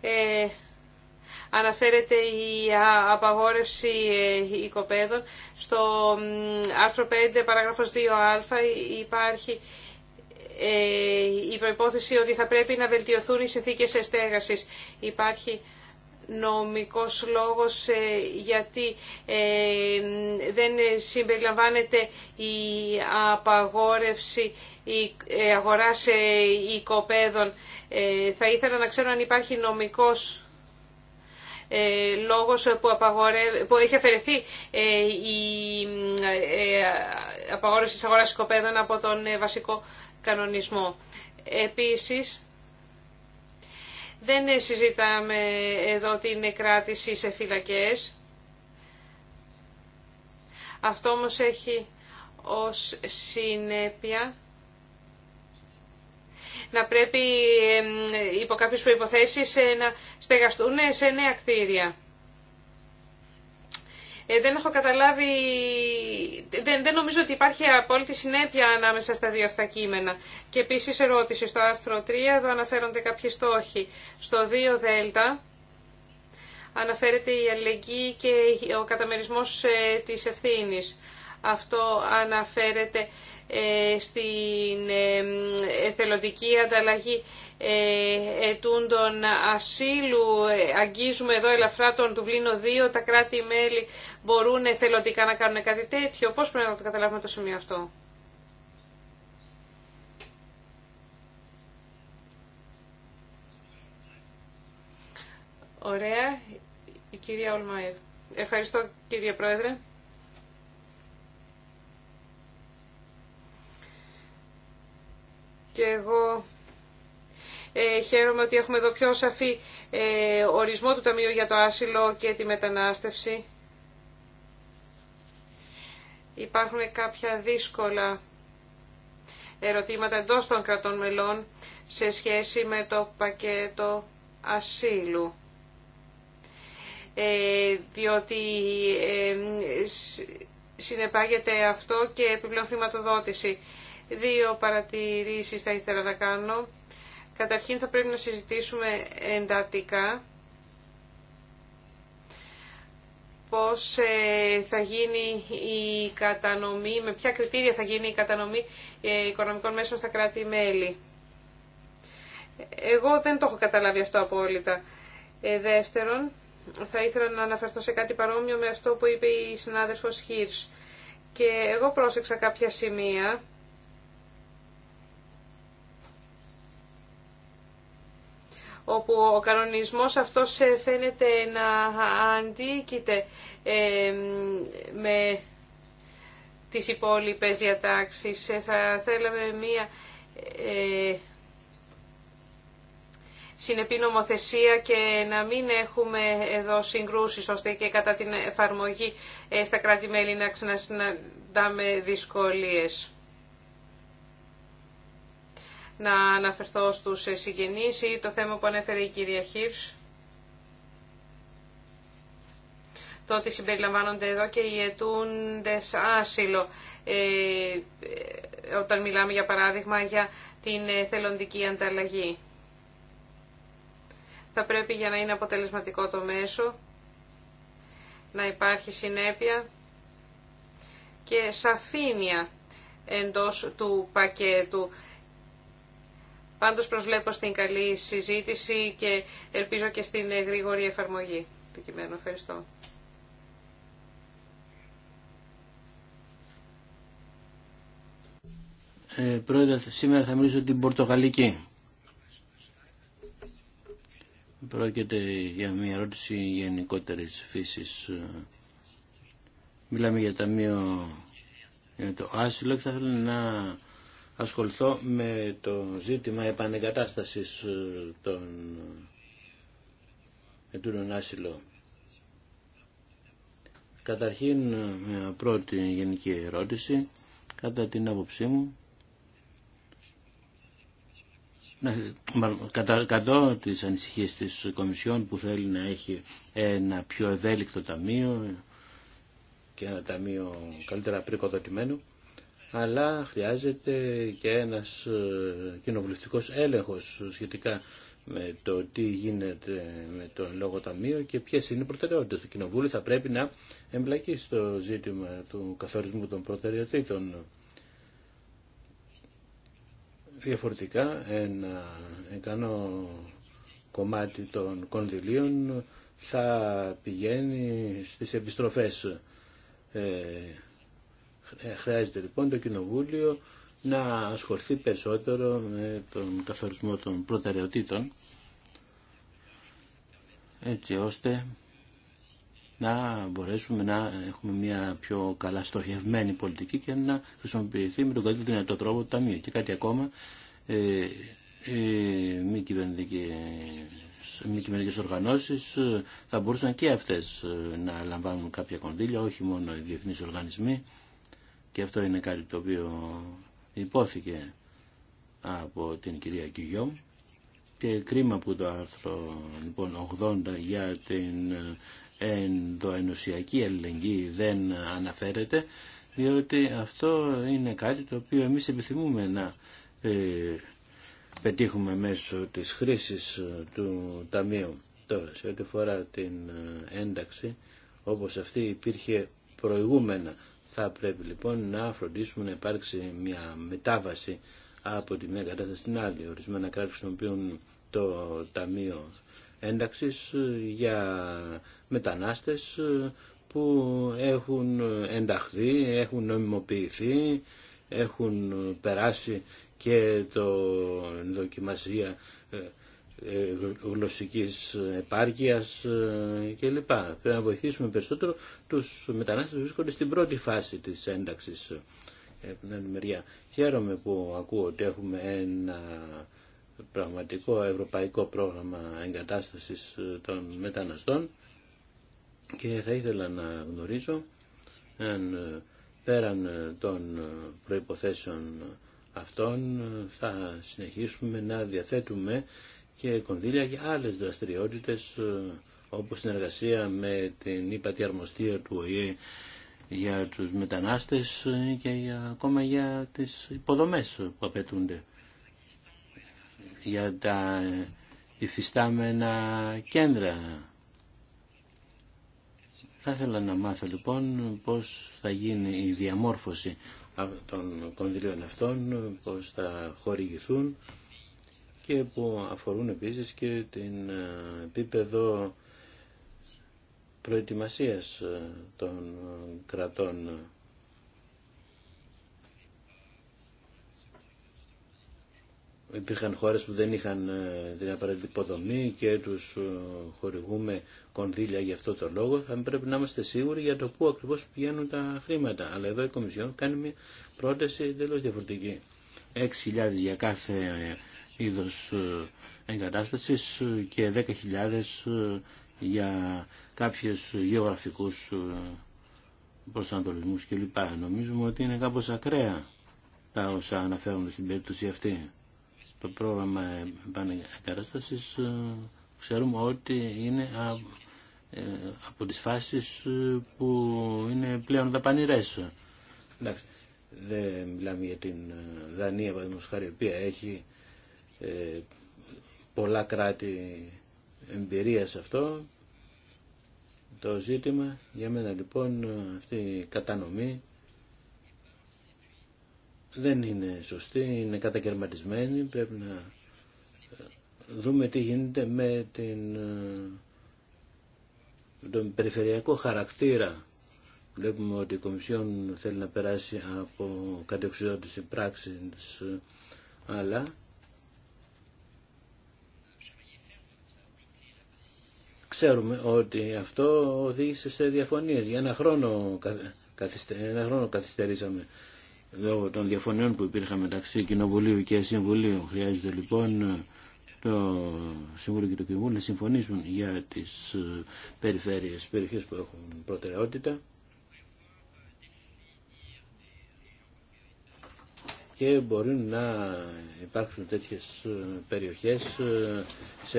ε, αναφέρεται η απαγόρευση ε, οικοπαίδων. Στο άρθρο 5, παράγραφος 2α, υπάρχει ε, η προϋπόθεση ότι θα πρέπει να βελτιωθούν οι συνθήκες εστέγασης. Υπάρχει νομικός λόγος ε, γιατί δεν συμπεριλαμβάνεται η απαγόρευση η αγοράς οικοπαίδων. Θα ήθελα να ξέρω αν υπάρχει νομικός ε, λόγος που, είχε που έχει αφαιρεθεί ε, η ε, απαγόρευση της αγοράς σκοπέδων από τον βασικό κανονισμό. Επίσης, δεν συζητάμε εδώ την κράτηση σε φυλακές. Αυτό όμως έχει ως συνέπεια να πρέπει υπό κάποιες προϋποθέσεις ε, να στεγαστούν σε νέα κτίρια. Ε, δεν έχω καταλάβει, δεν, δεν νομίζω ότι υπάρχει απόλυτη συνέπεια ανάμεσα στα δύο αυτά κείμενα. Και επίσης ερώτηση στο άρθρο 3, εδώ αναφέρονται κάποιοι στόχοι. Στο 2 δέλτα αναφέρεται η αλληλεγγύη και ο καταμερισμός ε, της ευθύνης. Αυτό αναφέρεται ε, στην εθελοντική ανταλλαγή ε, ετούντων ασύλου. Αγγίζουμε εδώ ελαφρά τον Τουβλίνο 2. Τα κράτη-μέλη μπορούν εθελοντικά να κάνουν κάτι τέτοιο. Πώς πρέπει να το καταλάβουμε το σημείο αυτό. Ωραία. Η κυρία Ολμαϊρ. Ευχαριστώ κύριε Πρόεδρε. Και εγώ ε, χαίρομαι ότι έχουμε εδώ πιο σαφή ε, ορισμό του Ταμείου για το άσυλο και τη μετανάστευση. Υπάρχουν κάποια δύσκολα ερωτήματα εντός των κρατών μελών σε σχέση με το πακέτο ασύλου. Ε, διότι ε, συνεπάγεται αυτό και επιπλέον χρηματοδότηση. Δύο παρατηρήσεις θα ήθελα να κάνω. Καταρχήν θα πρέπει να συζητήσουμε εντατικά πώς ε, θα γίνει η κατανομή, με ποια κριτήρια θα γίνει η κατανομή ε, οικονομικών μέσων στα κράτη-μέλη. Εγώ δεν το έχω καταλάβει αυτό απόλυτα. Ε, δεύτερον, θα ήθελα να αναφερθώ σε κάτι παρόμοιο με αυτό που είπε η συνάδελφος Χίρς. Και εγώ πρόσεξα κάποια σημεία όπου ο κανονισμός αυτός φαίνεται να αντίκειται με τις υπόλοιπες διατάξεις. Ε, θα θέλαμε μία ε, συνεπή νομοθεσία και να μην έχουμε εδώ συγκρούσεις, ώστε και κατά την εφαρμογή ε, στα κράτη-μέλη να ξανασυναντάμε δυσκολίες να αναφερθώ στους συγγενείς ή το θέμα που ανέφερε η κυρία Χίρς. Το ότι συμπεριλαμβάνονται εδώ και οι αιτούντες άσυλο. Ε, ε, όταν μιλάμε για παράδειγμα για την θελοντική ανταλλαγή. Θα πρέπει για να είναι αποτελεσματικό το μέσο να υπάρχει συνέπεια και σαφήνεια εντός του πακέτου Πάντως προσβλέπω στην καλή συζήτηση και ελπίζω και στην γρήγορη εφαρμογή του κειμένου. Ευχαριστώ. Ε, πρόεδρε, σήμερα θα μιλήσω την Πορτογαλική. Πρόκειται για μια ερώτηση γενικότερης φύσης. Ε, μιλάμε για ταμείο για το άσυλο και θα ήθελα να ασχοληθώ με το ζήτημα επανεγκατάστασης ε, των ετούνων άσυλο. Καταρχήν, ε, μια πρώτη γενική ερώτηση, κατά την άποψή μου, κατά τις ανησυχίες της Κομισιόν που θέλει να έχει ένα πιο ευέλικτο ταμείο και ένα ταμείο καλύτερα πρικοδοτημένο αλλά χρειάζεται και ένας ε, κοινοβουλευτικός έλεγχος σχετικά με το τι γίνεται με το λόγο ταμείο και ποιε είναι οι προτεραιότητε. Το Κοινοβούλιο θα πρέπει να εμπλακεί στο ζήτημα του καθορισμού των προτεραιοτήτων. Διαφορετικά, ένα ικανό κομμάτι των κονδυλίων θα πηγαίνει στις επιστροφές. Ε, ε, χρειάζεται λοιπόν το Κοινοβούλιο να ασχοληθεί περισσότερο με τον καθορισμό των προτεραιοτήτων έτσι ώστε να μπορέσουμε να έχουμε μια πιο καλά στοχευμένη πολιτική και να χρησιμοποιηθεί με τον καλύτερο δυνατό τρόπο το Ταμείο. Και κάτι ακόμα, ε, ε, μη κυβερνητικέ μη κυβερνητικές οργανώσεις ε, θα μπορούσαν και αυτές ε, να λαμβάνουν κάποια κονδύλια, όχι μόνο οι διεθνείς οργανισμοί και αυτό είναι κάτι το οποίο υπόθηκε από την κυρία Κιγιόμ και κρίμα που το άρθρο λοιπόν 80 για την ε, ενδοενωσιακή αλληλεγγύη δεν αναφέρεται διότι αυτό είναι κάτι το οποίο εμείς επιθυμούμε να ε, πετύχουμε μέσω της χρήσης ε, του Ταμείου. Τώρα, σε ό,τι φορά την ένταξη, όπως αυτή υπήρχε προηγούμενα θα πρέπει λοιπόν να φροντίσουμε να υπάρξει μια μετάβαση από τη μία κατάσταση στην άλλη. Ορισμένα κράτη χρησιμοποιούν το Ταμείο Ένταξης για μετανάστες που έχουν ενταχθεί, έχουν νομιμοποιηθεί, έχουν περάσει και το δοκιμασία ε, ε, γλωσσικής επάρκειας ε, κλπ. Πρέπει να βοηθήσουμε περισσότερο τους μετανάστες που βρίσκονται στην πρώτη φάση της ένταξης ε, από την Χαίρομαι που ακούω ότι έχουμε ένα πραγματικό ευρωπαϊκό πρόγραμμα εγκατάστασης των μεταναστών και θα ήθελα να γνωρίζω αν πέραν των προϋποθέσεων αυτών θα συνεχίσουμε να διαθέτουμε και κονδύλια για άλλες δραστηριότητες ε, όπως συνεργασία με την ύπατη αρμοστία του ΟΗΕ για τους μετανάστες ε, και για, ακόμα για τις υποδομές που απαιτούνται για τα ε, υφιστάμενα κέντρα. Θα ήθελα να μάθω λοιπόν πώς θα γίνει η διαμόρφωση των κονδυλίων αυτών, πώς θα χορηγηθούν και που αφορούν επίσης και την ε, επίπεδο προετοιμασίας ε, των ε, κρατών. Υπήρχαν χώρες που δεν είχαν την απαραίτητη υποδομή και τους χορηγούμε κονδύλια για αυτό το λόγο. Θα πρέπει να είμαστε σίγουροι για το πού ακριβώς πηγαίνουν τα χρήματα. Αλλά εδώ η Κομισιόν κάνει μια πρόταση εντελώς διαφορετική. 6.000 για κάθε είδος ε, εγκατάστασης ε, και 10.000 ε, για κάποιους γεωγραφικούς προσανατολισμούς κλπ. Νομίζουμε ότι είναι κάπως ακραία τα όσα αναφέρονται στην περίπτωση αυτή. Το πρόγραμμα επανεγκατάσταση ξέρουμε ότι είναι από τις φάσεις που είναι πλέον δαπανηρές. Εντάξει, δεν μιλάμε για την Δανία, παραδείγματος χάρη, η οποία έχει ε, πολλά κράτη εμπειρία σε αυτό το ζήτημα. Για μένα λοιπόν αυτή η κατανομή δεν είναι σωστή, είναι κατακαιρματισμένη. Πρέπει να δούμε τι γίνεται με την, τον περιφερειακό χαρακτήρα. Βλέπουμε ότι η Κομισιόν θέλει να περάσει από κατεξουδότηση πράξης, αλλά Ξέρουμε ότι αυτό οδήγησε σε διαφωνίες. Για ένα χρόνο, καθυστερήσαμε λόγω των διαφωνιών που υπήρχαν μεταξύ Κοινοβουλίου και Συμβουλίου. Χρειάζεται λοιπόν το Συμβούλιο και το Κοινοβούλιο να συμφωνήσουν για τις ε, περιφέρειες, περιοχές που έχουν προτεραιότητα. και μπορεί να υπάρξουν τέτοιες ε, περιοχές ε, σε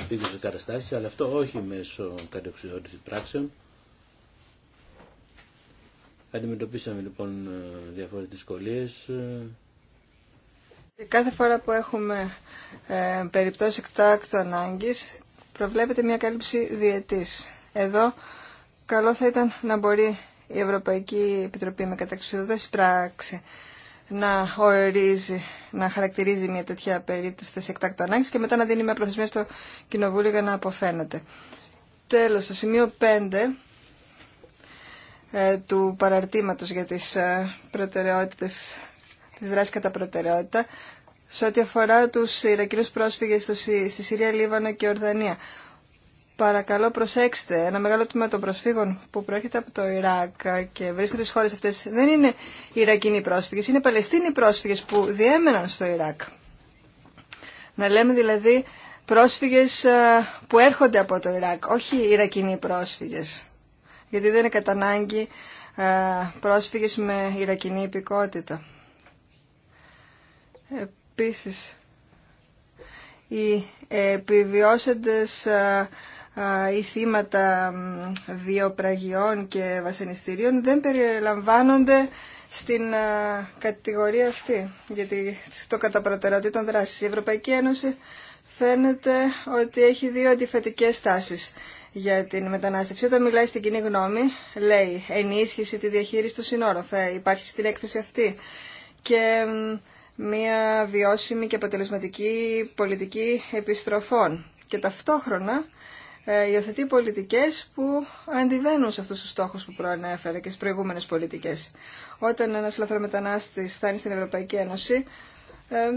επίγουσες καταστάσεις, αλλά αυτό όχι μέσω κατεξιότητας πράξεων. Αντιμετωπίσαμε λοιπόν ε, διαφορετικές δυσκολίε. Κάθε φορά που έχουμε ε, περιπτώσει εκτάκτου ανάγκης, προβλέπεται μια κάλυψη διετής. Εδώ καλό θα ήταν να μπορεί η Ευρωπαϊκή Επιτροπή με κατεξουδότηση πράξη να ορίζει, να χαρακτηρίζει μια τέτοια περίπτωση τη εκτάκτου ανάγκη και μετά να δίνει μια προθεσμία στο Κοινοβούλιο για να αποφαίνεται. Τέλο, το σημείο 5 ε, του παραρτήματος για τις ε, προτεραιότητες, τις δράσεις κατά προτεραιότητα, σε ό,τι αφορά τους ιρακινού πρόσφυγες στη Συρία, Λίβανο και Ορδανία. Παρακαλώ προσέξτε, ένα μεγάλο τμήμα των προσφύγων που προέρχεται από το Ιράκ και βρίσκονται στις χώρες αυτές δεν είναι Ιρακινοί πρόσφυγες, είναι Παλαιστίνοι πρόσφυγες που διέμεναν στο Ιράκ. Να λέμε δηλαδή πρόσφυγες ε, που έρχονται από το Ιράκ, όχι Ιρακινοί πρόσφυγες. Γιατί δεν είναι κατά ανάγκη ε, πρόσφυγες με Ιρακινή υπηκότητα. Επίσης, οι επιβιώσαντες ε, οι θύματα βιοπραγιών και βασανιστήριων δεν περιλαμβάνονται στην κατηγορία αυτή, γιατί το κατά των δράσης. Η Ευρωπαϊκή Ένωση φαίνεται ότι έχει δύο αντιφατικές στάσεις για την μετανάστευση. Όταν μιλάει στην κοινή γνώμη, λέει ενίσχυση τη διαχείριση του συνόρων. Υπάρχει στην έκθεση αυτή. Και μια βιώσιμη και αποτελεσματική πολιτική επιστροφών. Και ταυτόχρονα ε, υιοθετεί πολιτικές που αντιβαίνουν σε αυτούς τους στόχους που προανέφερε και στις προηγούμενες πολιτικές. Όταν ένας λαθρομετανάστης φτάνει στην Ευρωπαϊκή Ένωση, ε,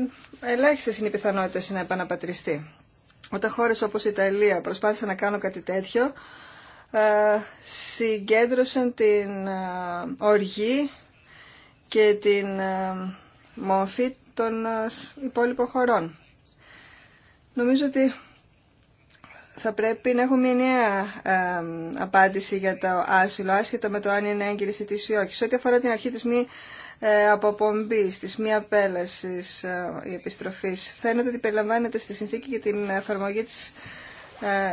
ελάχιστες είναι οι πιθανότητες να επαναπατριστεί. Όταν χώρες όπως η Ιταλία προσπάθησαν να κάνουν κάτι τέτοιο, ε, συγκέντρωσαν την οργή και την μορφή των υπόλοιπων χωρών. Νομίζω ότι θα πρέπει να έχουμε μια νέα απάντηση για το άσυλο, άσχετα με το αν είναι έγκυρη αιτήση ή όχι. Σε ό,τι αφορά την αρχή της μη ε, αποπομπής, της μη απέλαση ε, η επιστροφής, φαίνεται ότι περιλαμβάνεται στη συνθήκη για την εφαρμογή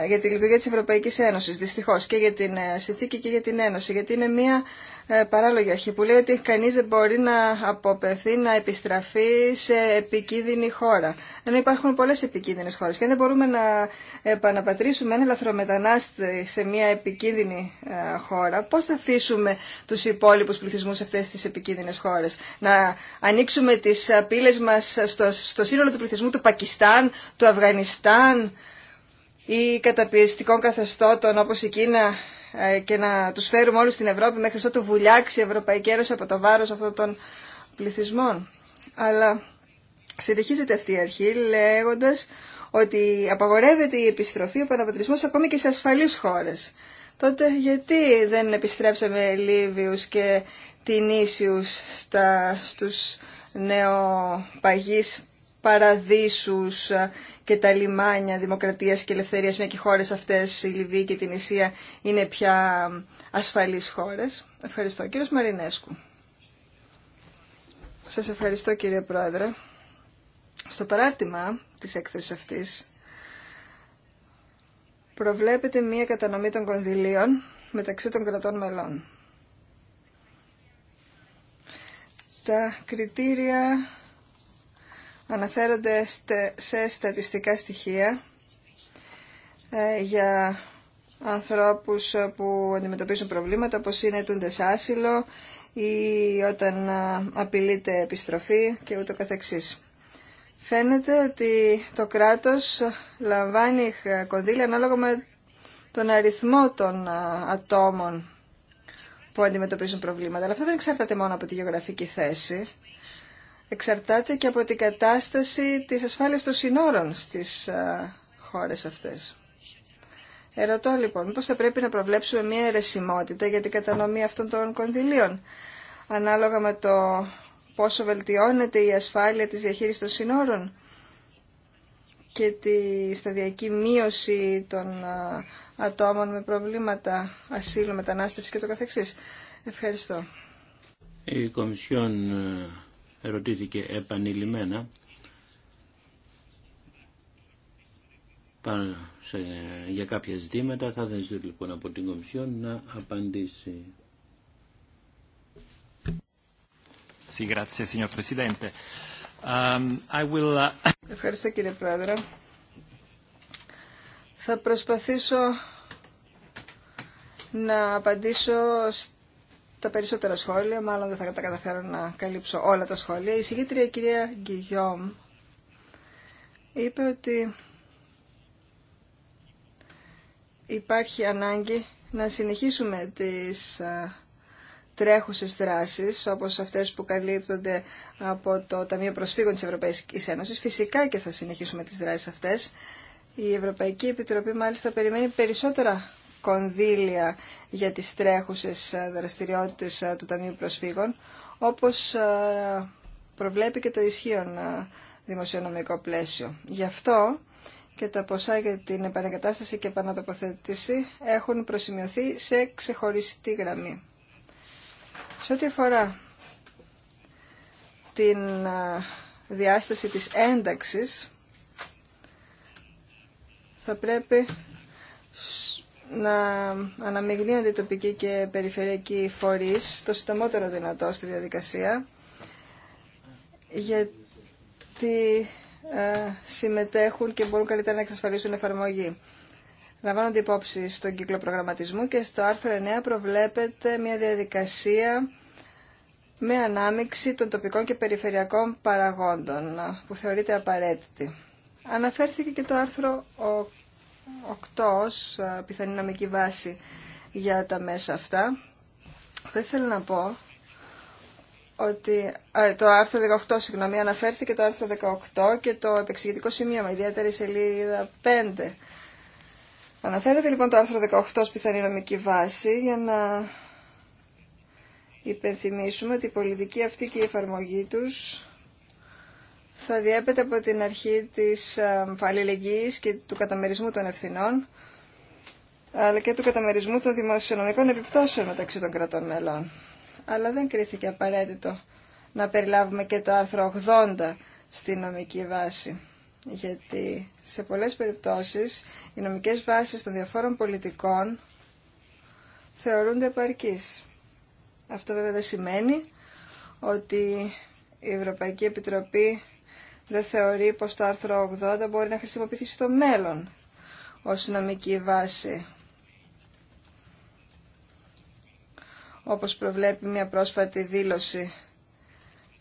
ε, για τη λειτουργία της Ευρωπαϊκής Ένωσης, δυστυχώς, και για την ε, συνθήκη και για την Ένωση, γιατί είναι μια ε, παράλογη αρχή που λέει ότι κανείς δεν μπορεί να αποπευθεί να επιστραφεί σε επικίνδυνη χώρα. Ενώ υπάρχουν πολλές επικίνδυνες χώρες και αν δεν μπορούμε να επαναπατρίσουμε ένα λαθρομετανάστη σε μια επικίνδυνη ε, χώρα, πώς θα αφήσουμε τους υπόλοιπους πληθυσμούς σε αυτές τις επικίνδυνες χώρες. Να ανοίξουμε τις πύλες μας στο, στο σύνολο του πληθυσμού του Πακιστάν, του Αφγανιστάν ή καταπιεστικών καθεστώτων όπως η Κίνα ε, και να τους φέρουμε όλους στην Ευρώπη μέχρι του βουλιάξει η Ευρωπαϊκή Ένωση από το βάρος αυτών των πληθυσμών. Αλλά συνεχίζεται αυτή η αρχή λέγοντας ότι απαγορεύεται η επιστροφή, ο παραπατρισμός ακόμη και σε ασφαλείς χώρες. Τότε γιατί δεν επιστρέψαμε Λίβιους και την στα, στους νεοπαγείς παραδείσους ε, και τα λιμάνια δημοκρατίας και ελευθερίας, μια και χώρες αυτές, η Λιβύη και την Ισία, είναι πια ασφαλείς χώρες. Ευχαριστώ. Κύριος Μαρινέσκου. Σας ευχαριστώ κύριε Πρόεδρε. Στο παράρτημα της έκθεσης αυτής προβλέπεται μία κατανομή των κονδυλίων μεταξύ των κρατών μελών. Τα κριτήρια αναφέρονται σε στατιστικά στοιχεία ε, για ανθρώπους που αντιμετωπίζουν προβλήματα όπως είναι το άσυλο ή όταν ε, απειλείται επιστροφή και ούτω καθεξής. Φαίνεται ότι το κράτος λαμβάνει κονδύλια ανάλογα με τον αριθμό των ε, ατόμων που αντιμετωπίζουν προβλήματα. Αλλά αυτό δεν εξαρτάται μόνο από τη γεωγραφική θέση, εξαρτάται και από την κατάσταση της ασφάλειας των συνόρων στις χώρες αυτές. Ερωτώ λοιπόν, πώς θα πρέπει να προβλέψουμε μια αιρεσιμότητα για την κατανομή αυτών των κονδυλίων, ανάλογα με το πόσο βελτιώνεται η ασφάλεια της διαχείρισης των συνόρων και τη σταδιακή μείωση των ατόμων με προβλήματα ασύλου, μετανάστευση και το καθεξής. Ευχαριστώ. Η Κομισιόν ε, ερωτήθηκε επανειλημμένα για κάποια ζητήματα. Θα ήθελα λοιπόν από την Κομισιόν να απαντήσει. Ehm, uh, Ευχαριστώ κύριε Πρόεδρε. Θα προσπαθήσω να απαντήσω τα περισσότερα σχόλια, μάλλον δεν θα τα καταφέρω να καλύψω όλα τα σχόλια. Η συγκήτρια κυρία Γκυγιόμ είπε ότι υπάρχει ανάγκη να συνεχίσουμε τις ε, τρέχουσες δράσεις, όπως αυτές που καλύπτονται από το Ταμείο Προσφύγων της Ευρωπαϊκής Ένωσης. Φυσικά και θα συνεχίσουμε τις δράσεις αυτές. Η Ευρωπαϊκή Επιτροπή μάλιστα περιμένει περισσότερα κονδύλια για τις τρέχουσες ε, δραστηριότητες ε, του Ταμείου Προσφύγων, όπως ε, προβλέπει και το ισχύον δημοσιονομικό πλαίσιο. Γι' αυτό και τα ποσά για την επανεκατάσταση και επανατοποθέτηση έχουν προσημειωθεί σε ξεχωριστή γραμμή. Σε ό,τι αφορά την διάσταση της ένταξης, θα πρέπει να αναμειγνύονται οι τοπικοί και περιφερειακοί φορείς το συντομότερο δυνατό στη διαδικασία γιατί ε, συμμετέχουν και μπορούν καλύτερα να εξασφαλίσουν εφαρμογή. Λαμβάνονται υπόψη στον κύκλο προγραμματισμού και στο άρθρο 9 προβλέπεται μια διαδικασία με ανάμειξη των τοπικών και περιφερειακών παραγόντων που θεωρείται απαραίτητη. Αναφέρθηκε και το άρθρο 8 ως πιθανή νομική βάση για τα μέσα αυτά. Θα ήθελα να πω ότι το άρθρο 18, συγγνώμη, αναφέρθηκε το άρθρο 18 και το επεξηγητικό με ιδιαίτερη σελίδα 5. Αναφέρεται λοιπόν το άρθρο 18 πιθανή νομική βάση για να υπενθυμίσουμε ότι η πολιτική αυτή και η εφαρμογή τους θα διέπεται από την αρχή της ε, αλληλεγγύης και του καταμερισμού των ευθυνών, αλλά και του καταμερισμού των δημοσιονομικών επιπτώσεων μεταξύ των κρατών μελών. Αλλά δεν κρίθηκε απαραίτητο να περιλάβουμε και το άρθρο 80 στη νομική βάση. Γιατί σε πολλές περιπτώσεις οι νομικές βάσεις των διαφόρων πολιτικών θεωρούνται επαρκείς. Αυτό βέβαια δεν σημαίνει ότι η Ευρωπαϊκή Επιτροπή δεν θεωρεί πως το άρθρο 80 μπορεί να χρησιμοποιηθεί στο μέλλον ως νομική βάση. Όπως προβλέπει μια πρόσφατη δήλωση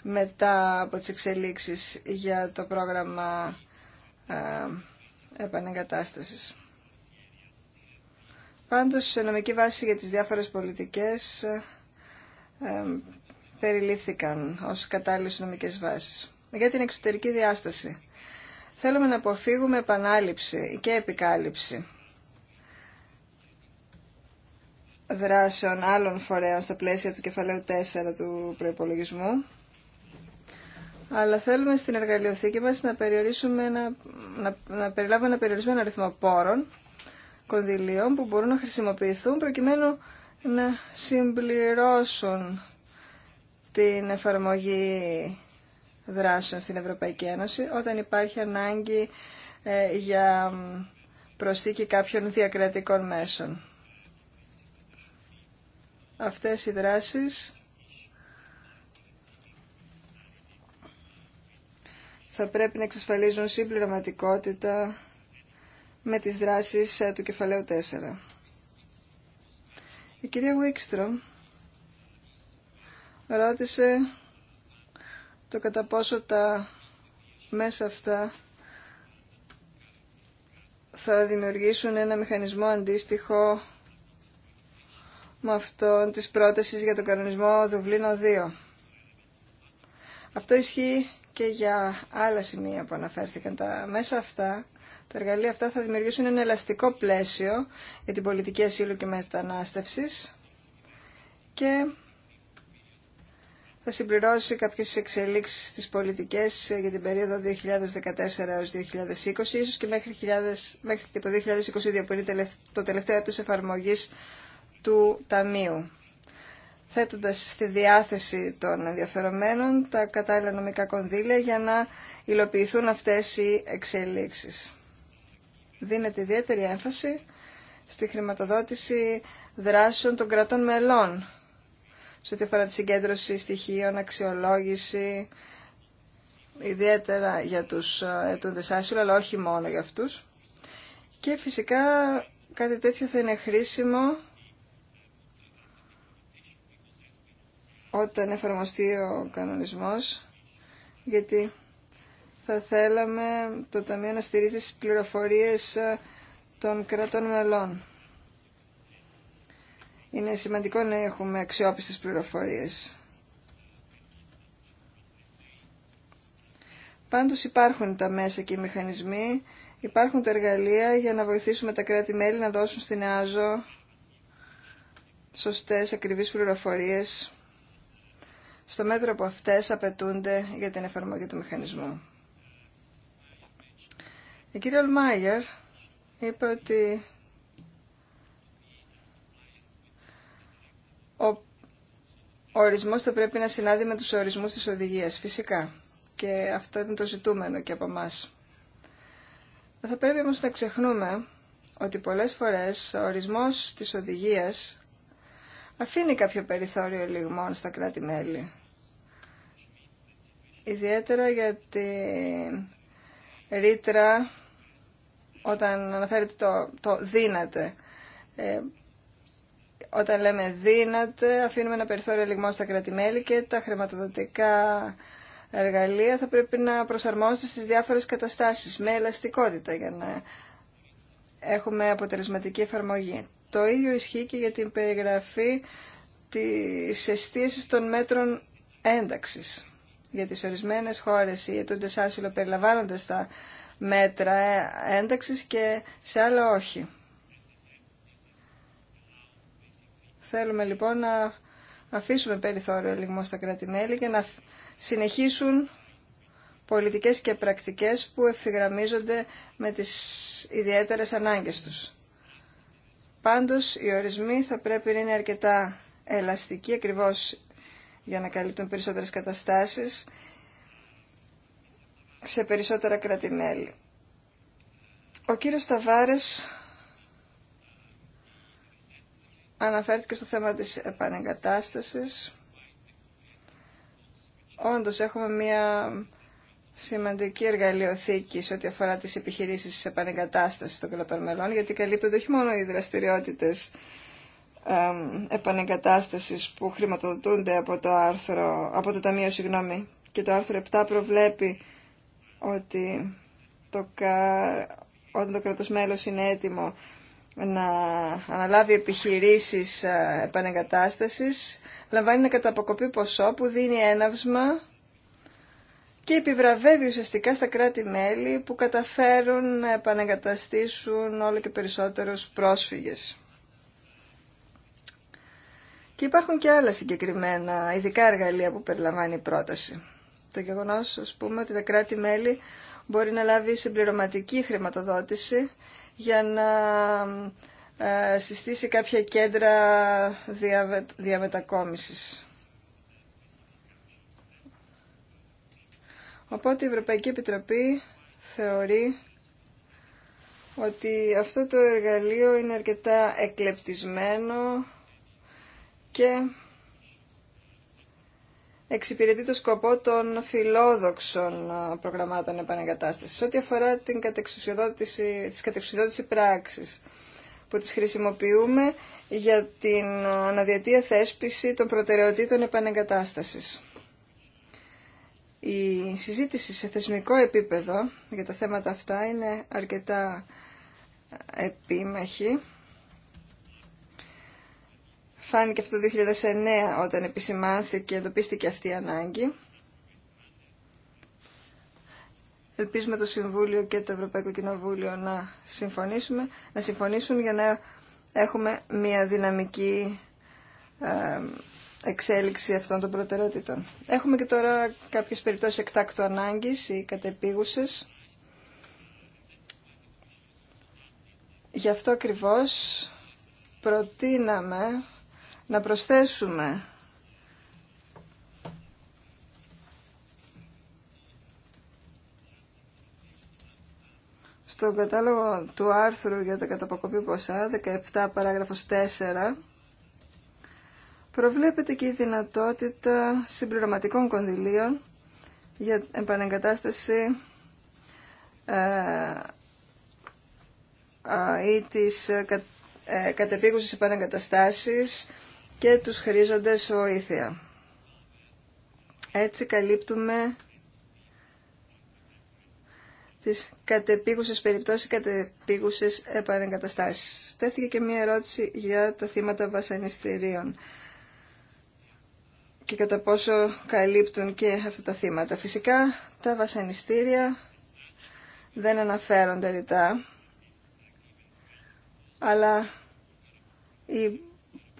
μετά από τις εξελίξεις για το πρόγραμμα ε, επανεγκατάστασης. Πάντως, σε νομική βάση για τις διάφορες πολιτικές ε, ε περιλήφθηκαν ως κατάλληλες νομικές βάσεις για την εξωτερική διάσταση. Θέλουμε να αποφύγουμε επανάληψη και επικάλυψη δράσεων άλλων φορέων στα πλαίσια του κεφαλαίου 4 του προϋπολογισμού αλλά θέλουμε στην εργαλειοθήκη μας να, περιορίσουμε, να, να, να περιλάβουμε ένα περιορισμένο αριθμό πόρων, κονδυλίων που μπορούν να χρησιμοποιηθούν προκειμένου να συμπληρώσουν την εφαρμογή δράσεων στην Ευρωπαϊκή Ένωση όταν υπάρχει ανάγκη ε, για προσθήκη κάποιων διακρατικών μέσων. Αυτές οι δράσεις θα πρέπει να εξασφαλίζουν συμπληρωματικότητα με τις δράσεις ε, του κεφαλαίου 4. Η κυρία Βουίκστρομ, ρώτησε το κατά πόσο τα μέσα αυτά θα δημιουργήσουν ένα μηχανισμό αντίστοιχο με αυτόν της πρότασης για τον κανονισμό Δουβλίνο 2. Αυτό ισχύει και για άλλα σημεία που αναφέρθηκαν. Τα μέσα αυτά, τα εργαλεία αυτά θα δημιουργήσουν ένα ελαστικό πλαίσιο για την πολιτική ασύλου και μετανάστευσης και θα συμπληρώσει κάποιες εξελίξεις στις πολιτικές ε, για την περίοδο 2014 έως 2020, ίσως και μέχρι, μέχρι και το 2022 που είναι το τελευταίο έτος εφαρμογής του Ταμείου θέτοντας στη διάθεση των ενδιαφερομένων τα κατάλληλα νομικά κονδύλια για να υλοποιηθούν αυτές οι εξελίξεις. Δίνεται ιδιαίτερη έμφαση στη χρηματοδότηση δράσεων των κρατών μελών σε ό,τι αφορά τη συγκέντρωση στοιχείων, αξιολόγηση, ιδιαίτερα για τους ε, ετούντες άσυλο, αλλά όχι μόνο για αυτούς. Και φυσικά κάτι τέτοιο θα είναι χρήσιμο όταν εφαρμοστεί ο κανονισμός, γιατί θα θέλαμε το Ταμείο να στηρίζει τις πληροφορίες ε, των κρατών μελών. Είναι σημαντικό να έχουμε αξιόπιστες πληροφορίες. Πάντως υπάρχουν τα μέσα και οι μηχανισμοί, υπάρχουν τα εργαλεία για να βοηθήσουμε τα κράτη-μέλη να δώσουν στην ΑΖΟ σωστές, ακριβείς πληροφορίες στο μέτρο που αυτές απαιτούνται για την εφαρμογή του μηχανισμού. Η κυρία Ολμάγερ είπε ότι ο ορισμός θα πρέπει να συνάδει με τους ορισμούς της οδηγίας, φυσικά. Και αυτό είναι το ζητούμενο και από εμά. Θα πρέπει όμως να ξεχνούμε ότι πολλές φορές ο ορισμός της οδηγίας αφήνει κάποιο περιθώριο λιγμών στα κράτη-μέλη. Ιδιαίτερα για την ρήτρα όταν αναφέρεται το, το δύναται. Ε, όταν λέμε δύναται, αφήνουμε ένα περιθώριο λιγμό στα κρατημέλη και τα χρηματοδοτικά εργαλεία θα πρέπει να προσαρμόζονται στις διάφορες καταστάσεις με ελαστικότητα για να έχουμε αποτελεσματική εφαρμογή. Το ίδιο ισχύει και για την περιγραφή της εστίασης των μέτρων ένταξης. Για τις ορισμένες χώρες οι αιτούντες άσυλο περιλαμβάνονται στα μέτρα ένταξης και σε άλλα όχι. Θέλουμε λοιπόν να αφήσουμε περιθώριο λιγμό στα κρατη και να συνεχίσουν πολιτικές και πρακτικές που ευθυγραμμίζονται με τις ιδιαίτερες ανάγκες τους. Πάντως, οι ορισμοί θα πρέπει να είναι αρκετά ελαστικοί, ακριβώς για να καλύπτουν περισσότερες καταστάσεις σε περισσότερα κράτη-μέλη. Ο κύριος Ταβάρες αναφέρθηκε στο θέμα της επανεγκατάστασης. Όντως έχουμε μια σημαντική εργαλειοθήκη σε ό,τι αφορά τις επιχειρήσεις της επανεγκατάστασης των κρατών μελών, γιατί καλύπτονται όχι μόνο οι δραστηριότητες επανεγκατάστασης που χρηματοδοτούνται από το, άρθρο, από το Ταμείο συγγνώμη, και το άρθρο 7 προβλέπει ότι το, όταν το κρατός είναι έτοιμο να αναλάβει επιχειρήσεις ε, επανεγκατάστασης λαμβάνει ένα καταποκοπή ποσό που δίνει έναυσμα και επιβραβεύει ουσιαστικά στα κράτη-μέλη που καταφέρουν να επανεγκαταστήσουν όλο και περισσότερους πρόσφυγες. Και υπάρχουν και άλλα συγκεκριμένα ειδικά εργαλεία που περιλαμβάνει η πρόταση. Το γεγονός, ας πούμε, ότι τα κράτη-μέλη μπορεί να λάβει συμπληρωματική χρηματοδότηση για να ε, συστήσει κάποια κέντρα διαμετακόμισης. Οπότε η Ευρωπαϊκή Επιτροπή θεωρεί ότι αυτό το εργαλείο είναι αρκετά εκλεπτισμένο και εξυπηρετεί το σκοπό των φιλόδοξων προγραμμάτων επανεγκατάστασης. Ό,τι αφορά την κατεξουσιοδότηση, τις κατεξουσιοδότηση πράξης που τις χρησιμοποιούμε για την αναδιατία θέσπιση των προτεραιοτήτων επανεγκατάστασης. Η συζήτηση σε θεσμικό επίπεδο για τα θέματα αυτά είναι αρκετά επίμαχη Φάνηκε αυτό το 2009 όταν επισημάνθηκε και εντοπίστηκε αυτή η ανάγκη. Ελπίζουμε το Συμβούλιο και το Ευρωπαϊκό Κοινοβούλιο να, συμφωνήσουμε, να συμφωνήσουν για να έχουμε μια δυναμική εξέλιξη αυτών των προτεραιότητων. Έχουμε και τώρα κάποιες περιπτώσεις εκτάκτου ανάγκης ή κατεπίγουσες. Γι' αυτό ακριβώς προτείναμε να προσθέσουμε στον κατάλογο του άρθρου για τα καταποκοπή ποσά, 17 παράγραφος 4, προβλέπεται και η δυνατότητα συμπληρωματικών κονδυλίων για επανεγκατάσταση ε, ή της ε, κατεπίγουσης επανεγκαταστάσεις και τους χρήζοντες βοήθεια. Έτσι καλύπτουμε τις κατεπίγουσες περιπτώσεις, κατεπίγουσες επανεγκαταστάσεις. Τέθηκε και μία ερώτηση για τα θύματα βασανιστήριων και κατά πόσο καλύπτουν και αυτά τα θύματα. Φυσικά τα βασανιστήρια δεν αναφέρονται ρητά, αλλά η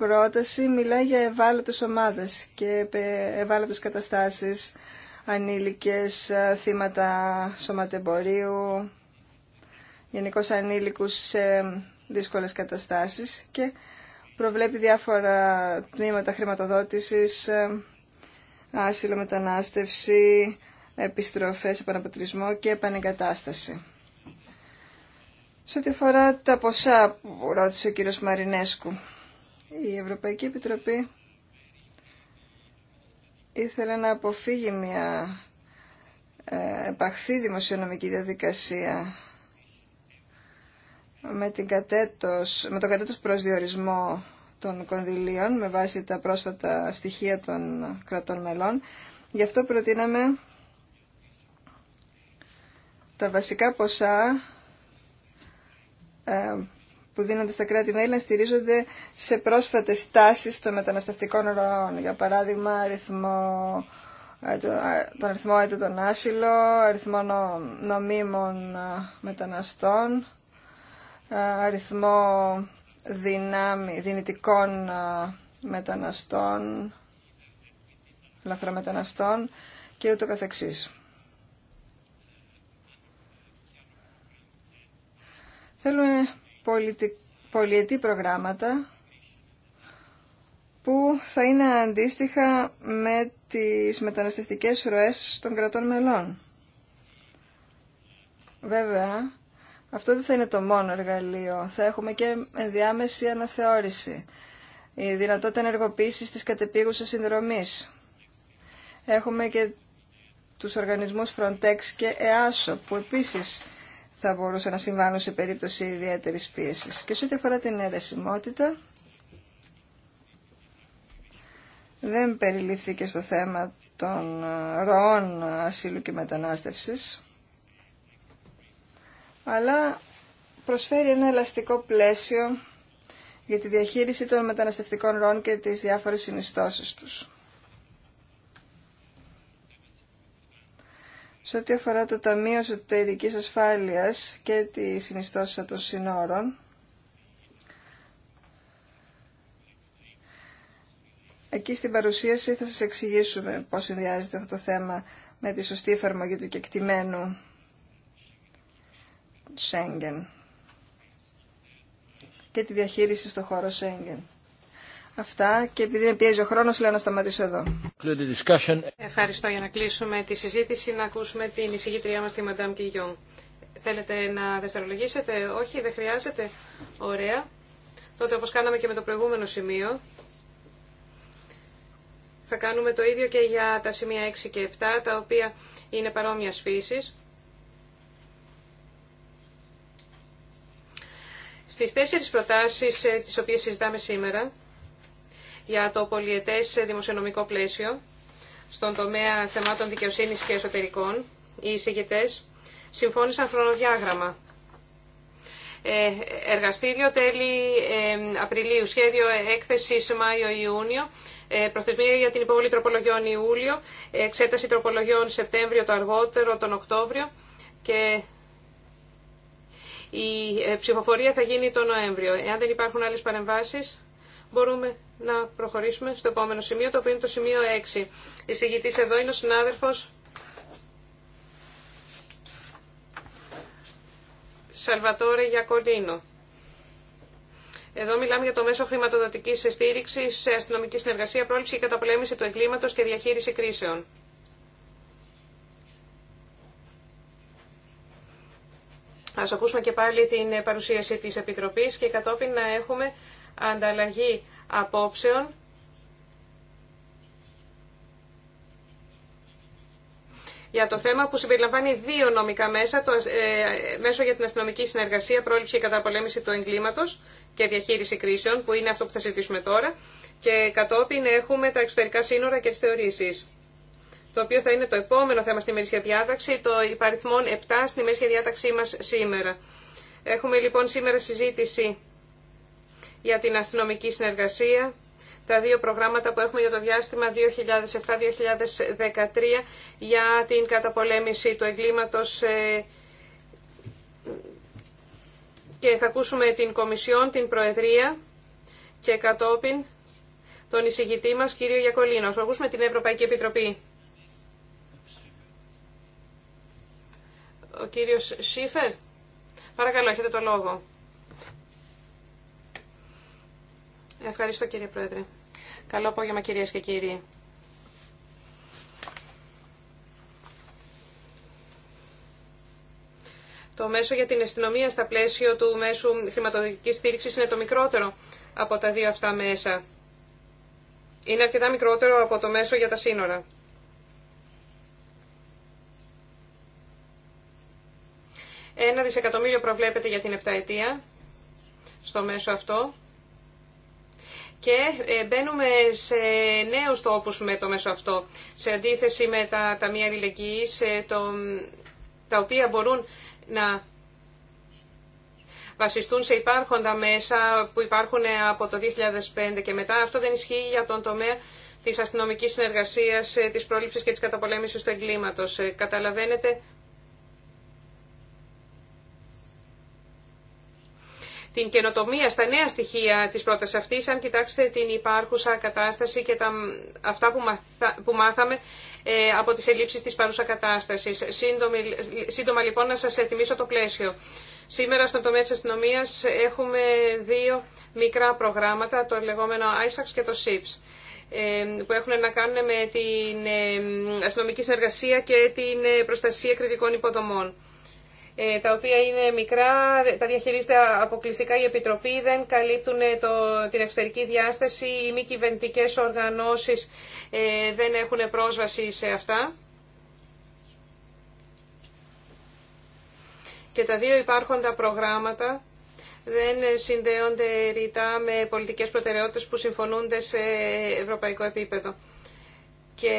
πρόταση μιλάει για ευάλωτες ομάδες και ευάλωτες καταστάσεις, ανήλικες, ε, θύματα σωματεμπορίου, γενικώ ανήλικους σε δύσκολες καταστάσεις και προβλέπει διάφορα τμήματα χρηματοδότησης, ε, άσυλο μετανάστευση, επιστροφές, επαναπατρισμό και επανεγκατάσταση. Σε ό,τι αφορά τα ποσά που ρώτησε ο κύριος Μαρινέσκου, η Ευρωπαϊκή Επιτροπή ήθελε να αποφύγει μια ε, επαχθή δημοσιονομική διαδικασία με, την κατέτος, με τον κατέτος προσδιορισμό των κονδυλίων με βάση τα πρόσφατα στοιχεία των κρατών μελών. Γι' αυτό προτείναμε τα βασικά ποσά ε, που δίνονται στα κράτη-μέλη να στηρίζονται σε πρόσφατες στάσεις των μεταναστευτικών ροών. Για παράδειγμα, αριθμό, ε, τον αριθμό των άσυλων, αριθμό νομίμων μεταναστών, ε, αριθμό δυνάμει, δυνητικών μεταναστών, λαθρομεταναστών και ούτω καθεξής. Θέλουμε πολιτι... πολιετή προγράμματα που θα είναι αντίστοιχα με τις μεταναστευτικές ροές των κρατών μελών. Βέβαια, αυτό δεν θα είναι το μόνο εργαλείο. Θα έχουμε και ενδιάμεση αναθεώρηση. Η δυνατότητα ενεργοποίησης της κατεπίγουσας συνδρομής. Έχουμε και τους οργανισμούς Frontex και EASO που επίσης θα μπορούσε να συμβάλλουν σε περίπτωση ιδιαίτερης πίεσης. Και σε ό,τι αφορά την αιρεσιμότητα, δεν περιλήφθηκε στο θέμα των ε, ροών ασύλου και μετανάστευσης, αλλά προσφέρει ένα ελαστικό πλαίσιο για τη διαχείριση των μεταναστευτικών ροών και τις διάφορες συνιστώσεις τους. Σε ό,τι αφορά το Ταμείο Σωτερικής Ασφάλειας και τη συνιστόσα των συνόρων, Εκεί στην παρουσίαση θα σας εξηγήσουμε πώς συνδυάζεται αυτό το θέμα με τη σωστή εφαρμογή του κεκτημένου Σέγγεν και τη διαχείριση στο χώρο Σέγγεν. Αυτά και επειδή με πιέζει ο χρόνος λέω να σταματήσω εδώ. Ευχαριστώ για να κλείσουμε τη συζήτηση, να ακούσουμε την εισηγήτριά μας τη Μαντάμ Κιγιόν. Θέλετε να δευτερολογήσετε, όχι, δεν χρειάζεται. Ωραία. Τότε όπως κάναμε και με το προηγούμενο σημείο, θα κάνουμε το ίδιο και για τα σημεία 6 και 7, τα οποία είναι παρόμοια φύση. Στις τέσσερις προτάσεις ε, τις οποίες συζητάμε σήμερα, για το πολιετές δημοσιονομικό πλαίσιο στον τομέα θεμάτων δικαιοσύνης και εσωτερικών. Οι εισηγητές συμφώνησαν χρονοδιάγραμμα. Ε, εργαστήριο τέλη ε, Απριλίου, σχέδιο έκθεση Μάιο-Ιούνιο, ε, προθεσμία για την υποβολή τροπολογιών Ιούλιο, εξέταση τροπολογιών Σεπτέμβριο το αργότερο, τον Οκτώβριο και η ψηφοφορία θα γίνει τον Νοέμβριο. Εάν δεν υπάρχουν άλλες παρεμβάσεις, μπορούμε να προχωρήσουμε στο επόμενο σημείο, το οποίο είναι το σημείο 6. Η εδώ είναι ο συνάδελφος Σαλβατόρε Γιακολίνο. Εδώ μιλάμε για το μέσο χρηματοδοτική στήριξη σε αστυνομική συνεργασία, πρόληψη και καταπολέμηση του εγκλήματο και διαχείριση κρίσεων. Ας ακούσουμε και πάλι την παρουσίαση της Επιτροπής και κατόπιν να έχουμε ανταλλαγή απόψεων για το θέμα που συμπεριλαμβάνει δύο νομικά μέσα, το ε, μέσο για την αστυνομική συνεργασία, πρόληψη και καταπολέμηση του εγκλήματος και διαχείριση κρίσεων, που είναι αυτό που θα συζητήσουμε τώρα, και κατόπιν έχουμε τα εξωτερικά σύνορα και τις θεωρήσεις το οποίο θα είναι το επόμενο θέμα στη μερίσια διάταξη, το υπαριθμόν 7 στη μερίσια διάταξή μας σήμερα. Έχουμε λοιπόν σήμερα συζήτηση για την αστυνομική συνεργασία, τα δύο προγράμματα που έχουμε για το διάστημα 2007-2013 για την καταπολέμηση του εγκλήματος ε, και θα ακούσουμε την Κομισιόν, την Προεδρία και κατόπιν τον εισηγητή μας, κύριο Γιακολίνο. Θα ακούσουμε την Ευρωπαϊκή Επιτροπή. Ο κύριος Σίφερ, παρακαλώ, έχετε το λόγο. Ευχαριστώ κύριε Πρόεδρε. Καλό απόγευμα κυρίες και κύριοι. Το μέσο για την αστυνομία στα πλαίσιο του μέσου χρηματοδοτικής στήριξης είναι το μικρότερο από τα δύο αυτά μέσα. Είναι αρκετά μικρότερο από το μέσο για τα σύνορα. Ένα δισεκατομμύριο προβλέπεται για την επταετία στο μέσο αυτό και ε, μπαίνουμε σε νέους τόπους με το μέσο αυτό, σε αντίθεση με τα ταμεία αλληλεγγύης, ε, τα οποία μπορούν να βασιστούν σε υπάρχοντα μέσα που υπάρχουν ε, από το 2005 και μετά. Αυτό δεν ισχύει για τον τομέα της αστυνομικής συνεργασίας, της πρόληψης και της καταπολέμησης του εγκλήματος. Καταλαβαίνετε την καινοτομία στα νέα στοιχεία της πρόταση αυτής, αν κοιτάξετε την υπάρχουσα κατάσταση και τα, αυτά που, μαθα, μάθαμε ε, από τις ελλείψεις της παρούσα κατάστασης. Σύντομα, λοιπόν να σας θυμίσω το πλαίσιο. Σήμερα στον τομέα της αστυνομία έχουμε δύο μικρά προγράμματα, το λεγόμενο ISAX και το SIPS ε, που έχουν να κάνουν με την ε, αστυνομική συνεργασία και την προστασία κριτικών υποδομών. Ε, τα οποία είναι μικρά, τα διαχειρίζεται αποκλειστικά η Επιτροπή, δεν καλύπτουν ε, το, την εξωτερική διάσταση, οι μη κυβερνητικέ οργανώσεις ε, δεν έχουν πρόσβαση σε αυτά. Και τα δύο υπάρχοντα προγράμματα δεν συνδέονται ρητά με πολιτικές προτεραιότητες που συμφωνούνται σε ευρωπαϊκό επίπεδο. Και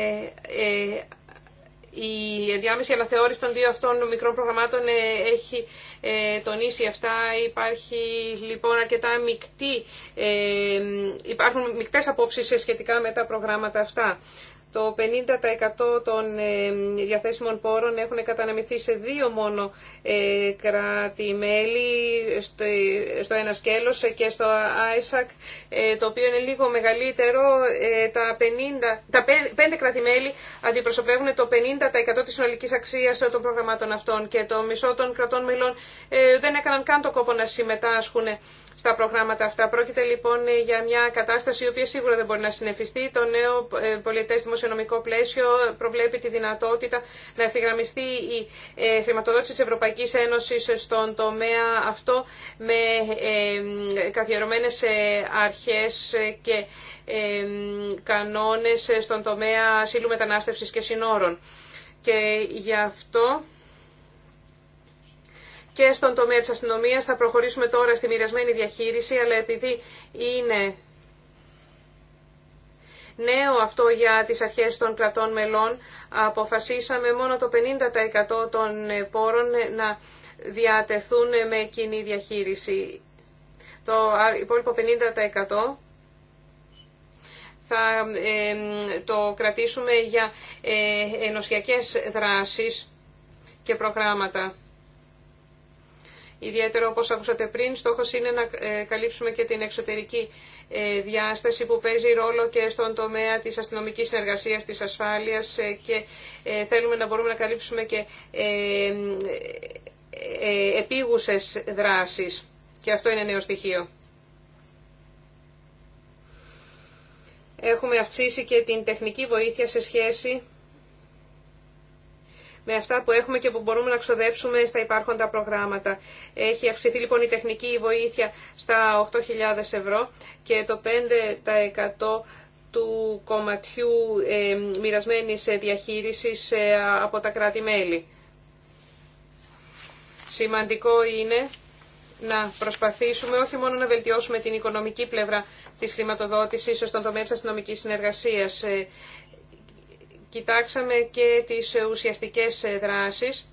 η ενδιάμεση αναθεώρηση των δύο αυτών μικρών προγραμμάτων ε, έχει ε, τονίσει αυτά. Υπάρχει λοιπόν αρκετά μεικτή, ε, υπάρχουν μεικτές απόψεις σχετικά με τα προγράμματα αυτά. Το 50% των ε, διαθέσιμων πόρων έχουν καταναμηθεί σε δύο μόνο ε, κράτη-μέλη, στο ένα σκέλος και στο ISAC, ε, το οποίο είναι λίγο μεγαλύτερο. Τα, 50, τα 5 κράτη-μέλη αντιπροσωπεύουν το 50% της συνολικής αξίας των προγραμμάτων αυτών και το μισό των κρατών μελών δεν έκαναν καν το κόπο να συμμετάσχουν στα προγράμματα αυτά. Πρόκειται λοιπόν για μια κατάσταση η οποία σίγουρα δεν μπορεί να συνεφιστεί. Το νέο ε, πολιτέ δημοσιονομικό πλαίσιο προβλέπει τη δυνατότητα να ευθυγραμμιστεί η ε, χρηματοδότηση τη Ευρωπαϊκή Ένωση στον τομέα αυτό με ε, καθιερωμένε αρχέ και κανόνες στον τομέα ασύλου μετανάστευση και συνόρων. Και γι' αυτό και στον τομέα της αστυνομίας. Θα προχωρήσουμε τώρα στη μοιρασμένη διαχείριση, αλλά επειδή είναι νέο αυτό για τις αρχές των κρατών μελών, αποφασίσαμε μόνο το 50% των πόρων να διατεθούν με κοινή διαχείριση. Το υπόλοιπο 50% θα το κρατήσουμε για ε, ενωσιακές δράσεις και προγράμματα. Ιδιαίτερα, όπως ακούσατε πριν. Στόχος είναι να ε, καλύψουμε και την εξωτερική ε, διάσταση που παίζει ρόλο και στον τομέα της αστυνομικής συνεργασίας, της ασφάλειας ε, και θέλουμε να μπορούμε να καλύψουμε και επίγουσες δράσεις. Και αυτό είναι νέο στοιχείο. Έχουμε αυξήσει και την τεχνική βοήθεια σε σχέση με αυτά που έχουμε και που μπορούμε να ξοδέψουμε στα υπάρχοντα προγράμματα. Έχει αυξηθεί λοιπόν η τεχνική βοήθεια στα 8.000 ευρώ και το 5% του κομματιού ε, μοιρασμένης διαχείρισης ε, από τα κράτη-μέλη. Σημαντικό είναι να προσπαθήσουμε όχι μόνο να βελτιώσουμε την οικονομική πλευρά της χρηματοδότησης στον τομέα της αστυνομικής συνεργασίας. Ε, κοιτάξαμε και τις ουσιαστικές δράσεις.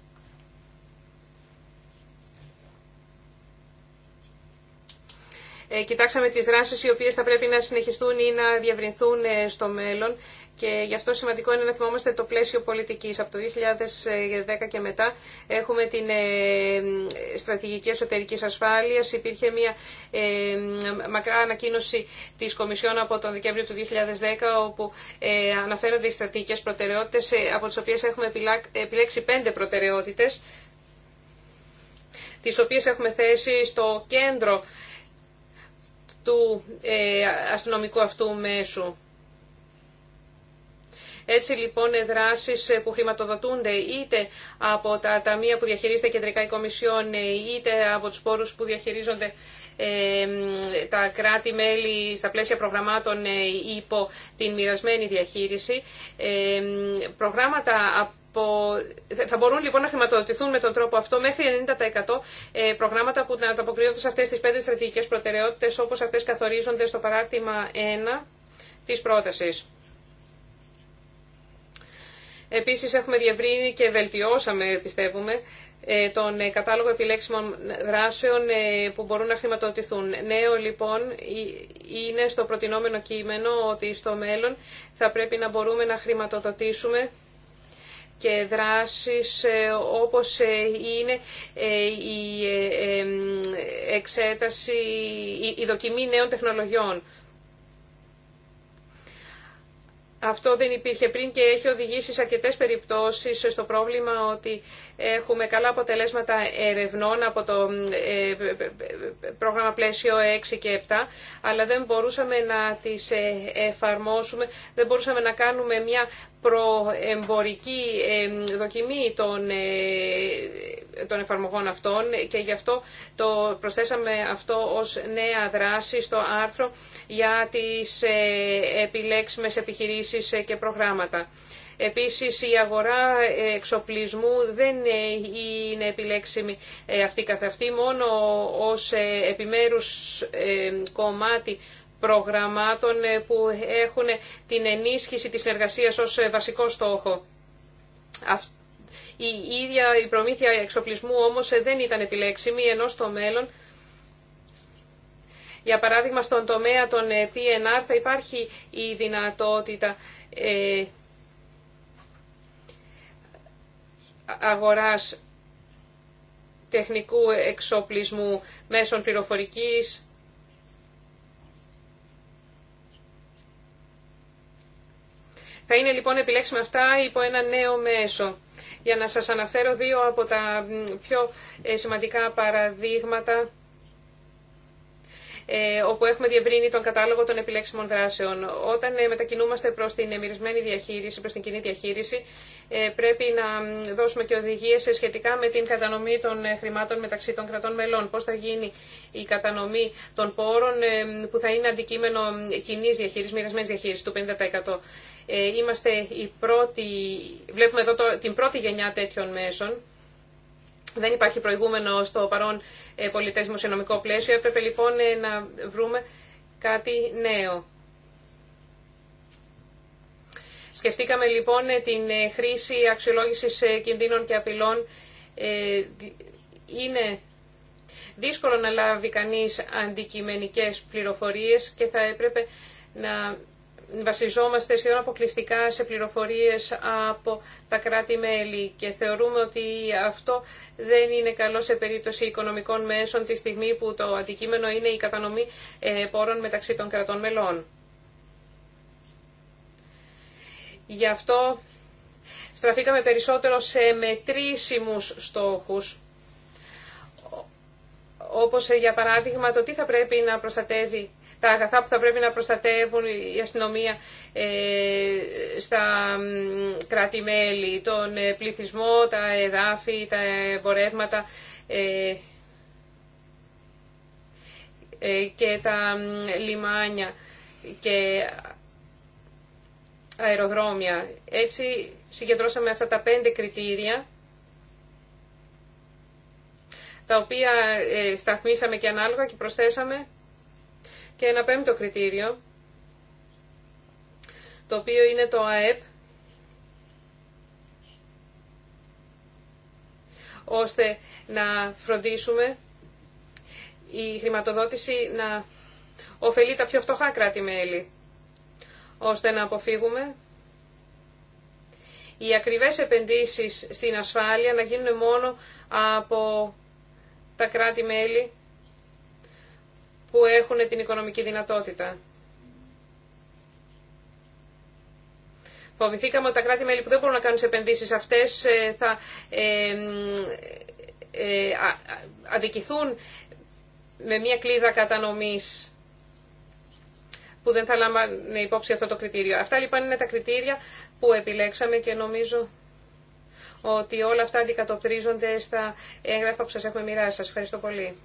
Ε, κοιτάξαμε τις δράσεις οι οποίες θα πρέπει να συνεχιστούν ή να διευρυνθούν ε, στο μέλλον και γι' αυτό σημαντικό είναι να θυμόμαστε το πλαίσιο πολιτικής. Από το 2010 και μετά έχουμε την ε, στρατηγική εσωτερικής ασφάλειας. Υπήρχε μια ε, μακρά ανακοίνωση της Κομισιόν από τον Δεκέμβριο του 2010 όπου ε, αναφέρονται οι στρατηγικές προτεραιότητες από τις οποίες έχουμε επιλέξει πέντε προτεραιότητες τις οποίες έχουμε θέσει στο κέντρο του αστυνομικού αυτού μέσου. Έτσι λοιπόν δράσεις ε, που χρηματοδοτούνται είτε από τα ταμεία που διαχειρίζεται κεντρικά η Κομισιόν ε, είτε από τους πόρους που διαχειρίζονται ε, τα κράτη-μέλη στα πλαίσια προγραμμάτων υπό την μοιρασμένη διαχείριση. Προγράμματα από... θα μπορούν λοιπόν να χρηματοδοτηθούν με τον τρόπο αυτό μέχρι 90% προγράμματα που να ανταποκρίνονται σε αυτές τις πέντε στρατηγικές προτεραιότητες όπως αυτές καθορίζονται στο παράρτημα 1 της πρότασης. Επίσης έχουμε διευρύνει και βελτιώσαμε, πιστεύουμε, ε, τον ε, κατάλογο επιλέξιμων δράσεων ε, που μπορούν να χρηματοδοτηθούν. Νέο λοιπόν είναι στο προτινόμενο κείμενο ότι στο μέλλον θα πρέπει να μπορούμε να χρηματοδοτήσουμε και δράσεις όπως είναι η εξέταση, η δοκιμή νέων τεχνολογιών. Αυτό δεν υπήρχε πριν και έχει οδηγήσει σε αρκετές περιπτώσεις στο πρόβλημα ότι Έχουμε καλά αποτελέσματα ερευνών από το ε, πρόγραμμα πλαίσιο 6 και 7, αλλά δεν μπορούσαμε να τις ε, εφαρμόσουμε, δεν μπορούσαμε να κάνουμε μια προεμπορική ε, δοκιμή των, των εφαρμογών αυτών και γι' αυτό το προσθέσαμε αυτό ως νέα δράση στο άρθρο για τις επιλέξιμες επιχειρήσεις και προγράμματα. Επίσης η αγορά εξοπλισμού δεν είναι επιλέξιμη ε, αυτή καθ' αυτή, μόνο ως ε, επιμέρους ε, κομμάτι προγραμμάτων που έχουν την ενίσχυση της εργασίας ως βασικό στόχο. Η ίδια η προμήθεια εξοπλισμού όμως δεν ήταν επιλέξιμη, ενώ στο μέλλον, για παράδειγμα στον τομέα των PNR θα υπάρχει η δυνατότητα αγοράς τεχνικού εξοπλισμού, μέσων πληροφορικής. Θα είναι λοιπόν επιλέξιμα αυτά υπό ένα νέο μέσο. Για να σας αναφέρω δύο από τα πιο ε, σημαντικά παραδείγματα ε, όπου έχουμε διευρύνει τον κατάλογο των επιλέξιμων δράσεων. Όταν ε, μετακινούμαστε προς την μυρισμένη διαχείριση, προς την κοινή διαχείριση, ε, πρέπει να δώσουμε και οδηγίες σχετικά με την κατανομή των χρημάτων μεταξύ των κρατών μελών. Πώς θα γίνει η κατανομή των πόρων που θα είναι αντικείμενο κοινή διαχείριση, μοιρασμένη διαχείριση του 50%. Είμαστε βλέπουμε εδώ την πρώτη γενιά τέτοιων μέσων δεν υπάρχει προηγούμενο στο παρόν ε, πολιτεύσιμο δημοσιονομικό πλαίσιο. Έπρεπε λοιπόν ε, να βρούμε κάτι νέο. Σκεφτήκαμε λοιπόν ε, την χρήση αξιολόγησης κινδύνων και απειλών. Είναι δύσκολο να λάβει κανείς αντικειμενικές πληροφορίες και θα έπρεπε να βασιζόμαστε σχεδόν αποκλειστικά σε πληροφορίες από τα κράτη-μέλη και θεωρούμε ότι αυτό δεν είναι καλό σε περίπτωση οικονομικών μέσων τη στιγμή που το αντικείμενο είναι η κατανομή ε, πόρων μεταξύ των κρατών μελών. Γι' αυτό στραφήκαμε περισσότερο σε μετρήσιμους στόχους όπως ε, για παράδειγμα το τι θα πρέπει να προστατεύει τα αγαθά που θα πρέπει να προστατεύουν η αστυνομία ε, στα κράτη-μέλη, τον ε, πληθυσμό, τα εδάφη, τα εμπορεύματα ε, και τα λιμάνια και αεροδρόμια. Έτσι συγκεντρώσαμε αυτά τα πέντε κριτήρια τα οποία σταθμίσαμε και ανάλογα και προσθέσαμε και ένα πέμπτο κριτήριο, το οποίο είναι το ΑΕΠ, ώστε να φροντίσουμε η χρηματοδότηση να ωφελεί τα πιο φτωχά κράτη-μέλη, ώστε να αποφύγουμε οι ακριβές επενδύσεις στην ασφάλεια να γίνουν μόνο από τα κράτη-μέλη που έχουν την οικονομική δυνατότητα. Φοβηθήκαμε ότι τα κράτη-μέλη που δεν μπορούν να κάνουν τι επενδύσει αυτέ ε, θα ε, ε, αδικηθούν με μια κλίδα κατανομής που δεν θα λάμβανε υπόψη αυτό το κριτήριο. Αυτά λοιπόν είναι τα κριτήρια που επιλέξαμε και νομίζω ότι όλα αυτά αντικατοπτρίζονται στα έγγραφα που σας έχουμε μοιράσει. Σας ευχαριστώ πολύ.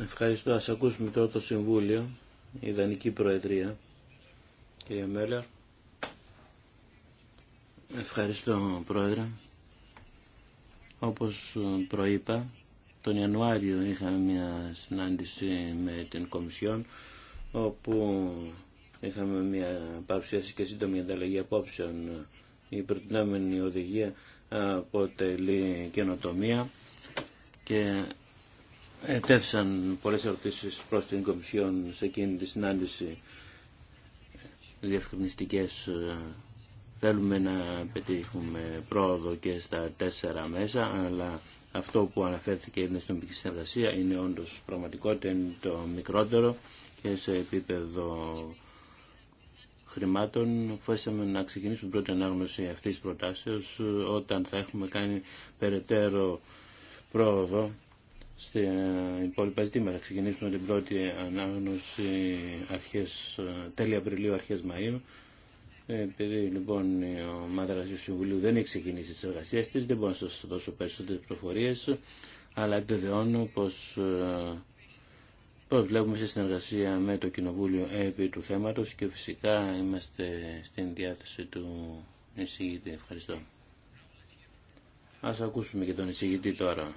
Ευχαριστώ. Ας ακούσουμε τώρα το Συμβούλιο, η Ιδανική Προεδρία. Κύριε Μέλλερ. Ευχαριστώ, Πρόεδρε. Όπως ε, προείπα, τον Ιανουάριο είχαμε μια συνάντηση με την Κομισιόν, όπου είχαμε μια παρουσίαση και σύντομη ανταλλαγή απόψεων. Η προτινόμενη οδηγία αποτελεί καινοτομία και ετέθησαν πολλές ερωτήσεις προς την Κομισιόν σε εκείνη τη συνάντηση διευκρινιστικές ε, θέλουμε να πετύχουμε πρόοδο και στα τέσσερα μέσα αλλά αυτό που αναφέρθηκε είναι στην νομική συνεργασία είναι όντως πραγματικότητα είναι το μικρότερο και σε επίπεδο χρημάτων φέσαμε να ξεκινήσουμε την πρώτη ανάγνωση αυτής της προτάσεως ε, όταν θα έχουμε κάνει περαιτέρω πρόοδο στην ε, υπόλοιπα ζητήματα. Ξεκινήσουμε την πρώτη ανάγνωση αρχές, ε, τέλη Απριλίου, αρχές Μαΐου. Ε, επειδή λοιπόν η ομάδα του Συμβουλίου δεν έχει ξεκινήσει τις εργασίες της, δεν μπορώ να σας δώσω περισσότερες προφορίες, αλλά επιβεβαιώνω πως Βλέπουμε σε συνεργασία με το Κοινοβούλιο επί του θέματος και φυσικά είμαστε στην διάθεση του εισηγητή. Ευχαριστώ. Ας ακούσουμε και τον εισηγητή τώρα,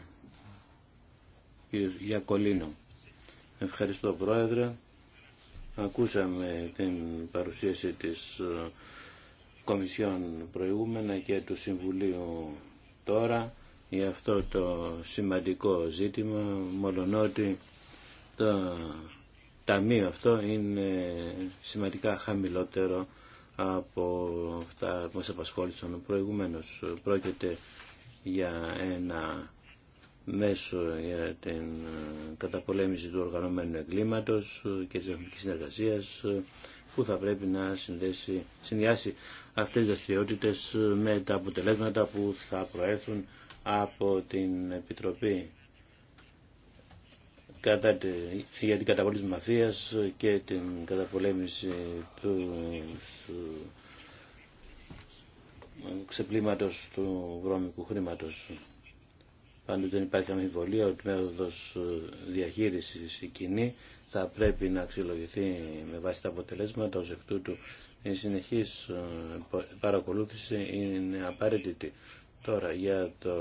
κύριο Γιακολίνο. Ευχαριστώ Πρόεδρε. Ακούσαμε την παρουσίαση της ε, Κομισιόν προηγούμενα και του Συμβουλίου τώρα για αυτό το σημαντικό ζήτημα, ότι το ταμείο αυτό είναι σημαντικά χαμηλότερο από αυτά που μας απασχόλησαν προηγουμένως. Πρόκειται για ένα μέσο για την ε, καταπολέμηση του οργανωμένου εγκλήματος ε, και της εθνικής συνεργασίας ε, που θα πρέπει να συνδέσει, συνδυάσει αυτές τις δραστηριότητε με τα αποτελέσματα που θα προέρθουν από την Επιτροπή κατά για την καταπολέμηση της μαφίας και την καταπολέμηση του ξεπλήματος του βρώμικου χρήματος. πάντως δεν υπάρχει αμφιβολία ότι μέθοδος ε, διαχείρισης η κοινή θα πρέπει να αξιολογηθεί με βάση τα αποτελέσματα ως εκ τούτου η συνεχής ε, παρακολούθηση είναι απαραίτητη. Τώρα για το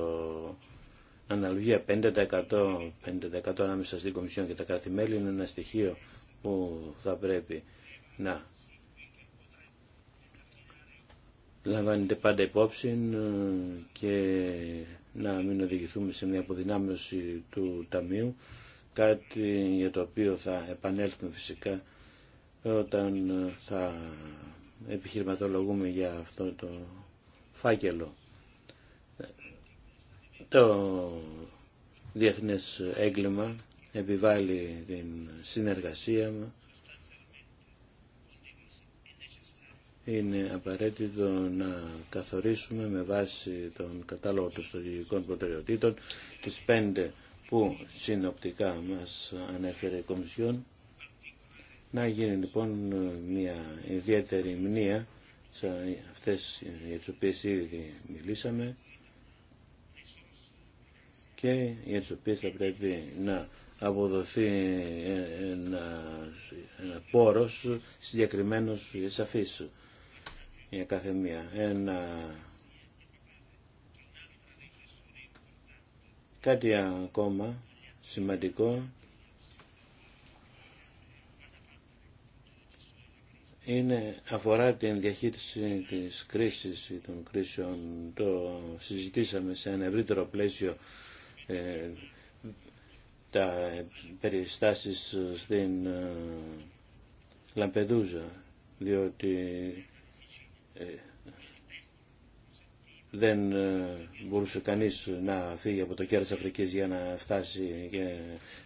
αναλογία 5%, 5% ανάμεσα στην Κομισιόν και τα κράτη-μέλη είναι ένα στοιχείο που θα πρέπει να λαμβάνεται πάντα υπόψη ε, και να μην οδηγηθούμε σε μια αποδυνάμωση του Ταμείου, κάτι για το οποίο θα επανέλθουμε φυσικά όταν ε, θα επιχειρηματολογούμε για αυτό το φάκελο. Το διεθνές έγκλημα επιβάλλει την συνεργασία είναι απαραίτητο να καθορίσουμε με βάση τον κατάλογο των στρατηγικών προτεραιοτήτων τις πέντε που συνοπτικά μας ανέφερε η Κομισιόν να γίνει λοιπόν μια ιδιαίτερη μνήα σε αυτές για τις οποίες ήδη μιλήσαμε και για τις οποίες θα πρέπει να αποδοθεί ένα, ένα πόρος συγκεκριμένος σαφής κάθε μία. Ένα... Κάτι ακόμα σημαντικό είναι, αφορά την διαχείριση της κρίσης των κρίσεων. Το συζητήσαμε σε ένα ευρύτερο πλαίσιο ε, τα περιστάσεις στην ε, Λαμπεδούζα, διότι ε, δεν ε, μπορούσε κανείς να φύγει από το κέρας Αφρικής για να φτάσει και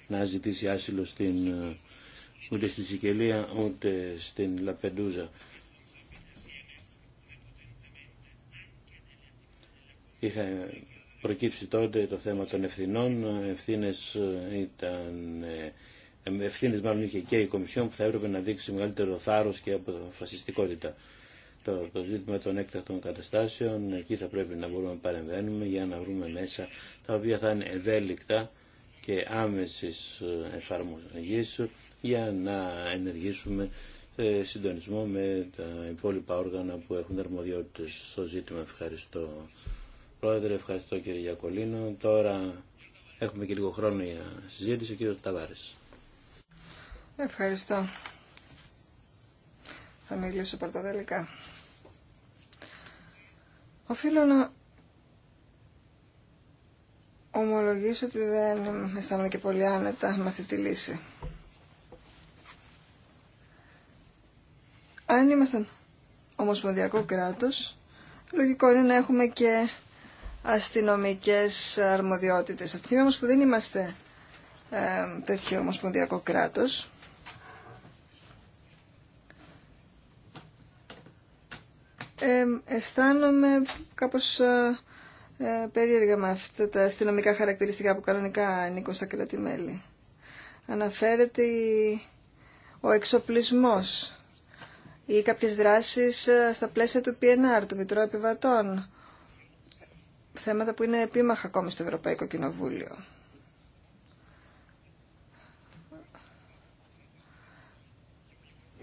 να ζητήσει άσυλο στην, ε, ούτε στη Σικελία ούτε στην Λαπεντούζα. Είχα προκύψει τότε το θέμα των ευθυνών. Ευθύνες ήταν... Ευθύνες μάλλον είχε και η Κομισιόν που θα έπρεπε να δείξει μεγαλύτερο θάρρος και αποφασιστικότητα το ζήτημα των έκτακτων καταστάσεων. Εκεί θα πρέπει να μπορούμε να παρεμβαίνουμε για να βρούμε μέσα τα οποία θα είναι ευέλικτα και άμεσης ε, εφαρμογής για να ενεργήσουμε σε συντονισμό με τα υπόλοιπα όργανα που έχουν αρμοδιότητες στο ζήτημα. Ευχαριστώ Πρόεδρε, ευχαριστώ κύριε Γιακολίνο. Τώρα έχουμε και λίγο χρόνο για συζήτηση. Κύριο Ταβάρη. Ευχαριστώ. Θα μιλήσω πρωτοδελικά Οφείλω να ομολογήσω ότι δεν αισθάνομαι και πολύ άνετα με αυτή τη λύση. Αν ήμασταν ομοσπονδιακό κράτος, λογικό είναι να έχουμε και αστυνομικές αρμοδιότητες. Από τη στιγμή όμως που δεν είμαστε ε, τέτοιο ομοσπονδιακό κράτος, ε, αισθάνομαι κάπως ε, περίεργα με αυτά τα αστυνομικά χαρακτηριστικά που κανονικά ανήκουν στα κράτη-μέλη. Αναφέρεται ο εξοπλισμός ή κάποιες δράσεις στα πλαίσια του PNR, του Μητρώου Επιβατών, θέματα που είναι επίμαχα ακόμη στο Ευρωπαϊκό Κοινοβούλιο.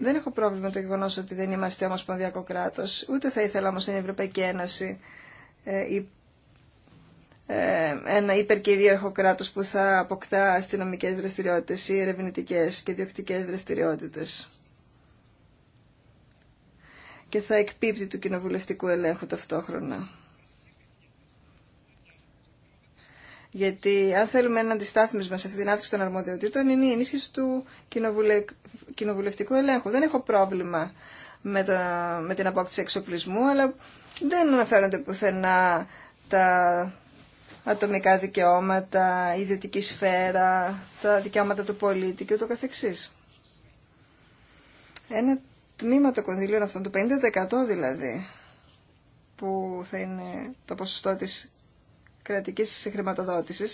Δεν έχω πρόβλημα το γεγονό ότι δεν είμαστε ομοσπονδιακό κράτο. Ούτε θα ήθελα όμω στην Ευρωπαϊκή Ένωση ε, ε ένα υπερκυρίαρχο κράτο που θα αποκτά αστυνομικέ δραστηριότητε ή ερευνητικέ και διοκτικέ δραστηριότητε και θα εκπίπτει του κοινοβουλευτικού ελέγχου ταυτόχρονα. Γιατί αν θέλουμε ένα αντιστάθμισμα σε αυτή την αύξηση των αρμοδιοτήτων είναι η ενίσχυση του κοινοβουλευτικού ελέγχου. Δεν έχω πρόβλημα με, το... με την απόκτηση εξοπλισμού, αλλά δεν αναφέρονται πουθενά τα ατομικά δικαιώματα, η ιδιωτική σφαίρα, τα δικαιώματα του πολίτη και ούτω καθεξής. Ένα τμήμα των κονδυλίων αυτών, το 50% δηλαδή, που θα είναι το ποσοστό της Κρατική χρηματοδότηση.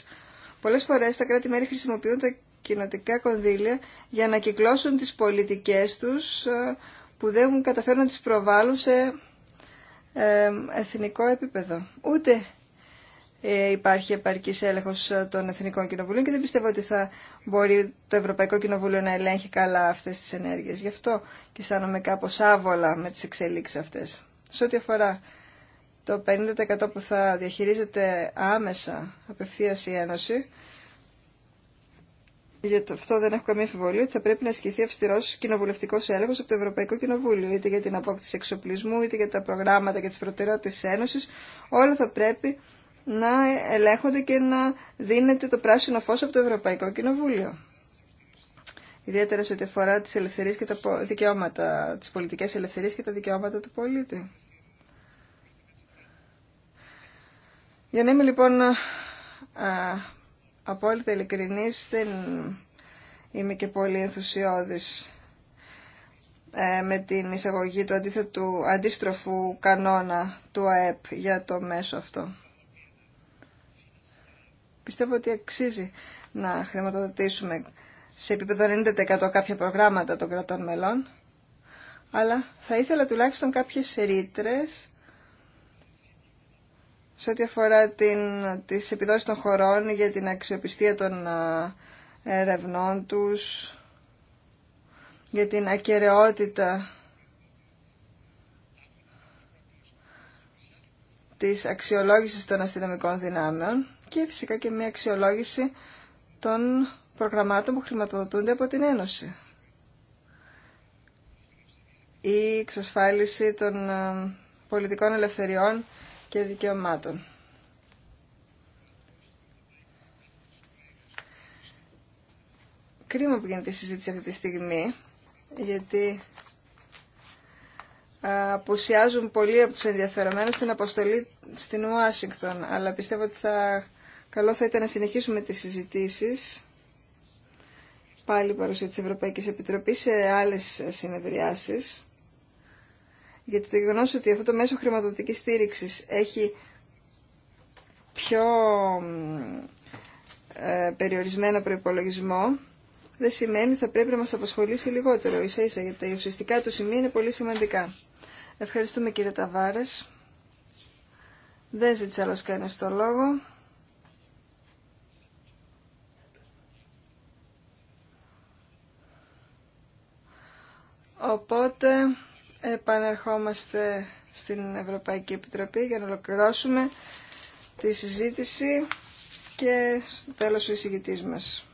πολλές φορές τα κράτη-μέρη χρησιμοποιούν τα κοινοτικά κονδύλια για να κυκλώσουν τις πολιτικές τους ε, που δεν καταφέρουν να τι προβάλλουν σε ε, εθνικό επίπεδο. Ούτε ε, υπάρχει επαρκής έλεγχος των Εθνικών Κοινοβουλίων και δεν πιστεύω ότι θα μπορεί το Ευρωπαϊκό Κοινοβούλιο να ελέγχει καλά αυτέ τι ενέργειε. Γι' αυτό και αισθάνομαι κάπως άβολα με τι εξελίξει αυτέ. Σε ό,τι αφορά το 50% που θα διαχειρίζεται άμεσα απευθείας η Ένωση, για το, αυτό δεν έχω καμία αμφιβολία ότι θα πρέπει να ασκηθεί αυστηρό κοινοβουλευτικό έλεγχο από το Ευρωπαϊκό Κοινοβούλιο, είτε για την απόκτηση εξοπλισμού, είτε για τα προγράμματα και τι προτεραιότητε τη Ένωση. Όλα θα πρέπει να ελέγχονται και να δίνεται το πράσινο φω από το Ευρωπαϊκό Κοινοβούλιο. Ιδιαίτερα σε ό,τι αφορά τι και τι πολιτικέ ελευθερίε και τα δικαιώματα του πολίτη. Για να είμαι λοιπόν απόλυτα ειλικρινής, δεν είμαι και πολύ ενθουσιώδης ε, με την εισαγωγή του αντίθετου, αντίστροφου κανόνα του ΑΕΠ για το μέσο αυτό. Πιστεύω ότι αξίζει να χρηματοδοτήσουμε σε επίπεδο 90% κάποια προγράμματα των κρατών μελών, αλλά θα ήθελα τουλάχιστον κάποιες ρήτρες σε ό,τι αφορά την, τις επιδόσεις των χωρών για την αξιοπιστία των ερευνών τους, για την ακαιρεότητα της αξιολόγησης των αστυνομικών δυνάμεων και φυσικά και μια αξιολόγηση των προγραμμάτων που χρηματοδοτούνται από την Ένωση. Η εξασφάλιση των πολιτικών ελευθεριών και δικαιωμάτων. Κρίμα που γίνεται η συζήτηση αυτή τη στιγμή, γιατί απουσιάζουν πολλοί από τους ενδιαφερομένους στην αποστολή στην Ουάσιγκτον, αλλά πιστεύω ότι θα, καλό θα ήταν να συνεχίσουμε τις συζητήσεις πάλι παρουσία της Ευρωπαϊκής Επιτροπής σε άλλες συνεδριάσεις γιατί το γεγονό ότι αυτό το μέσο χρηματοδοτικής στήριξης έχει πιο ε, περιορισμένο προϋπολογισμό δεν σημαίνει ότι θα πρέπει να μας απασχολήσει λιγότερο ίσα ίσα γιατί τα ουσιαστικά του σημεία είναι πολύ σημαντικά. Ευχαριστούμε κύριε Ταβάρες. Δεν ζήτησε άλλος κανένα το λόγο. Οπότε επανερχόμαστε στην Ευρωπαϊκή Επιτροπή για να ολοκληρώσουμε τη συζήτηση και στο τέλος ο εισηγητής μας,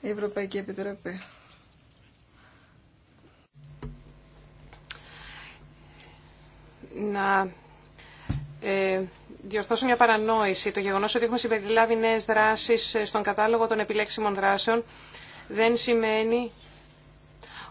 η Ευρωπαϊκή Επιτροπή. Να ε, διορθώσω μια παρανόηση. Το γεγονός ότι έχουμε συμπεριλάβει νέες δράσεις στον κατάλογο των επιλέξιμων δράσεων δεν σημαίνει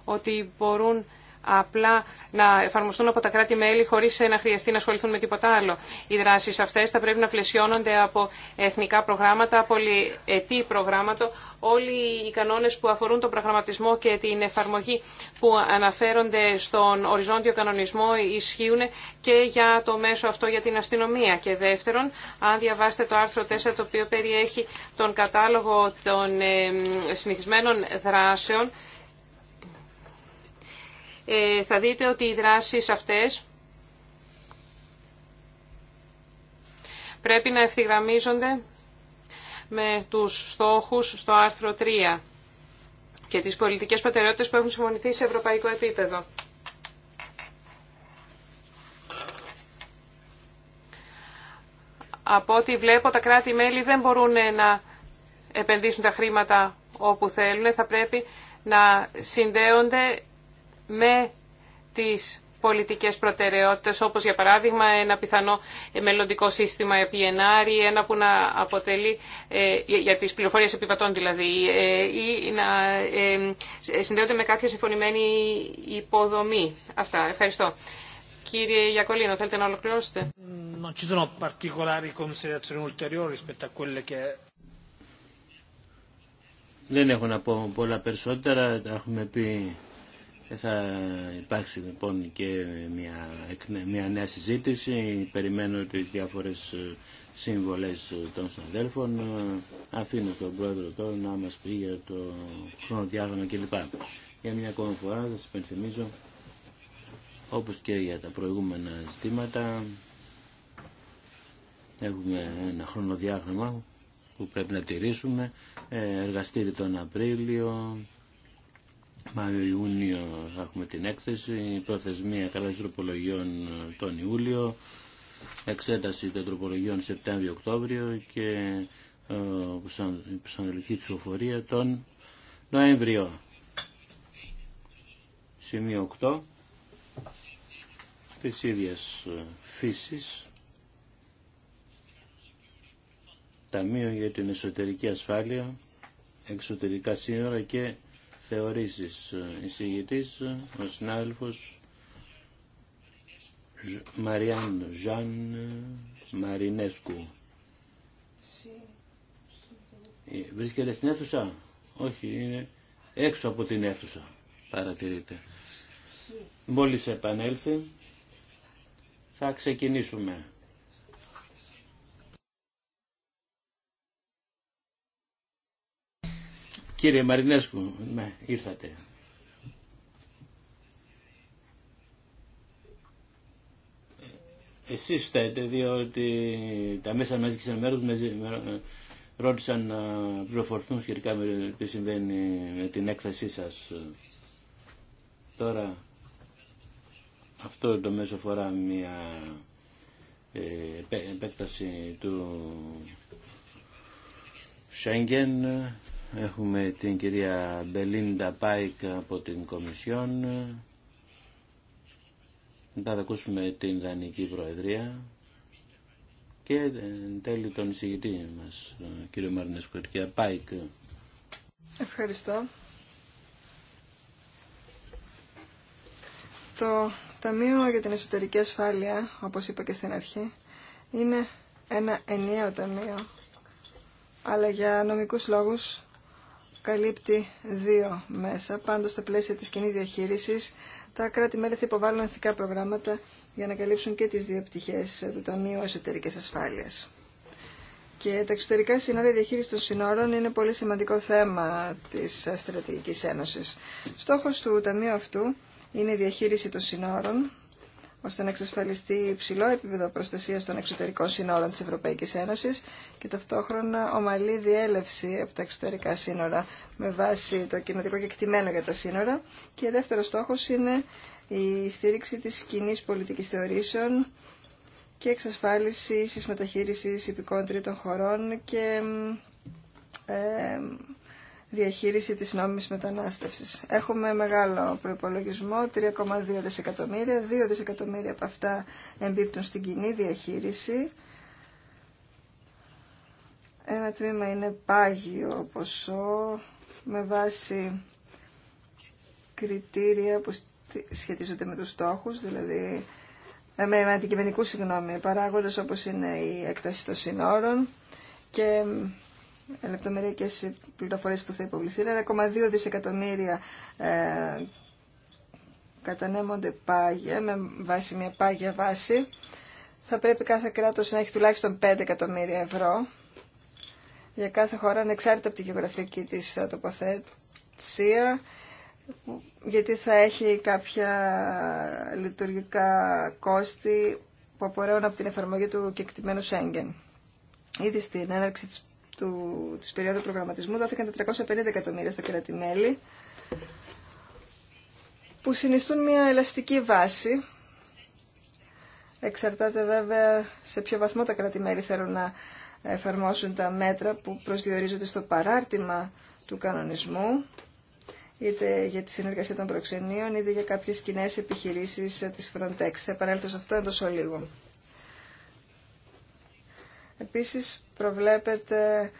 ότι μπορούν απλά να εφαρμοστούν από τα κράτη-μέλη χωρί να χρειαστεί να ασχοληθούν με τίποτα άλλο. Οι δράσει αυτέ θα πρέπει να πλαισιώνονται από εθνικά προγράμματα, από πολυετή προγράμματα, όλοι οι κανόνε που αφορούν τον προγραμματισμό και την εφαρμογή που αναφέρονται στον οριζόντιο κανονισμό ισχύουν και για το μέσο αυτό για την αστυνομία. Και δεύτερον, αν διαβάσετε το άρθρο 4 το οποίο περιέχει τον κατάλογο των ε, συνηθισμένων δράσεων, ε, θα δείτε ότι οι δράσεις αυτές πρέπει να ευθυγραμμίζονται με τους στόχους στο άρθρο 3 και τις πολιτικές προτεραιότητες που έχουν συμφωνηθεί σε ευρωπαϊκό επίπεδο. Από ό,τι βλέπω, τα κράτη-μέλη δεν μπορούν να επενδύσουν τα χρήματα όπου θέλουν. Θα πρέπει να συνδέονται με τις πολιτικές προτεραιότητες, όπως για παράδειγμα ένα πιθανό μελλοντικό σύστημα ή ένα που να αποτελεί, ε, για τις πληροφορίες επιβατών δηλαδή, ε, ή να ε, συνδέονται με κάποια συμφωνημένη υποδομή. Αυτά. Ευχαριστώ. Κύριε Γιακολίνο, θέλετε να ολοκληρώσετε. Δεν έχω να πω πολλά περισσότερα, τα έχουμε πει ε, θα υπάρξει λοιπόν και μια, μια νέα συζήτηση. Περιμένω τις διάφορες ε, σύμβολες των συναδέλφων. Ε, αφήνω τον πρόεδρο τώρα να μας πει για το χρονοδιάγραμμα κλπ. Για μια ακόμα φορά θα σας υπενθυμίζω όπως και για τα προηγούμενα ζητήματα έχουμε ένα χρονοδιάγραμμα που πρέπει να τηρήσουμε εργαστήρι τον Απρίλιο Μάιο-Ιούνιο θα έχουμε την έκθεση, προθεσμία καλά τροπολογιών τον Ιούλιο, εξέταση των τροπολογιών Σεπτέμβριο-Οκτώβριο και η ε, προσανατολική ψηφοφορία τον Νοέμβριο. Σημείο 8 της ίδιας ε, φύσης Ταμείο για την Εσωτερική Ασφάλεια, Εξωτερικά Σύνορα και θεωρήσεις εισηγητής ο συνάδελφος Μαριάν Ζαν Μαρινέσκου. Βρίσκεται στην αίθουσα. Όχι, είναι έξω από την αίθουσα. Παρατηρείτε. Μόλις επανέλθει θα ξεκινήσουμε. Κύριε Μαρινέσκου, ναι, ήρθατε. Ε, εσείς φταίτε, διότι τα μέσα μαζικής ενημέρωσης με ρώτησαν να πληροφορθούν σχετικά με τι συμβαίνει με την έκθεσή σας. Τώρα, αυτό το μέσο φορά μια ε, επέκταση του Σέγγεν Έχουμε την κυρία Μπελίντα Πάικ από την Κομισιόν. Μετά θα ακούσουμε την Δανική Προεδρία και εν τέλει τον εισηγητή μας, κύριο Μαρνέσκο, κυρία Πάικ. Ευχαριστώ. Το Ταμείο για την Εσωτερική Ασφάλεια, όπως είπα και στην αρχή, είναι ένα ενιαίο ταμείο, αλλά για νομικούς λόγους καλύπτει δύο μέσα. Πάντω, στα πλαίσια της κοινή διαχείρισης, τα κράτη-μέλη θα υποβάλουν εθνικά προγράμματα για να καλύψουν και τις δύο πτυχέ του Ταμείου εσωτερική ασφάλεια. Και τα εξωτερικά σύνορα διαχείριση των σύνορων είναι πολύ σημαντικό θέμα της Στρατηγική Ένωσης. Στόχος του Ταμείου αυτού είναι η διαχείριση των σύνορων ώστε να εξασφαλιστεί υψηλό επίπεδο προστασία των εξωτερικών σύνορων της Ευρωπαϊκής Ένωσης και ταυτόχρονα ομαλή διέλευση από τα εξωτερικά σύνορα με βάση το κοινοτικό κεκτημένο για τα σύνορα. Και δεύτερος στόχο είναι η στήριξη της κοινή πολιτικής θεωρήσεων και εξασφάλιση της μεταχείρισης υπηκών χωρών και ε, διαχείριση της νόμιμης μετανάστευσης. Έχουμε μεγάλο προϋπολογισμό, 3,2 δισεκατομμύρια. 2 δισεκατομμύρια από αυτά εμπίπτουν στην κοινή διαχείριση. Ένα τμήμα είναι πάγιο ποσό με βάση κριτήρια που σχετίζονται με τους στόχους, δηλαδή ε, με, με αντικειμενικούς συγγνώμη, παράγοντες όπως είναι η έκταση των συνόρων και ε, λεπτομεριακές πληροφορίες που θα υποβληθεί. 1,2 δισεκατομμύρια ε, κατανέμονται πάγια, με βάση μια πάγια βάση. Θα πρέπει κάθε κράτος να έχει τουλάχιστον 5 εκατομμύρια ευρώ για κάθε χώρα, ανεξάρτητα από τη γεωγραφική της τοποθεσία, γιατί θα έχει κάποια λειτουργικά κόστη που απορρέουν από την εφαρμογή του κεκτημένου Σέγγεν. Ήδη στην έναρξη της του, της περίοδου προγραμματισμού δόθηκαν 450 εκατομμύρια στα κράτη-μέλη που συνιστούν μια ελαστική βάση. Εξαρτάται βέβαια σε ποιο βαθμό τα κράτη-μέλη θέλουν να εφαρμόσουν τα μέτρα που προσδιορίζονται στο παράρτημα του κανονισμού είτε για τη συνεργασία των προξενείων, είτε για κάποιες κοινέ επιχειρήσεις της Frontex. Θα επανέλθω σε αυτό εντός ολίγου. Επίσης, προβλέπεται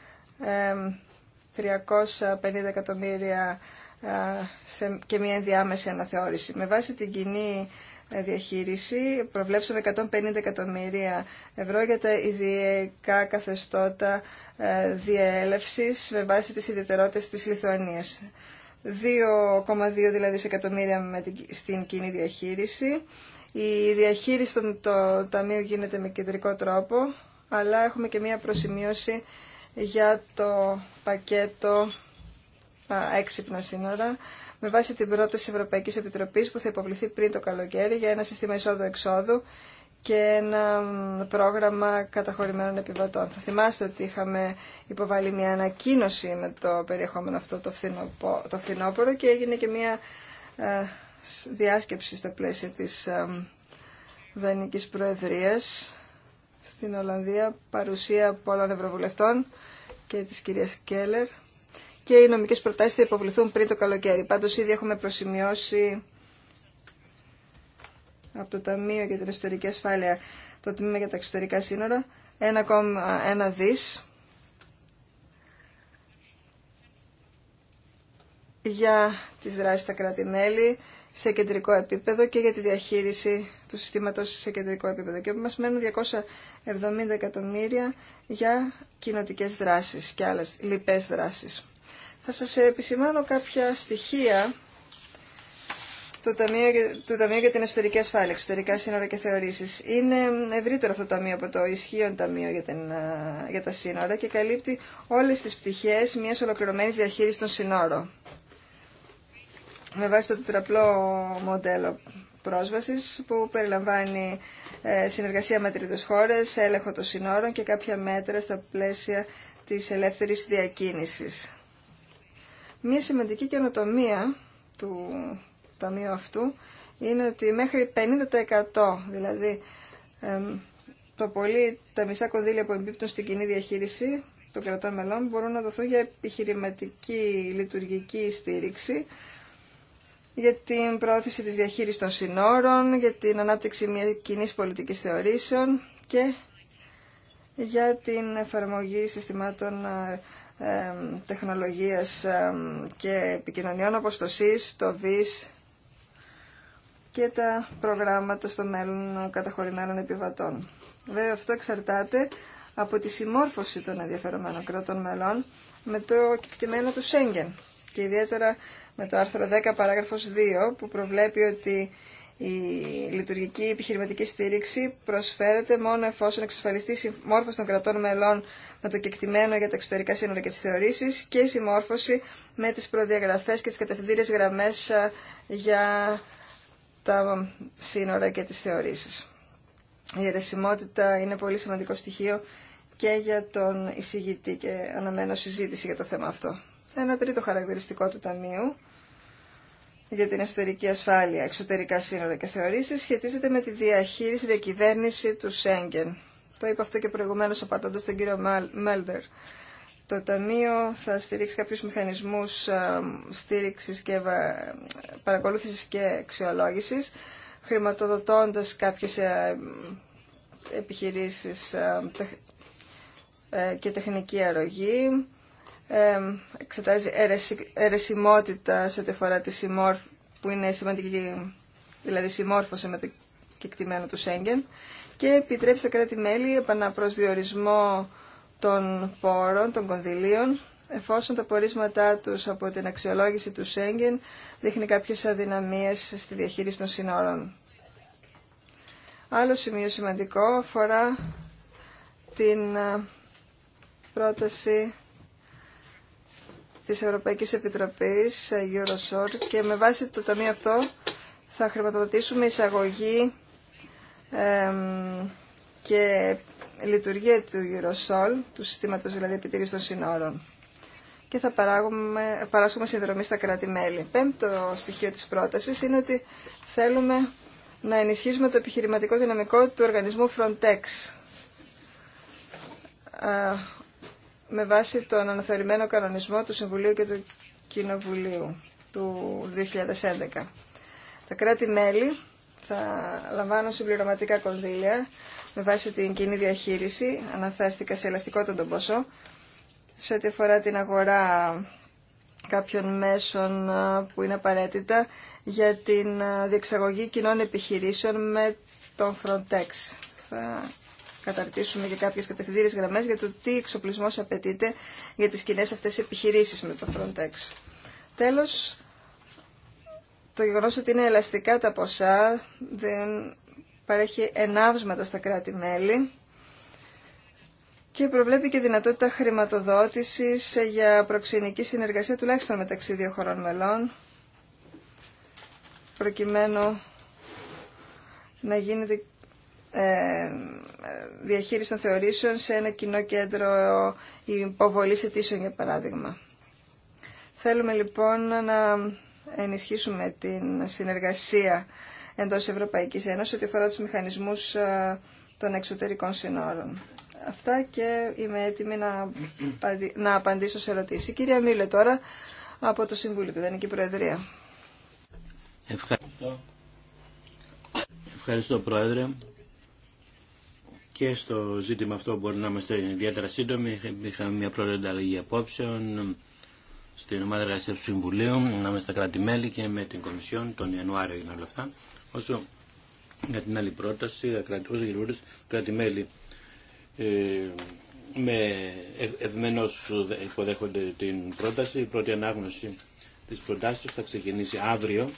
350 εκατομμύρια και μια ενδιάμεση αναθεώρηση. Με βάση την κοινή ε, διαχείριση προβλέψαμε 150 εκατομμύρια ευρώ για τα ιδιαίκα καθεστώτα ε, διαέλευσης με βάση τις ιδιαιτερότητες της Λιθουανίας. 2,2 δηλαδή σε εκατομμύρια με την, στην κοινή διαχείριση. Η διαχείριση των το, ταμείου γίνεται με κεντρικό τρόπο αλλά έχουμε και μία προσημείωση για το πακέτο α, έξυπνα σύνορα με βάση την πρόταση Ευρωπαϊκής Επιτροπής που θα υποβληθεί πριν το καλοκαίρι για ένα σύστημα εισόδου-εξόδου και ένα πρόγραμμα καταχωρημένων επιβατών. Θα θυμάστε ότι είχαμε υποβάλει μια ανακοίνωση με το περιεχόμενο αυτό το, φθινοπο, το φθινόπωρο και έγινε και μια διάσκεψη στα πλαίσια της ε, Δανικής Προεδρίας στην Ολλανδία παρουσία πολλών ευρωβουλευτών και της κυρίας Κέλλερ και οι νομικές προτάσεις θα υποβληθούν πριν το καλοκαίρι. Πάντως ήδη έχουμε προσημειώσει από το Ταμείο για την Ιστορική Ασφάλεια το Τμήμα για τα Εξωτερικά Σύνορα 1,1 δις για τις δράσεις στα κράτη-μέλη σε κεντρικό επίπεδο και για τη διαχείριση του συστήματος σε κεντρικό επίπεδο. Και μας μένουν 270 εκατομμύρια για κοινοτικέ δράσεις και άλλες λοιπές δράσεις. Θα σας επισημάνω κάποια στοιχεία του Ταμείου, του Ταμείου για την Εσωτερική Ασφάλεια, Εξωτερικά Σύνορα και Θεωρήσεις. Είναι ευρύτερο αυτό το Ταμείο από το ισχύον Ταμείο για, την, για τα Σύνορα και καλύπτει όλες τις πτυχές μιας ολοκληρωμένης διαχείρισης των σύνορων με βάση το τετραπλό μοντέλο πρόσβασης που περιλαμβάνει ε, συνεργασία με τρίτες χώρες, έλεγχο των συνόρων και κάποια μέτρα στα πλαίσια της ελεύθερης διακίνησης. Μία σημαντική καινοτομία του ταμείου αυτού είναι ότι μέχρι 50% δηλαδή το πολύ τα μισά κονδύλια που εμπίπτουν στην κοινή διαχείριση των κρατών μελών μπορούν να δοθούν για επιχειρηματική λειτουργική στήριξη για την πρόθεση της διαχείρισης των συνόρων, για την ανάπτυξη μια κοινή πολιτικής θεωρήσεων και για την εφαρμογή συστημάτων ε, τεχνολογίας και επικοινωνιών όπως το ΣΥΣ, το ΒΙΣ και τα προγράμματα στο μέλλον καταχωρημένων επιβατών. Βέβαια αυτό εξαρτάται από τη συμμόρφωση των ενδιαφερομένων κρατών μελών με το κεκτημένο του Σέγγεν και ιδιαίτερα με το άρθρο 10 παράγραφος 2 που προβλέπει ότι η λειτουργική επιχειρηματική στήριξη προσφέρεται μόνο εφόσον εξασφαλιστεί η συμμόρφωση των κρατών μελών με το κεκτημένο για τα εξωτερικά σύνορα και τι θεωρήσει και η συμμόρφωση με τι προδιαγραφέ και τι κατευθυντήριε γραμμέ για τα σύνορα και τι θεωρήσει. Η αιρεσιμότητα είναι πολύ σημαντικό στοιχείο και για τον εισηγητή και αναμένω συζήτηση για το θέμα αυτό ένα τρίτο χαρακτηριστικό του Ταμείου για την εσωτερική ασφάλεια, εξωτερικά σύνορα και θεωρήσεις σχετίζεται με τη διαχείριση, διακυβέρνηση του Σέγγεν. Το είπα αυτό και προηγουμένως απαντώντας τον κύριο Μέλντερ. Το Ταμείο θα στηρίξει κάποιους μηχανισμούς ε, στήριξης και παρακολούθησης και αξιολόγησης, χρηματοδοτώντας κάποιες ε, επιχειρήσεις ε, και τεχνική αρρωγή, εξετάζει αιρεσιμότητα σε ό,τι αφορά τη που είναι σημαντική, δηλαδή συμμόρφωση με το κεκτημένο του Σέγγεν και επιτρέψει στα κράτη-μέλη επαναπροσδιορισμό των πόρων, των κονδυλίων, εφόσον τα πορίσματά τους από την αξιολόγηση του Σέγγεν δείχνει κάποιες αδυναμίες στη διαχείριση των σύνορων. Άλλο σημείο σημαντικό αφορά την ε, πρόταση της Ευρωπαϊκής Επιτροπής ε, Eurosort και με βάση το ταμείο αυτό θα χρηματοδοτήσουμε εισαγωγή και λειτουργία του Eurosol, του συστήματος δηλαδή επιτήρησης των συνόρων και θα παράγουμε, παράσουμε συνδρομή στα κράτη-μέλη. Πέμπτο στοιχείο της πρότασης είναι ότι θέλουμε να ενισχύσουμε το επιχειρηματικό δυναμικό του οργανισμού Frontex. Ε, με βάση τον αναθεωρημένο κανονισμό του Συμβουλίου και του Κοινοβουλίου του 2011. Τα κράτη-μέλη θα λαμβάνουν συμπληρωματικά κονδύλια με βάση την κοινή διαχείριση, αναφέρθηκα σε ελαστικό τον ποσό, σε ό,τι αφορά την αγορά κάποιων μέσων που είναι απαραίτητα για την διεξαγωγή κοινών επιχειρήσεων με τον Frontex καταρτήσουμε και κάποιες κατευθυντήριες γραμμές για το τι εξοπλισμός απαιτείται για τις κοινέ αυτές επιχειρήσεις με το Frontex. Τέλος, το γεγονός ότι είναι ελαστικά τα ποσά δεν παρέχει ενάβσματα στα κράτη-μέλη και προβλέπει και δυνατότητα χρηματοδότησης για προξενική συνεργασία τουλάχιστον μεταξύ δύο χωρών μελών προκειμένου να γίνεται ε, διαχείριση των θεωρήσεων σε ένα κοινό κέντρο υποβολή αιτήσεων, για παράδειγμα. Θέλουμε λοιπόν να ενισχύσουμε την συνεργασία εντός Ευρωπαϊκής Ένωσης ό,τι αφορά τους μηχανισμούς ε, των εξωτερικών συνόρων. Αυτά και είμαι έτοιμη να απαντήσω σε ερωτήσεις. κυρία Μίλε τώρα από το Συμβούλιο, την Δανική Προεδρία. Ευχαριστώ. Ευχαριστώ Πρόεδρε. Και στο ζήτημα αυτό μπορεί να είμαστε ιδιαίτερα σύντομοι. Είχαμε μια πρώτη ανταλλαγή απόψεων στην ομάδα εργασία του Συμβουλίου, ανάμεσα στα κράτη-μέλη και με την Κομισιόν. Τον Ιανουάριο έγιναν όλα αυτά. Όσο για την άλλη πρόταση, όσο γυρνούν κράτη-μέλη ε, με ευμένω υποδέχονται την πρόταση. Η πρώτη ανάγνωση τη προτάσεω θα ξεκινήσει αύριο.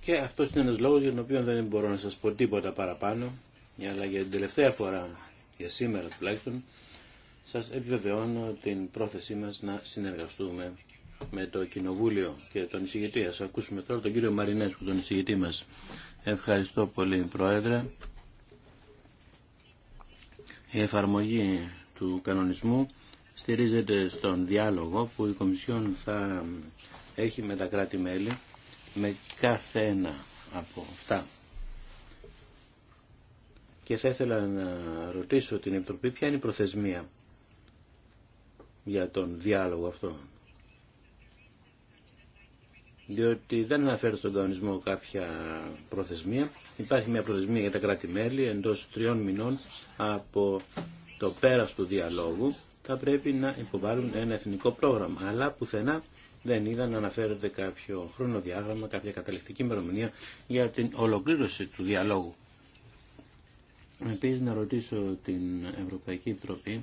Και αυτό είναι ένα λόγο για τον οποίο δεν μπορώ να σα πω τίποτα παραπάνω αλλά για την τελευταία φορά, για σήμερα τουλάχιστον, σας επιβεβαιώνω την πρόθεσή μας να συνεργαστούμε με το Κοινοβούλιο και τον εισηγητή. Ας ακούσουμε τώρα τον κύριο Μαρινέσκου, τον εισηγητή μας. Ευχαριστώ πολύ, Πρόεδρε. Η εφαρμογή του κανονισμού στηρίζεται στον διάλογο που η Κομισιόν θα έχει με τα κράτη-μέλη με κάθε ένα από αυτά και θα ήθελα να ρωτήσω την Επιτροπή ποια είναι η προθεσμία για τον διάλογο αυτό. Διότι δεν αναφέρει στον κανονισμό κάποια προθεσμία. Υπάρχει μια προθεσμία για τα κράτη-μέλη εντός τριών μηνών από το πέρας του διαλόγου θα πρέπει να υποβάλουν ένα εθνικό πρόγραμμα. Αλλά πουθενά δεν είδα να αναφέρεται κάποιο χρονοδιάγραμμα, κάποια καταληκτική ημερομηνία για την ολοκλήρωση του διαλόγου. Επίσης να ρωτήσω την Ευρωπαϊκή Επιτροπή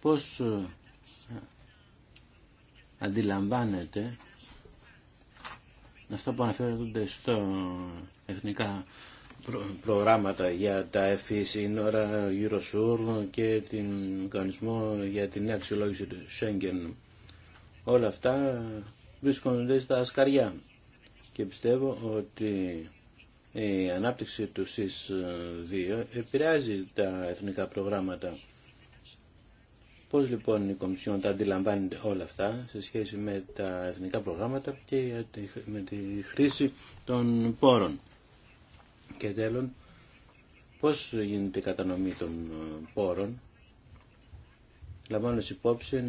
πώς ε, αντιλαμβάνεται αυτά που αναφέρονται στο εθνικά προγράμματα για τα ΕΦΗ σύνορα, e Eurosur και την κανονισμό για την αξιολόγηση του Schengen. Όλα αυτά βρίσκονται στα ασκαριά και πιστεύω ότι η ανάπτυξη του ΣΥΣ 2 επηρεάζει τα εθνικά προγράμματα. Πώς λοιπόν η Κομισιόν τα αντιλαμβάνεται όλα αυτά σε σχέση με τα εθνικά προγράμματα και με τη χρήση των πόρων. Και τέλος, πώς γίνεται η κατανομή των πόρων, λαμβάνοντας υπόψη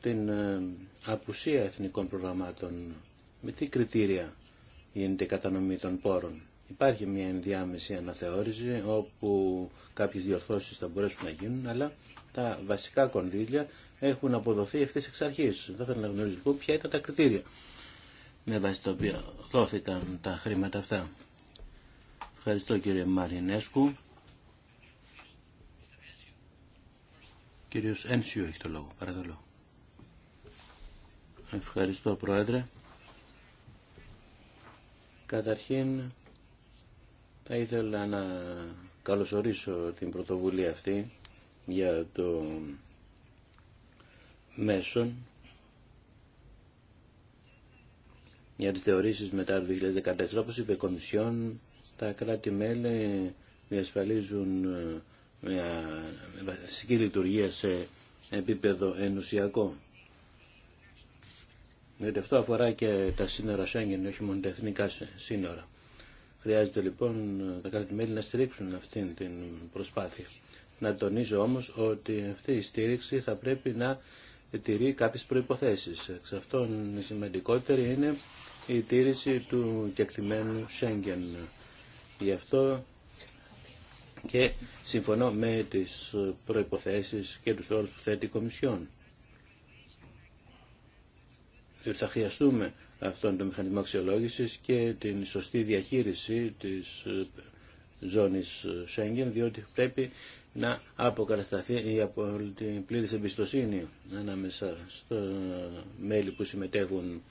την απουσία εθνικών προγραμμάτων, με τι κριτήρια γίνεται η κατανομή των πόρων. Υπάρχει μια ενδιάμεση αναθεώρηση όπου κάποιες διορθώσεις θα μπορέσουν να γίνουν, αλλά τα βασικά κονδύλια έχουν αποδοθεί ευθύ εξ αρχή. Δεν θέλω να γνωρίζω ποια ήταν τα κριτήρια με βάση τα οποία δόθηκαν τα χρήματα αυτά. Ευχαριστώ κύριε Μαρινέσκου. Κύριος Ένσιο έχει το λόγο, παρακαλώ. Ευχαριστώ Πρόεδρε. Καταρχήν θα ήθελα να καλωσορίσω την πρωτοβουλία αυτή για το μέσον για τις θεωρήσεις μετά το 2014. Όπως είπε η Κομισιόν, τα κράτη-μέλη διασφαλίζουν ε, μια βασική λειτουργία σε επίπεδο ενωσιακό γιατί αυτό αφορά και τα σύνορα Σέγγεν, όχι μόνο τα εθνικά σύνορα. Χρειάζεται λοιπόν τα κράτη-μέλη να στηρίξουν αυτή την προσπάθεια. Να τονίζω όμως ότι αυτή η στήριξη θα πρέπει να τηρεί κάποιες προϋποθέσεις. Εξ αυτών η σημαντικότερη είναι η τήρηση του κεκτημένου Σέγγεν. Γι' αυτό και συμφωνώ με τις προϋποθέσεις και τους όρους που θέτει η Κομισιόν θα χρειαστούμε αυτόν τον μηχανισμό αξιολόγηση και την σωστή διαχείριση της ε, ζώνης ε, Σέγγεν, διότι πρέπει να αποκατασταθεί η πλήρη εμπιστοσύνη ανάμεσα στο ε, μέλη που συμμετέχουν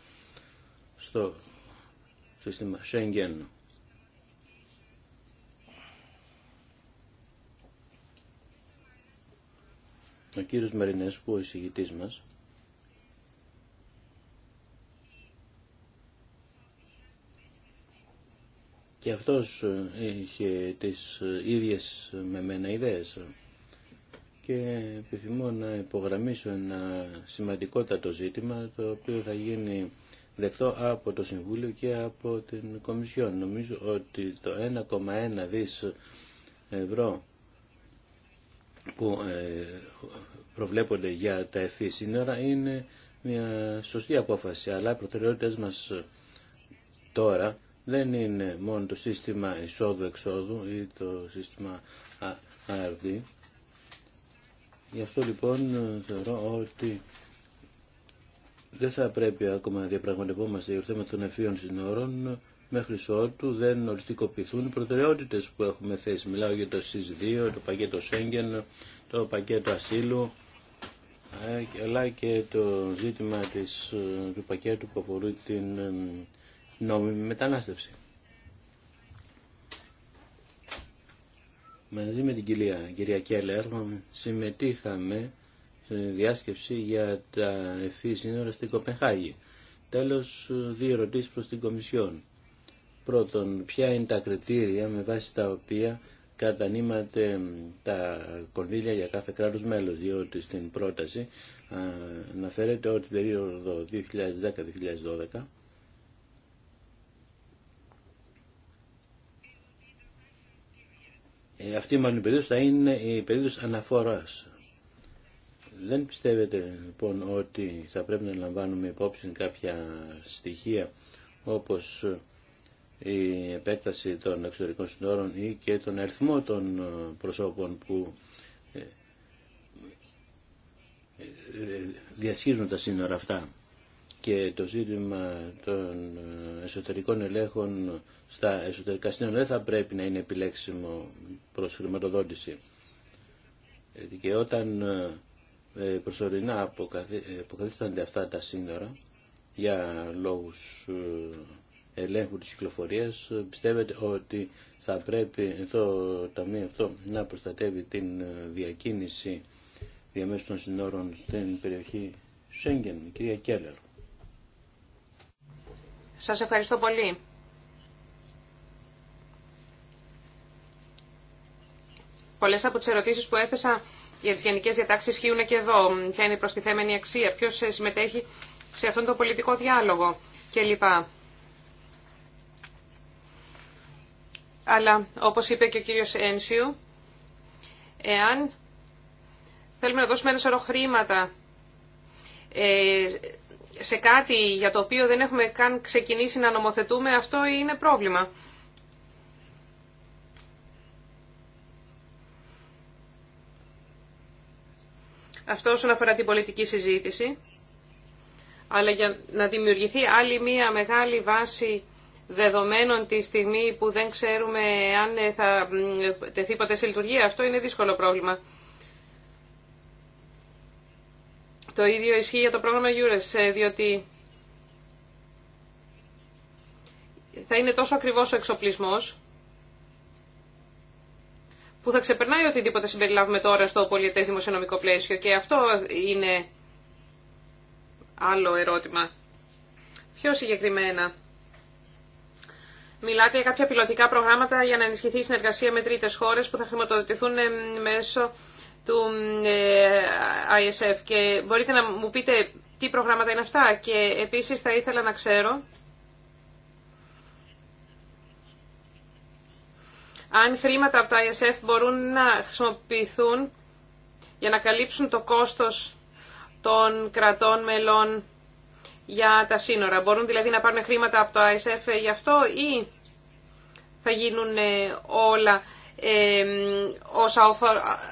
στο σύστημα Σέγγεν. Ο κύριος Μαρινέσκου, ο εισηγητής μας, και αυτός ε, είχε τις ε, ίδιες ε, με μένα ιδέες και επιθυμώ να υπογραμμίσω ένα σημαντικότατο ζήτημα το οποίο θα γίνει δεκτό από το Συμβούλιο και από την Κομισιόν. Νομίζω ότι το 1,1 δις ευρώ που προβλέπονται για τα ευθύ σύνορα είναι μια σωστή απόφαση, αλλά οι προτεραιότητες μας τώρα δεν είναι μόνο το σύστημα εισόδου-εξόδου ή το σύστημα ARD. Γι' αυτό λοιπόν ε, θεωρώ ότι δεν θα πρέπει ακόμα να διαπραγματευόμαστε για το θέμα των ευφύων συνόρων μέχρι ότου δεν οριστικοποιηθούν οι προτεραιότητες που έχουμε θέσει. Μιλάω για το ΣΥΣ2, το πακέτο Σέγγεν, το πακέτο ασύλου, ε, αλλά και το ζήτημα της, ε, του πακέτου που αφορούν την νόμιμη μετανάστευση. Μαζί με την κυρία, κυρία Κέλλερ συμμετείχαμε σε διάσκεψη για τα ευφύ σύνορα στην Κοπενχάγη. Τέλος, δύο ερωτήσεις προς την Κομισιόν. Πρώτον, ποια είναι τα κριτήρια με βάση τα οποία κατανείματε τα κονδύλια για κάθε κράτος μέλος, διότι στην πρόταση αναφέρεται ότι περίοδο 2010-2012 Ε, αυτή μάλλον η περίοδος θα είναι η περίοδος αναφοράς. Δεν πιστεύετε λοιπόν ότι θα πρέπει να λαμβάνουμε υπόψη κάποια στοιχεία όπως η επέκταση των εξωτερικών συνόρων ή και τον αριθμό των ε, προσώπων που ε, διασχίζουν τα σύνορα αυτά και το ζήτημα των εσωτερικών ελέγχων στα εσωτερικά σύνορα δεν θα πρέπει να είναι επιλέξιμο προς χρηματοδότηση. Και όταν ε, προσωρινά ε, αποκαθίστανται αυτά τα σύνορα για λόγους ε, ελέγχου της κυκλοφορίας, πιστεύετε ότι θα πρέπει το Ταμείο αυτό να προστατεύει την διακίνηση διαμέσου των σύνορων στην περιοχή Σέγγεν, κυρία Κέλλερ. Σας ευχαριστώ πολύ. Πολλές από τις ερωτήσεις που έθεσα για τις γενικές διατάξεις ισχύουν και εδώ. Ποια είναι η προστιθέμενη αξία, ποιος συμμετέχει σε αυτόν τον πολιτικό διάλογο κλπ. Αλλά όπως είπε και ο κύριος Ένσιου, εάν θέλουμε να δώσουμε ένα σωρό χρήματα ε, σε κάτι για το οποίο δεν έχουμε καν ξεκινήσει να νομοθετούμε, αυτό είναι πρόβλημα. Αυτό όσον αφορά την πολιτική συζήτηση. Αλλά για να δημιουργηθεί άλλη μία μεγάλη βάση δεδομένων τη στιγμή που δεν ξέρουμε αν θα τεθεί ποτέ σε λειτουργία, αυτό είναι δύσκολο πρόβλημα. Το ίδιο ισχύει για το πρόγραμμα EURES, ε, διότι θα είναι τόσο ακριβώς ο εξοπλισμός που θα ξεπερνάει οτιδήποτε συμπεριλάβουμε τώρα στο πολιετές δημοσιονομικό πλαίσιο και αυτό είναι άλλο ερώτημα. Πιο συγκεκριμένα, μιλάτε για κάποια πιλωτικά προγράμματα για να ενισχυθεί η συνεργασία με τρίτες χώρες που θα χρηματοδοτηθούν ε, μέσω του ε, ISF και μπορείτε να μου πείτε τι προγράμματα είναι αυτά και επίσης θα ήθελα να ξέρω αν χρήματα από το ISF μπορούν να χρησιμοποιηθούν για να καλύψουν το κόστος των κρατών μελών για τα σύνορα. Μπορούν δηλαδή να πάρουν χρήματα από το ISF γι' αυτό ή θα γίνουν ε, όλα όσα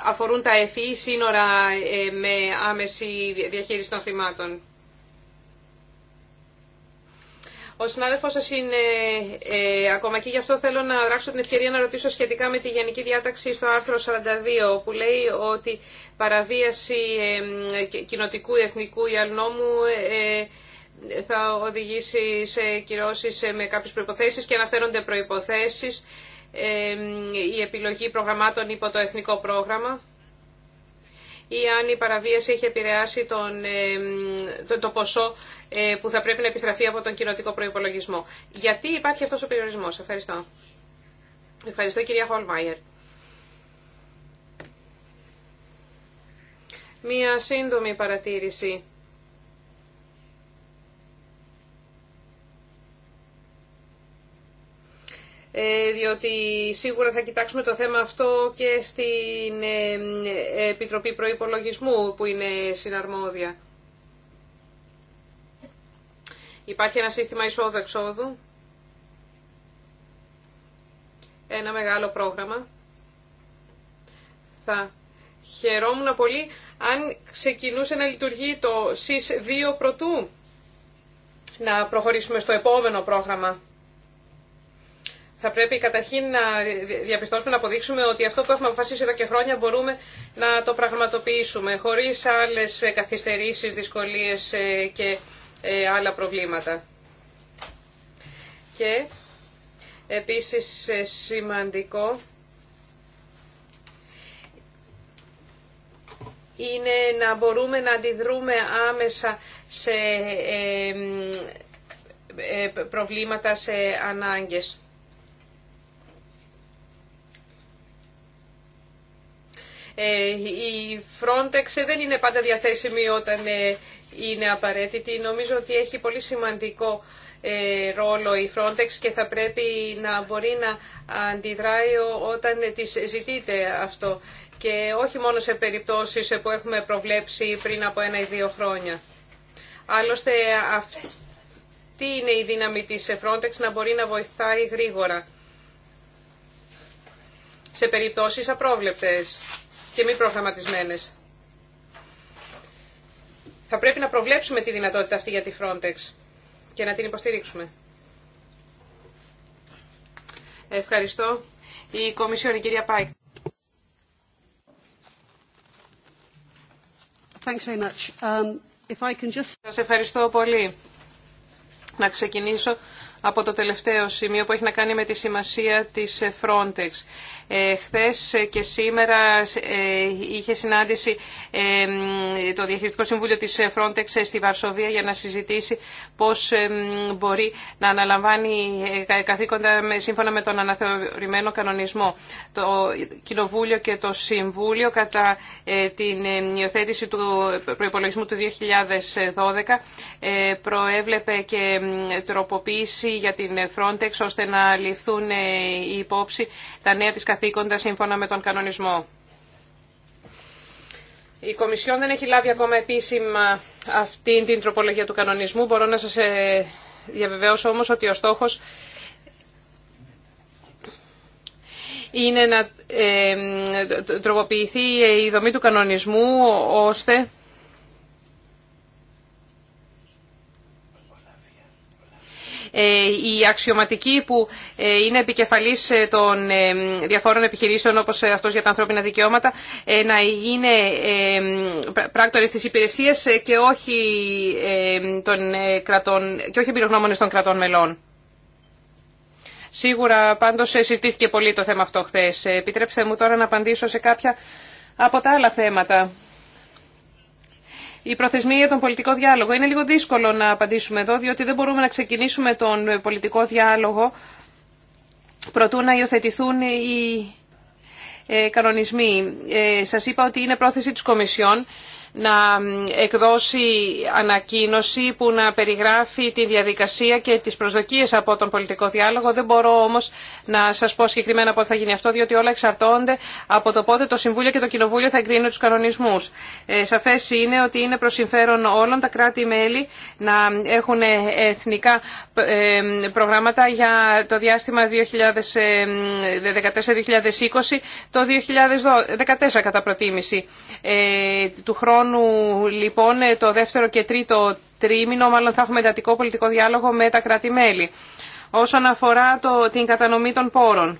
αφορούν τα ΕΦΗ e σύνορα ε, με άμεση διαχείριση των χρημάτων. Ο συνάδελφός σα είναι ε, ακόμα και γι' αυτό θέλω να δράξω την ευκαιρία να ρωτήσω σχετικά με τη Γενική Διάταξη στο άρθρο 42 που λέει ότι παραβίαση ε, κοινοτικού, εθνικού ή ε, θα οδηγήσει σε κυρώσεις ε, με κάποιες προϋποθέσεις και αναφέρονται προϋποθέσεις η επιλογή προγραμμάτων υπό το εθνικό πρόγραμμα ή αν η παραβίαση έχει επηρεάσει τον, το, το ποσό ε, που θα πρέπει να επιστραφεί από τον κοινοτικό προϋπολογισμό. Γιατί υπάρχει αυτός ο περιορισμός. Ευχαριστώ. Ευχαριστώ κυρία Χολμάιερ. Μία σύντομη παρατήρηση. Ε, διότι σίγουρα θα κοιτάξουμε το θέμα αυτό και στην ε, ε, Επιτροπή Προϋπολογισμού που είναι συναρμόδια. Υπάρχει ένα σύστημα εισόδου-εξόδου, ένα μεγάλο πρόγραμμα. Θα χαιρόμουν πολύ αν ξεκινούσε να λειτουργεί το ΣΥΣ 2 πρωτού να προχωρήσουμε στο επόμενο πρόγραμμα θα πρέπει καταρχήν να διαπιστώσουμε, να αποδείξουμε ότι αυτό που έχουμε αποφασίσει εδώ και χρόνια μπορούμε να το πραγματοποιήσουμε χωρίς άλλες καθυστερήσεις, δυσκολίες ε, και ε, άλλα προβλήματα. Και επίσης ε, σημαντικό είναι να μπορούμε να αντιδρούμε άμεσα σε προβλήματα, σε ανάγκες. Ε, η Frontex δεν είναι πάντα διαθέσιμη όταν ε, είναι απαραίτητη. Νομίζω ότι έχει πολύ σημαντικό ε, ρόλο η Frontex και θα πρέπει να μπορεί να αντιδράει όταν της ζητείται αυτό και όχι μόνο σε περιπτώσεις που έχουμε προβλέψει πριν από ένα ή δύο χρόνια. Άλλωστε αυτή είναι η δυο χρονια αλλωστε τι ειναι η δυναμη της Frontex να μπορεί να βοηθάει γρήγορα σε περιπτώσεις απρόβλεπτες και μη προγραμματισμένε. Θα πρέπει να προβλέψουμε τη δυνατότητα αυτή για τη Frontex και να την υποστηρίξουμε. Ευχαριστώ. Η Κομισιόν, η κυρία Πάικ. Thanks um, ευχαριστώ πολύ. Να ξεκινήσω από το τελευταίο σημείο που έχει να κάνει με τη σημασία της Frontex. Ε, χθες και σήμερα ε, είχε συνάντηση ε, το Διαχειριστικό Συμβούλιο της Frontex στη Βαρσοβία για να συζητήσει πώς μπορεί να αναλαμβάνει καθήκοντα σύμφωνα με τον αναθεωρημένο κανονισμό. Το Κοινοβούλιο και το Συμβούλιο κατά την υιοθέτηση του προϋπολογισμού του 2012 προέβλεπε και τροποποίηση για την Frontex ώστε να ληφθούν υπόψη τα νέα της καθήκοντα σύμφωνα με τον κανονισμό. Η Κομισιόν δεν έχει λάβει ακόμα επίσημα αυτή την τροπολογία του κανονισμού. Μπορώ να σας ε, διαβεβαιώσω όμως ότι ο στόχος είναι να ε, τροποποιηθεί η δομή του κανονισμού ώστε οι ε, αξιωματικοί που ε, είναι επικεφαλής ε, των διαφόρων επιχειρήσεων όπως αυτός για τα ανθρώπινα δικαιώματα να είναι πράκτορες της υπηρεσίας και όχι, των κρατών, και όχι εμπειρογνώμονες των κρατών μελών. Σίγουρα πάντως συζητήθηκε πολύ το θέμα αυτό χθες. Επιτρέψτε μου τώρα να απαντήσω σε κάποια από τα άλλα θέματα η προθεσμία για τον πολιτικό διάλογο. Είναι λίγο δύσκολο να απαντήσουμε εδώ, διότι δεν μπορούμε να ξεκινήσουμε τον πολιτικό διάλογο προτού να υιοθετηθούν οι ε, κανονισμοί. Ε, σας είπα ότι είναι πρόθεση της Κομισιόν να εκδώσει ανακοίνωση που να περιγράφει τη διαδικασία και τις προσδοκίες από τον πολιτικό διάλογο. Δεν μπορώ όμως να σας πω συγκεκριμένα πότε θα γίνει αυτό, διότι όλα εξαρτώνται από το πότε το Συμβούλιο και το Κοινοβούλιο θα εγκρίνουν τους κανονισμούς. Ε, σαφές είναι ότι είναι προς συμφέρον όλων τα κράτη-μέλη να έχουν εθνικά ε, προγράμματα για το διάστημα 2014-2020, ε, το 2014 κατά προτίμηση ε, του χρόνου λοιπόν το δεύτερο και τρίτο τρίμηνο μάλλον θα έχουμε εντατικό πολιτικό διάλογο με τα κράτη-μέλη. Όσον αφορά το, την κατανομή των πόρων.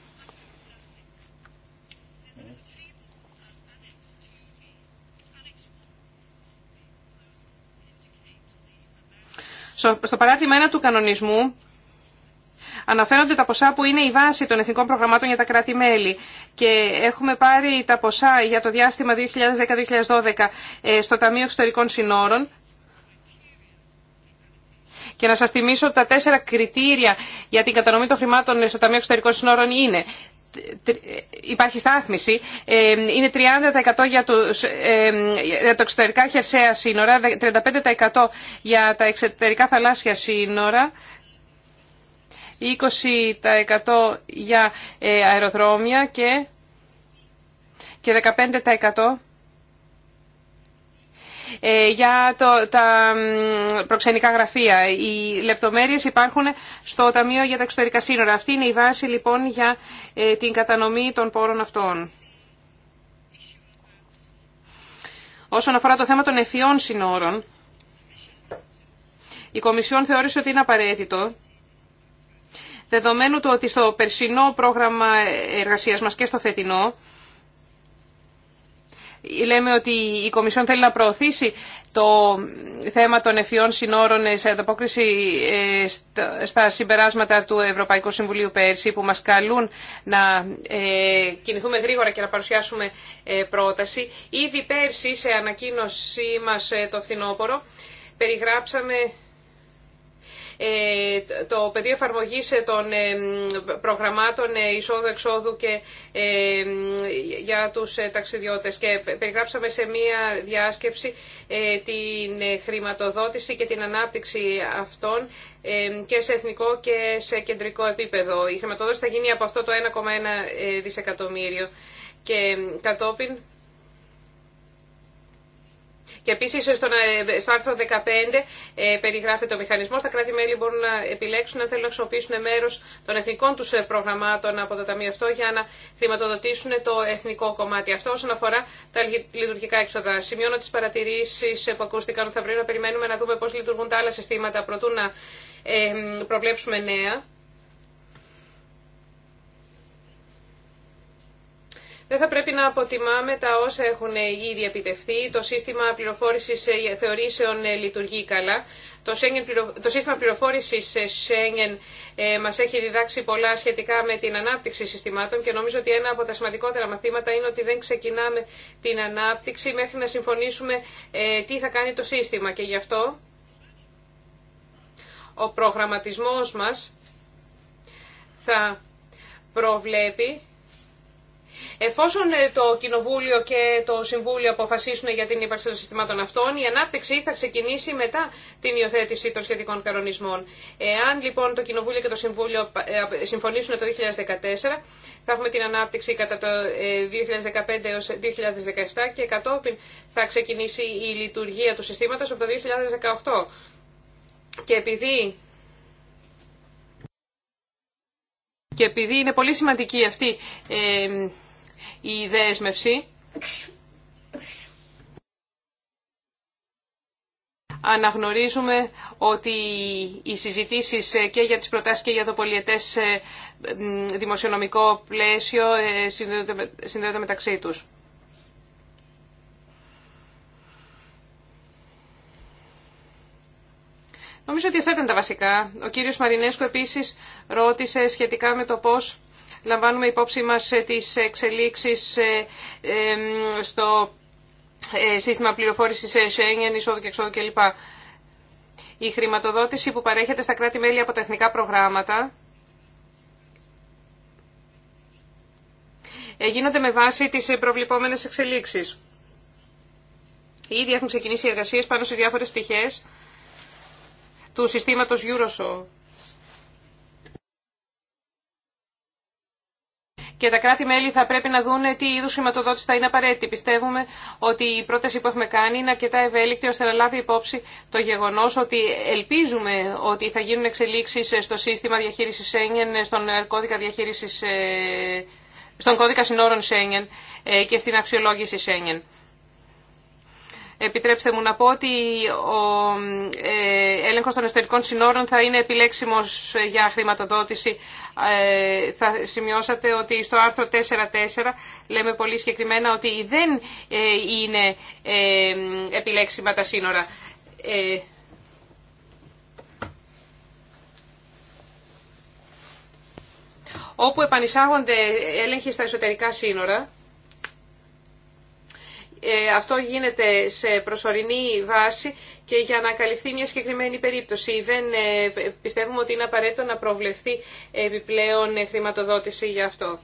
Στο παράδειγμα 1 του κανονισμού αναφέρονται τα ποσά που είναι η βάση των εθνικών προγραμμάτων για τα κράτη-μέλη. Και έχουμε πάρει τα ποσά για το διάστημα 2010-2012 ε, στο Ταμείο Εξωτερικών Συνόρων. Και να σας θυμίσω ότι τα τέσσερα κριτήρια για την κατανομή των χρημάτων στο Ταμείο Εξωτερικών Συνόρων είναι ε, υπάρχει στάθμιση, ε, είναι 30% για, τους, για τα εξωτερικά χερσαία σύνορα, 35% για τα εξωτερικά θαλάσσια σύνορα, 20% για ε, αεροδρόμια και, και 15% ε, για το, τα προξενικά γραφεία. Οι λεπτομέρειες υπάρχουν στο Ταμείο για τα Εξωτερικά Σύνορα. Αυτή είναι η βάση λοιπόν για ε, την κατανομή των πόρων αυτών. Όσον αφορά το θέμα των ευφυών συνόρων, η Κομισιόν θεώρησε ότι είναι απαραίτητο δεδομένου του ότι στο περσινό πρόγραμμα εργασίας μας και στο φετινό λέμε ότι η Κομισιόν θέλει να προωθήσει το θέμα των εφιών συνόρων σε ανταπόκριση ε, στα συμπεράσματα του Ευρωπαϊκού Συμβουλίου πέρσι που μας καλούν να ε, κινηθούμε γρήγορα και να παρουσιάσουμε ε, πρόταση. Ήδη πέρσι σε ανακοίνωσή μας το φθινόπωρο περιγράψαμε ε, το πεδίο εφαρμογής ε, των ε, προγραμμάτων εισόδου-εξόδου και για τους ταξιδιώτες. Και περιγράψαμε σε μία διάσκεψη την χρηματοδότηση και την ανάπτυξη αυτών και σε εθνικό και σε κεντρικό επίπεδο. Η χρηματοδότηση θα γίνει από αυτό το 1,1 δισεκατομμύριο και κατόπιν και επίσης ε, στο, άρθρο 15 ε, περιγράφεται ο μηχανισμό. Τα κράτη-μέλη μπορούν να επιλέξουν αν θέλουν να χρησιμοποιήσουν μέρο των εθνικών τους ε, προγραμμάτων από το Ταμείο αυτό για να χρηματοδοτήσουν το εθνικό κομμάτι. Αυτό όσον αφορά τα λειτουργικά έξοδα. Σημειώνω τι παρατηρήσει ε, που ακούστηκαν θα βρει να περιμένουμε να δούμε πώ λειτουργούν τα άλλα συστήματα προτού να προβλέψουμε νέα. Δεν θα πρέπει να αποτιμάμε τα όσα έχουν ήδη επιτευχθεί. Το σύστημα πληροφόρηση ε, θεωρήσεων ε, λειτουργεί καλά. Το, Schengen, το σύστημα πληροφόρησης Schengen ε, μας έχει διδάξει πολλά σχετικά με την ανάπτυξη συστημάτων και νομίζω ότι ένα από τα σημαντικότερα μαθήματα είναι ότι δεν ξεκινάμε την ανάπτυξη μέχρι να συμφωνήσουμε τι θα κάνει το σύστημα και γι' αυτό ο προγραμματισμός μας θα προβλέπει Εφόσον ε, το Κοινοβούλιο και το Συμβούλιο αποφασίσουν για την ύπαρξη των συστημάτων αυτών, η ανάπτυξη θα ξεκινήσει μετά την υιοθέτηση των σχετικών κανονισμών. Εάν λοιπόν το Κοινοβούλιο και το Συμβούλιο ε, συμφωνήσουν το 2014, θα έχουμε την ανάπτυξη κατά το 2015 ε, έως 2017 και κατόπιν θα ξεκινήσει η λειτουργία του συστήματος από το 2018. Και επειδή και επειδή είναι πολύ σημαντική αυτή ε, η δέσμευση αναγνωρίζουμε ότι οι συζητήσεις και για τις προτάσεις και για το πολιετές ε, δημοσιονομικό πλαίσιο ε, συνδέονται μεταξύ τους. Νομίζω ότι αυτά ήταν τα βασικά. Ο κύριος Μαρινέσκο επίσης ρώτησε σχετικά με το πώς λαμβάνουμε υπόψη μας ε, τις εξελίξεις ε, στο ε, σύστημα πληροφόρησης Schengen, εισόδου και εξόδου κλπ. Η χρηματοδότηση που παρέχεται στα κράτη-μέλη από τα εθνικά προγράμματα γίνονται με βάση τις προβληπόμενες εξελίξεις. Ήδη έχουν ξεκινήσει οι εργασίες πάνω στις διάφορες πτυχές του συστήματος Eurosol. και τα κράτη-μέλη θα πρέπει να δούνε τι είδου χρηματοδότηση θα είναι απαραίτητη. Πιστεύουμε ότι η πρόταση που έχουμε κάνει είναι αρκετά ευέλικτη ώστε να λάβει υπόψη το γεγονό ότι ελπίζουμε ότι θα γίνουν εξελίξει στο σύστημα διαχείριση Σέγγεν, στον κώδικα διαχείριση ε, στον κώδικα συνόρων Σέγγεν ε, και στην αξιολόγηση Σέγγεν. Επιτρέψτε μου να πω ότι ο ε, έλεγχος των εσωτερικών συνόρων θα είναι επιλέξιμος για χρηματοδότηση. Ε, θα σημειώσατε ότι στο άρθρο 4.4 λέμε πολύ συγκεκριμένα ότι δεν ε, είναι επιλέξιμα τα σύνορα. Όπου επανεισάγονται έλεγχοι στα εσωτερικά σύνορα, ε, αυτό γίνεται σε προσωρινή βάση και για να καλυφθεί μια συγκεκριμένη περίπτωση. Δεν ε, πιστεύουμε ότι είναι απαραίτητο να προβλεφθεί επιπλέον χρηματοδότηση για αυτό.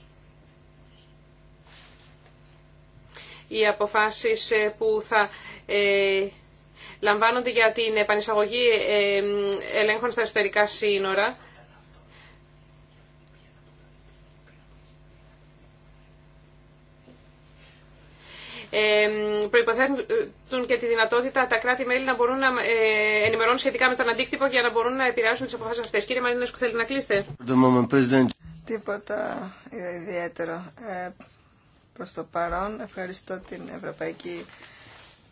Οι αποφάσεις ε, που θα λαμβάνονται για την επανεισαγωγή ελέγχων στα εσωτερικά σύνορα προποθέτουν και τη δυνατότητα τα κράτη-μέλη να μπορούν να ε, ενημερώνουν σχετικά με τον αντίκτυπο για να μπορούν να επηρεάσουν τι αποφάσει αυτέ. Κύριε Μαρινέσκου, θέλετε να κλείσετε. Τίποτα ιδιαίτερο. Ε, προς το παρόν ευχαριστώ την Ευρωπαϊκή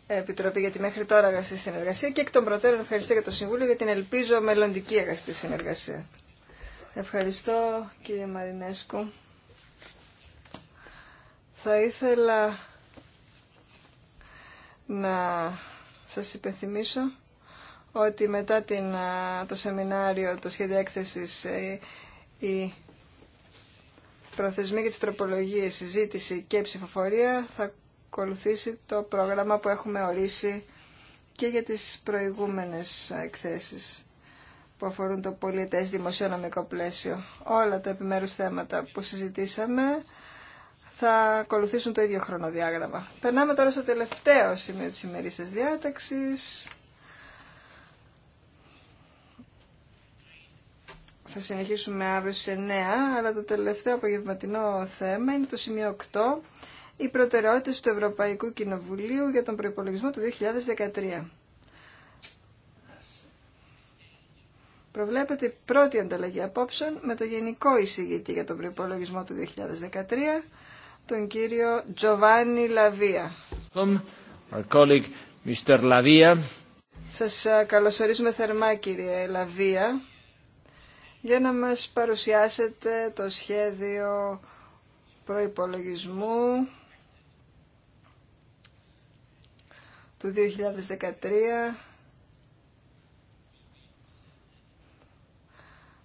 Επιτροπή για τη μέχρι τώρα αγαστή συνεργασία και εκ των προτέρων ευχαριστώ για το Συμβούλιο για την ελπίζω μελλοντική αγαστή συνεργασία. Ευχαριστώ κύριε Μαρινέσκου. Θα ήθελα να σας υπενθυμίσω ότι μετά την, το σεμινάριο, το σχέδιο έκθεσης, ε, η προθεσμή για τις τροπολογίες, συζήτηση και ψηφοφορία θα ακολουθήσει το πρόγραμμα που έχουμε ορίσει και για τις προηγούμενες εκθέσεις που αφορούν το πολιτές δημοσιονομικό πλαίσιο. Όλα τα επιμέρους θέματα που συζητήσαμε θα ακολουθήσουν το ίδιο χρονοδιάγραμμα. Περνάμε τώρα στο τελευταίο σημείο της ημερήσιας διάταξης. Θα συνεχίσουμε αύριο στις 9, αλλά το τελευταίο απογευματινό θέμα είναι το σημείο 8, οι προτεραιότητε του Ευρωπαϊκού Κοινοβουλίου για τον προϋπολογισμό του 2013. Προβλέπεται η πρώτη ανταλλαγή απόψεων με το Γενικό Εισηγητή για τον Προϋπολογισμό του 2013, τον κύριο Τζοβάνι Λαβία. Our Σας καλωσορίζουμε θερμά κύριε Λαβία για να μας παρουσιάσετε το σχέδιο προϋπολογισμού του 2013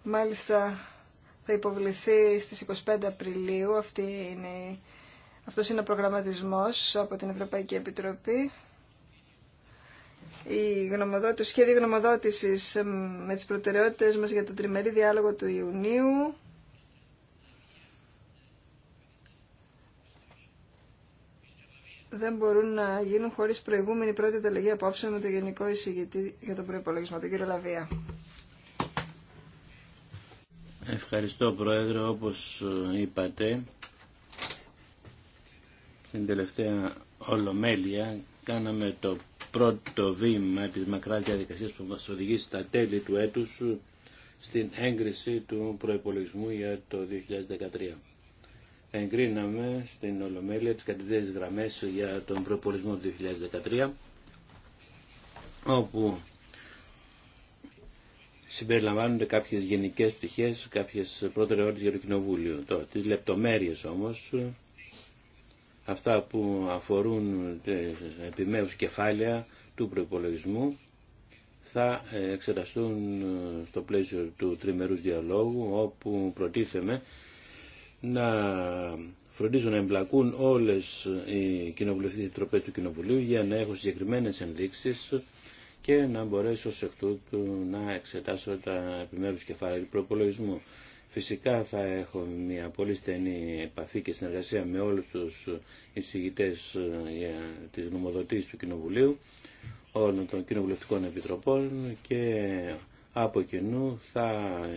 Μάλιστα θα υποβληθεί στις 25 Απριλίου. Αυτή είναι, αυτός είναι ο προγραμματισμός από την Ευρωπαϊκή Επιτροπή. Η το σχέδιο γνωμοδότησης με τις προτεραιότητες μας για τον τριμερή διάλογο του Ιουνίου. δεν μπορούν να γίνουν χωρίς προηγούμενη πρώτη ανταλλαγή απόψε με το Γενικό Εισηγητή για τον Προϋπολογισμό, τον κύριο Λαβία. Ευχαριστώ Πρόεδρε, όπως ε, είπατε, στην τελευταία ολομέλεια κάναμε το πρώτο βήμα της μακράς διαδικασίας που μας οδηγεί στα τέλη του έτους ε, στην έγκριση του προϋπολογισμού για το 2013. Εγκρίναμε στην Ολομέλεια τις κατηδές γραμμές για τον προϋπολογισμό του 2013 όπου συμπεριλαμβάνονται κάποιες γενικές πτυχές, κάποιες ώρε για το Κοινοβούλιο. Τι τις λεπτομέρειες όμως, αυτά που αφορούν ε, επιμέρου κεφάλαια του προπολογισμού θα ε, εξεταστούν ε, στο πλαίσιο του τριμερούς διαλόγου όπου προτίθεμε να φροντίζουν να εμπλακούν όλες οι κοινοβουλευτικές τροπές του Κοινοβουλίου για να έχουν συγκεκριμένες ενδείξεις και να μπορέσω σε εκ τούτου να εξετάσω τα επιμέρους κεφάλαια του προπολογισμού. Φυσικά θα έχω μια πολύ στενή επαφή και συνεργασία με όλους τους εισηγητές ε, για τις του Κοινοβουλίου, όλων των κοινοβουλευτικών επιτροπών και από κοινού θα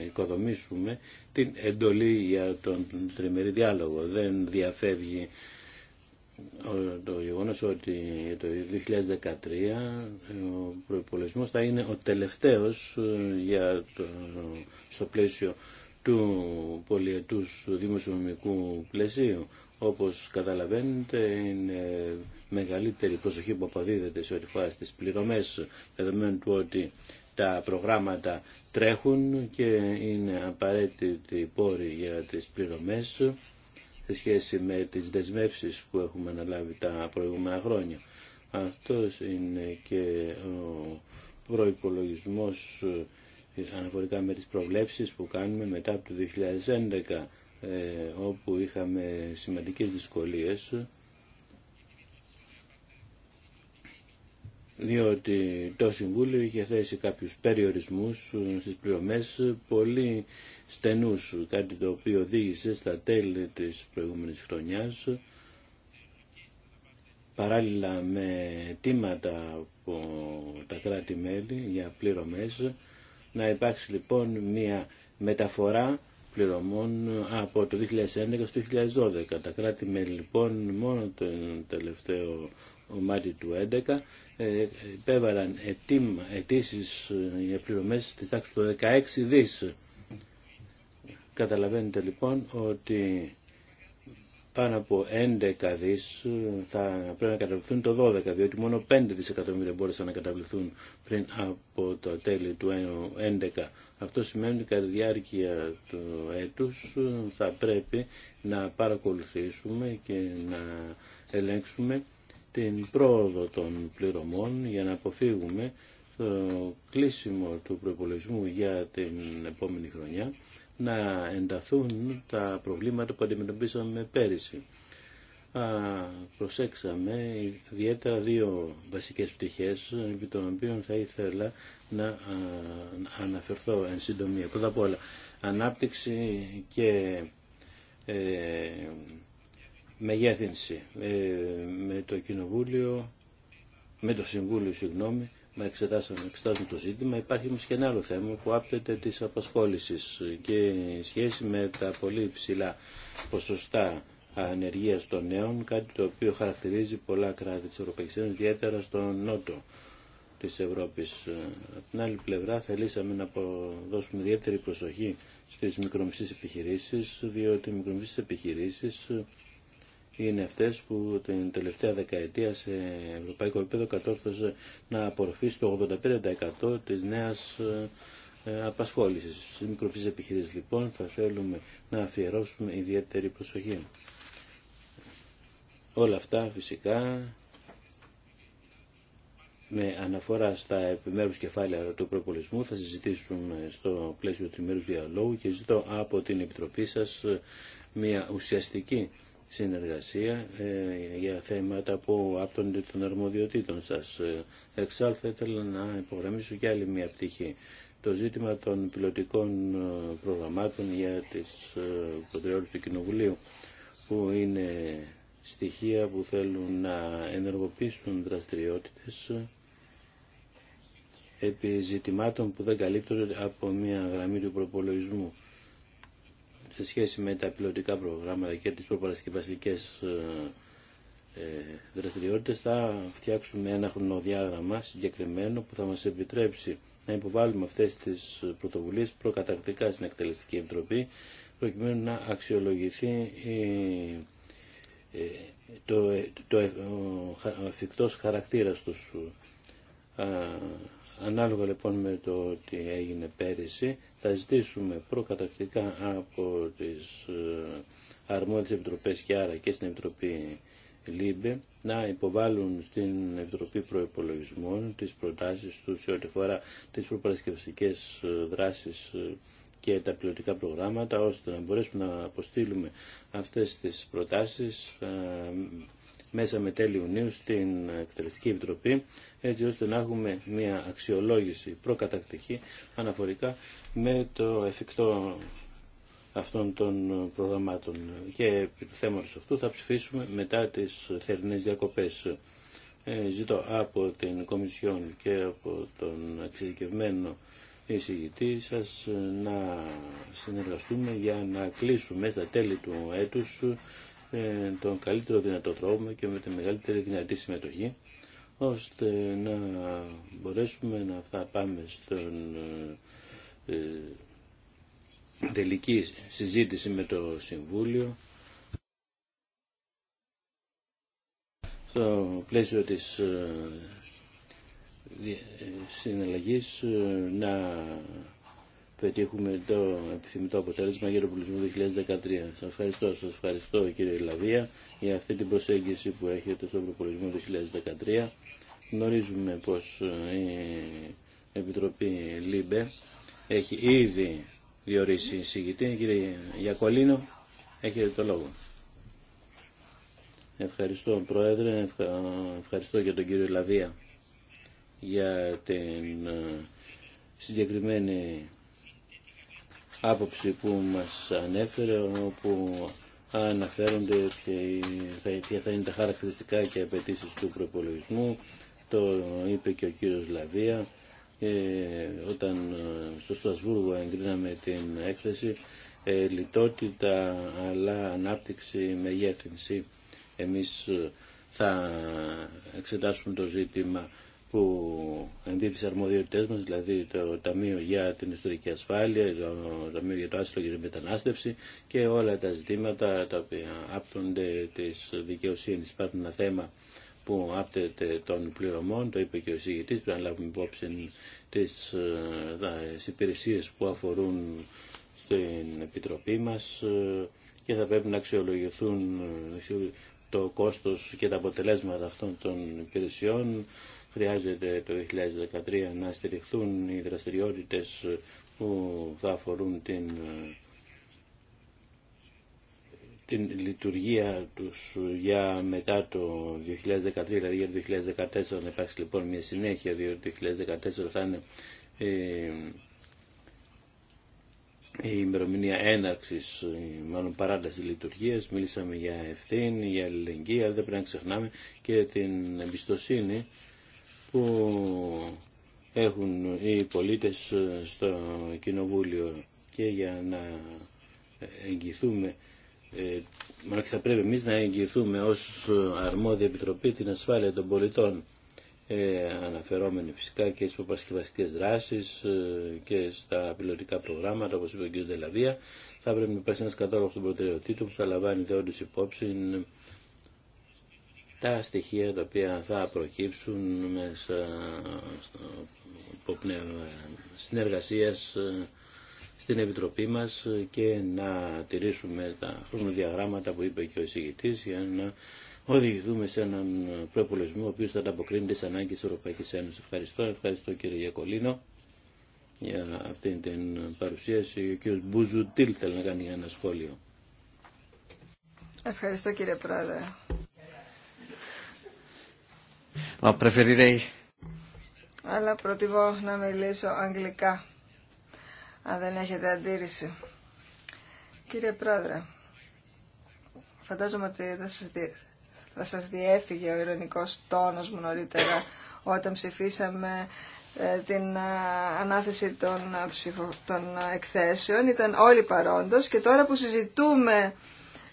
οικοδομήσουμε την εντολή για τον τριμερή διάλογο. Δεν διαφεύγει το γεγονό ότι το 2013 ο προπολογισμό θα είναι ο τελευταίο ε, το, στο πλαίσιο του πολιετούς δημοσιονομικού πλαισίου. Όπως καταλαβαίνετε είναι μεγαλύτερη προσοχή που αποδίδεται σε ό,τι φορά στις πληρωμές δεδομένου ότι τα προγράμματα τρέχουν και είναι απαραίτητη πόρη για τις πληρωμές σε σχέση με τις δεσμεύσεις που έχουμε αναλάβει τα προηγούμενα χρόνια. Αυτός είναι και ο προϋπολογισμός ε, αναφορικά με τις προβλέψεις που κάνουμε μετά από το 2011 ε, όπου είχαμε σημαντικές δυσκολίες διότι το Συμβούλιο είχε θέσει κάποιους περιορισμούς ε, στις πληρωμές πολύ στενούς, κάτι το οποίο οδήγησε στα τέλη της προηγούμενης χρονιάς παράλληλα με τίματα από τα κράτη-μέλη για πληρωμές να υπάρξει λοιπόν μια μεταφορά πληρωμών από το 2011 στο 2012. Τα κράτη-μέλη λοιπόν μόνο το τελευταίο μάτι του 2011 ε, υπέβαλαν αιτήσει για πληρωμές στη τάξη του 16 δις Καταλαβαίνετε λοιπόν ότι πάνω από 11 δις ε, θα πρέπει να καταβληθούν το 12, διότι μόνο 5 δισεκατομμύρια μπόρεσαν να καταβληθούν πριν από το τέλη του 11. Αυτό σημαίνει ότι κατά τη διάρκεια του έτους ε, θα πρέπει να παρακολουθήσουμε και να ελέγξουμε την πρόοδο των πληρωμών για να αποφύγουμε το κλείσιμο του προπολογισμού για την επόμενη χρονιά να ενταθούν τα προβλήματα που αντιμετωπίσαμε πέρυσι. προσέξαμε ιδιαίτερα δύο βασικές πτυχές επί των οποίων θα ήθελα να αναφερθώ εν συντομία. Πρώτα απ' όλα, ανάπτυξη και ε, μεγέθυνση ε, με το Κοινοβούλιο, με το Συμβούλιο, συγγνώμη, να εξετάσουμε, το ζήτημα, υπάρχει όμως και ένα άλλο θέμα που άπτεται της απασχόλησης και σχέση με τα πολύ υψηλά ποσοστά ανεργίας των νέων, κάτι το οποίο χαρακτηρίζει πολλά κράτη της Ευρωπαϊκής Ένωσης, ιδιαίτερα στον νότο της Ευρώπης. Από την άλλη πλευρά θελήσαμε να δώσουμε ιδιαίτερη προσοχή στις μικρομεσίε επιχειρήσεις, διότι οι επιχειρήσεις είναι αυτές που την τελευταία δεκαετία σε ευρωπαϊκό επίπεδο κατόρθωσε να απορροφήσει το 85% της νέας ε, απασχόλησης. Στις μικροφύσεις επιχειρήσεις λοιπόν θα θέλουμε να αφιερώσουμε ιδιαίτερη προσοχή. Όλα αυτά φυσικά με αναφορά στα επιμέρους κεφάλαια του προπολισμού θα συζητήσουμε στο πλαίσιο του ημέρου διαλόγου και ζητώ από την Επιτροπή σας ε, μια ουσιαστική συνεργασία ε, για θέματα που άπτονται των αρμοδιοτήτων σας. Ε, εξάλλου θα ήθελα να υπογραμμίσω και άλλη μια πτυχή. Το ζήτημα των πιλωτικών ε, προγραμμάτων για τις προτεραιότητες του Κοινοβουλίου που είναι στοιχεία που θέλουν να ενεργοποιήσουν δραστηριότητες επί ζητημάτων που δεν καλύπτονται από μια γραμμή του προπολογισμού σε σχέση με τα πιλωτικά προγράμματα και τις προπαρασκευαστικές ε, ε, δραστηριότητες θα φτιάξουμε ένα χρονοδιάγραμμα συγκεκριμένο που θα μας επιτρέψει να υποβάλουμε αυτές τις πρωτοβουλίες προκαταρκτικά στην Εκτελεστική Επιτροπή προκειμένου να αξιολογηθεί ε, το, το, ο εφικτός χαρακτήρας τους Ανάλογα λοιπόν με το ότι έγινε πέρυσι, θα ζητήσουμε προκατακτικά από τις ε, αρμόδιες επιτροπές και άρα και στην Επιτροπή ΛΥΜΠΕ να υποβάλουν στην Επιτροπή Προϋπολογισμών τις προτάσεις τους σε ό,τι φορά τις προπαρασκευαστικές ε, δράσεις ε, και τα πιλωτικά προγράμματα ώστε να μπορέσουμε να αποστείλουμε αυτές τις προτάσεις μέσα με τέλη Ιουνίου στην Εκτελεστική Επιτροπή έτσι ώστε να έχουμε μια αξιολόγηση προκατακτική αναφορικά με το εφικτό αυτών των προγραμμάτων. Και επί του θέματος αυτού θα ψηφίσουμε μετά τις θερινές διακοπές. Ε, ζητώ από την Κομισιόν και από τον εξειδικευμένο εισηγητή σας να συνεργαστούμε για να κλείσουμε στα τέλη του έτους με τον καλύτερο δυνατό τρόπο και με τη μεγαλύτερη δυνατή συμμετοχή ώστε να μπορέσουμε να θα πάμε στον ε, τελική συζήτηση με το Συμβούλιο στο πλαίσιο της ε, ε, συναλλαγής να πετύχουμε το επιθυμητό αποτέλεσμα για το πολιτισμό 2013. Σας ευχαριστώ, σας ευχαριστώ κύριε Λαβία για αυτή την προσέγγιση που έχετε στο Πολιτισμό 2013. Γνωρίζουμε πως ε, η Επιτροπή ΛΥΜΠΕ έχει ήδη διορίσει εισηγητή. Κύριε Γιακολίνο, έχετε το λόγο. Ευχαριστώ Πρόεδρε, ευχαριστώ και τον κύριο Λαβία για την ε, συγκεκριμένη άποψη που μας ανέφερε όπου αναφέρονται ποια θα είναι τα χαρακτηριστικά και απαιτήσει του προπολογισμού. Το είπε και ο κύριος Λαβία ε, όταν ε, στο Στρασβούργο εγκρίναμε την έκθεση ε, λιτότητα αλλά ανάπτυξη με μεγέθυνση. Εμείς θα εξετάσουμε το ζήτημα που εμπίπτει τι αρμοδιότητέ μα, δηλαδή το Ταμείο για την Ιστορική Ασφάλεια, το Ταμείο για το Άσυλο και την Μετανάστευση και όλα τα ζητήματα τα οποία άπτονται τη δικαιοσύνη. Υπάρχει ένα θέμα που άπτεται των πληρωμών, το είπε και ο συγγητή, πρέπει να λάβουμε υπόψη τι ε, υπηρεσίε που αφορούν στην Επιτροπή μα, ε, και θα πρέπει να αξιολογηθούν ε, το κόστος και τα αποτελέσματα αυτών των υπηρεσιών χρειάζεται το 2013 να στηριχθούν οι δραστηριότητες που θα αφορούν την, την λειτουργία τους για μετά το 2013, δηλαδή για το 2014 να υπάρξει λοιπόν μια συνέχεια, διότι το 2014 θα είναι ε, η ημερομηνία έναρξη, μάλλον παράταση λειτουργίας. Μίλησαμε για ευθύνη, για αλληλεγγύη, αλλά δεν πρέπει να ξεχνάμε και την εμπιστοσύνη που έχουν οι πολίτες ε, στο Κοινοβούλιο και για να εγγυηθούμε ε, μάλλον θα πρέπει εμείς να εγγυηθούμε ως αρμόδια επιτροπή την ασφάλεια των πολιτών ε, αναφερόμενοι φυσικά και στις προπαρασκευαστικές δράσεις ε, και στα πιλωτικά προγράμματα όπως είπε ο κ. Δελαβία θα πρέπει να υπάρξει ένας κατάλογος των προτεραιοτήτων που θα λαμβάνει δεόντως υπόψη τα στοιχεία τα οποία θα προκύψουν μέσα στο πνεύμα συνεργασίας ε, στην Επιτροπή μας και να τηρήσουμε τα χρονοδιαγράμματα που είπε και ο εισηγητής για να οδηγηθούμε σε έναν προπολογισμό ο οποίος θα ανταποκρίνεται τις ανάγκες της Ευρωπαϊκής Ένωσης. Ευχαριστώ, ευχαριστώ κύριε Γιακολίνο για αυτή την παρουσίαση. Ο κύριος Μπούζου Τίλ θέλει να κάνει ένα σχόλιο. Ευχαριστώ κύριε Πρόεδρε. Αλλά προτιμώ να μιλήσω αγγλικά, αν δεν έχετε αντίρρηση. Κύριε Πρόεδρε, φαντάζομαι ότι θα σας, δι... διέφυγε ο ηρωνικός τόνος μου νωρίτερα όταν ψηφίσαμε ε, την ε, ανάθεση των, των ε, εκθέσεων. Ήταν όλοι παρόντος και τώρα που συζητούμε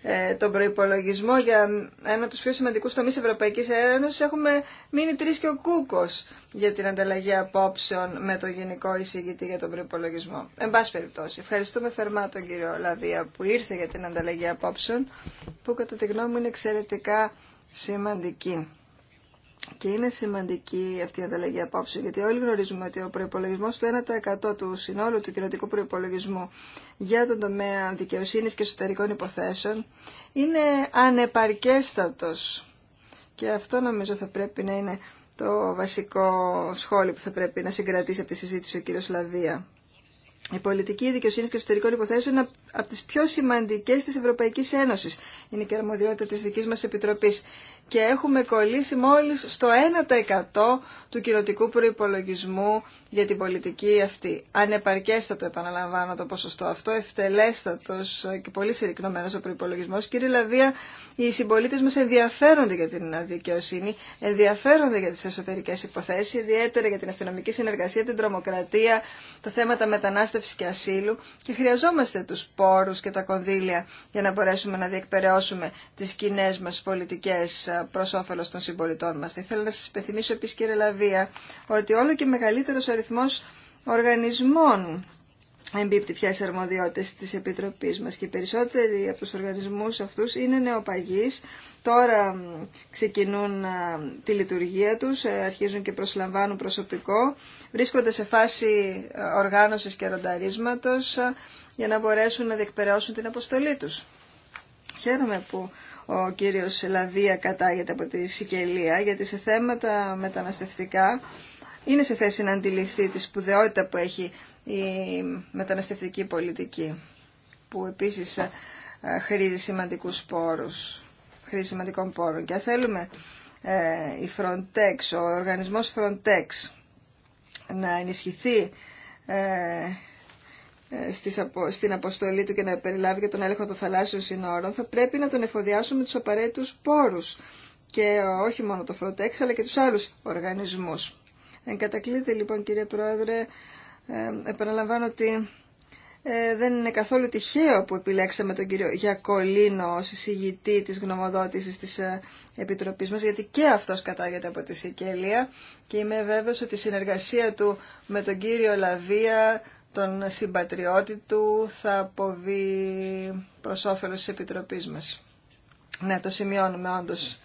ε, τον προπολογισμό για ένα από τους πιο σημαντικού τομεί Ευρωπαϊκής Ένωση έχουμε μείνει τρει και ο κούκος για την ανταλλαγή απόψεων με το Γενικό Εισηγητή για τον προπολογισμό. Εν πάση περιπτώσει, ευχαριστούμε θερμά τον κύριο Λαδία που ήρθε για την ανταλλαγή απόψεων που κατά τη γνώμη μου είναι εξαιρετικά σημαντική. Και είναι σημαντική αυτή η ανταλλαγή απόψε, γιατί όλοι γνωρίζουμε ότι ο προπολογισμό του 1% του συνόλου του κοινοτικού προπολογισμού για τον τομέα δικαιοσύνη και εσωτερικών υποθέσεων είναι ανεπαρκέστατο. Και αυτό νομίζω θα πρέπει να είναι το βασικό σχόλιο που θα πρέπει να συγκρατήσει από τη συζήτηση ο κύριος Λαβία. Η πολιτική δικαιοσύνη και εσωτερικών υποθέσεων είναι από τι πιο σημαντικέ τη Ευρωπαϊκή Ένωση. Είναι και αρμοδιότητα τη δική μα Επιτροπή και έχουμε κολλήσει μόλις στο 1% του κοινοτικού προϋπολογισμού για την πολιτική αυτή. Ανεπαρκέστατο επαναλαμβάνω το ποσοστό αυτό, ευτελέστατος και πολύ συρρυκνωμένος ο προϋπολογισμός. Κύριε Λαβία, οι συμπολίτες μας ενδιαφέρονται για την αδικαιοσύνη, ενδιαφέρονται για τις εσωτερικές υποθέσεις, ιδιαίτερα για την αστυνομική συνεργασία, την τρομοκρατία, τα θέματα μετανάστευσης και ασύλου και χρειαζόμαστε τους πόρους και τα κονδύλια για να μπορέσουμε να διεκπαιρεώσουμε τις κοινέ μας πολιτικές προ όφελο των συμπολιτών μα. Θα ήθελα να σα υπενθυμίσω επίση, κύριε Λαβία, ότι όλο και μεγαλύτερο αριθμό οργανισμών εμπίπτει πια στι αρμοδιότητε τη Επιτροπή μα και οι περισσότεροι από του οργανισμού αυτού είναι νεοπαγεί. Τώρα ξεκινούν τη λειτουργία τους, ε, αρχίζουν και προσλαμβάνουν προσωπικό, βρίσκονται σε φάση ε, οργάνωσης και ρονταρίσματος ε, για να μπορέσουν να διεκπαιρεώσουν την αποστολή τους. Χαίρομαι που ο κύριος Λαβία κατάγεται από τη Σικελία, γιατί σε θέματα μεταναστευτικά είναι σε θέση να αντιληφθεί τη σπουδαιότητα που έχει η μεταναστευτική πολιτική, που επίσης ε, χρήζει σημαντικούς πόρους, χρήζει σημαντικών πόρων. Και θέλουμε ε, η Frontex, ο οργανισμός Frontex να ενισχυθεί ε, ε, στην αποστολή του και να περιλάβει και τον έλεγχο των θαλάσσιων συνόρων, θα πρέπει να τον εφοδιάσουμε με τους απαραίτητους πόρους και όχι μόνο το Frontex αλλά και τους άλλους οργανισμούς. Εν λοιπόν κύριε Πρόεδρε, ε, επαναλαμβάνω ότι ε, δεν είναι καθόλου τυχαίο που επιλέξαμε τον κύριο Γιακολίνο ως εισηγητή της γνωμοδότησης της ε, Επιτροπής μας, γιατί και αυτός κατάγεται από τη Σικελία και είμαι βέβαιος ότι η συνεργασία του με τον κύριο Λαβία, τον συμπατριώτη του θα αποβεί προς όφελος της Επιτροπής μας. Ναι, το σημειώνουμε όντως.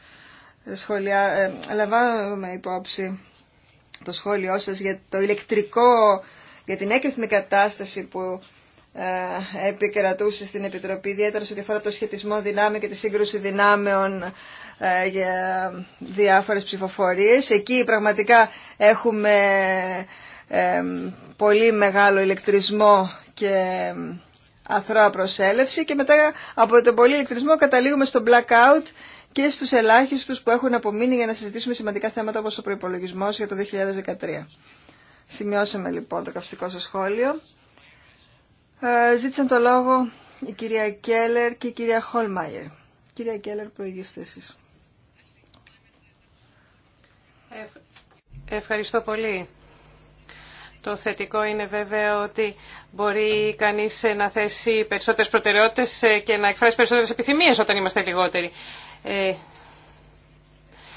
Σχολιά, ε, λαμβάνουμε υπόψη το σχόλιο σας για το ηλεκτρικό, για την έκριθμη κατάσταση που ε, επικρατούσε στην Επιτροπή, ιδιαίτερα σε ό,τι το σχετισμό δυνάμεων και τη σύγκρουση δυνάμεων ε, για διάφορες ψηφοφορίες. Εκεί πραγματικά έχουμε πολύ μεγάλο ηλεκτρισμό και αθρώα προσέλευση και μετά από τον πολύ ηλεκτρισμό καταλήγουμε στο blackout και στους ελάχιστους που έχουν απομείνει για να συζητήσουμε σημαντικά θέματα όπως ο προπολογισμό για το 2013. Σημειώσαμε λοιπόν το καυστικό σας σχόλιο. Ε, ζήτησαν το λόγο η κυρία Κέλλερ και η κυρία Χολμάιερ. Κυρία Κέλλερ, προηγήστε εσείς. Ευχαριστώ πολύ. Το θετικό είναι βέβαια ότι μπορεί κανείς να θέσει περισσότερες προτεραιότητες ε, και να εκφράσει περισσότερες επιθυμίες όταν είμαστε λιγότεροι. Ε,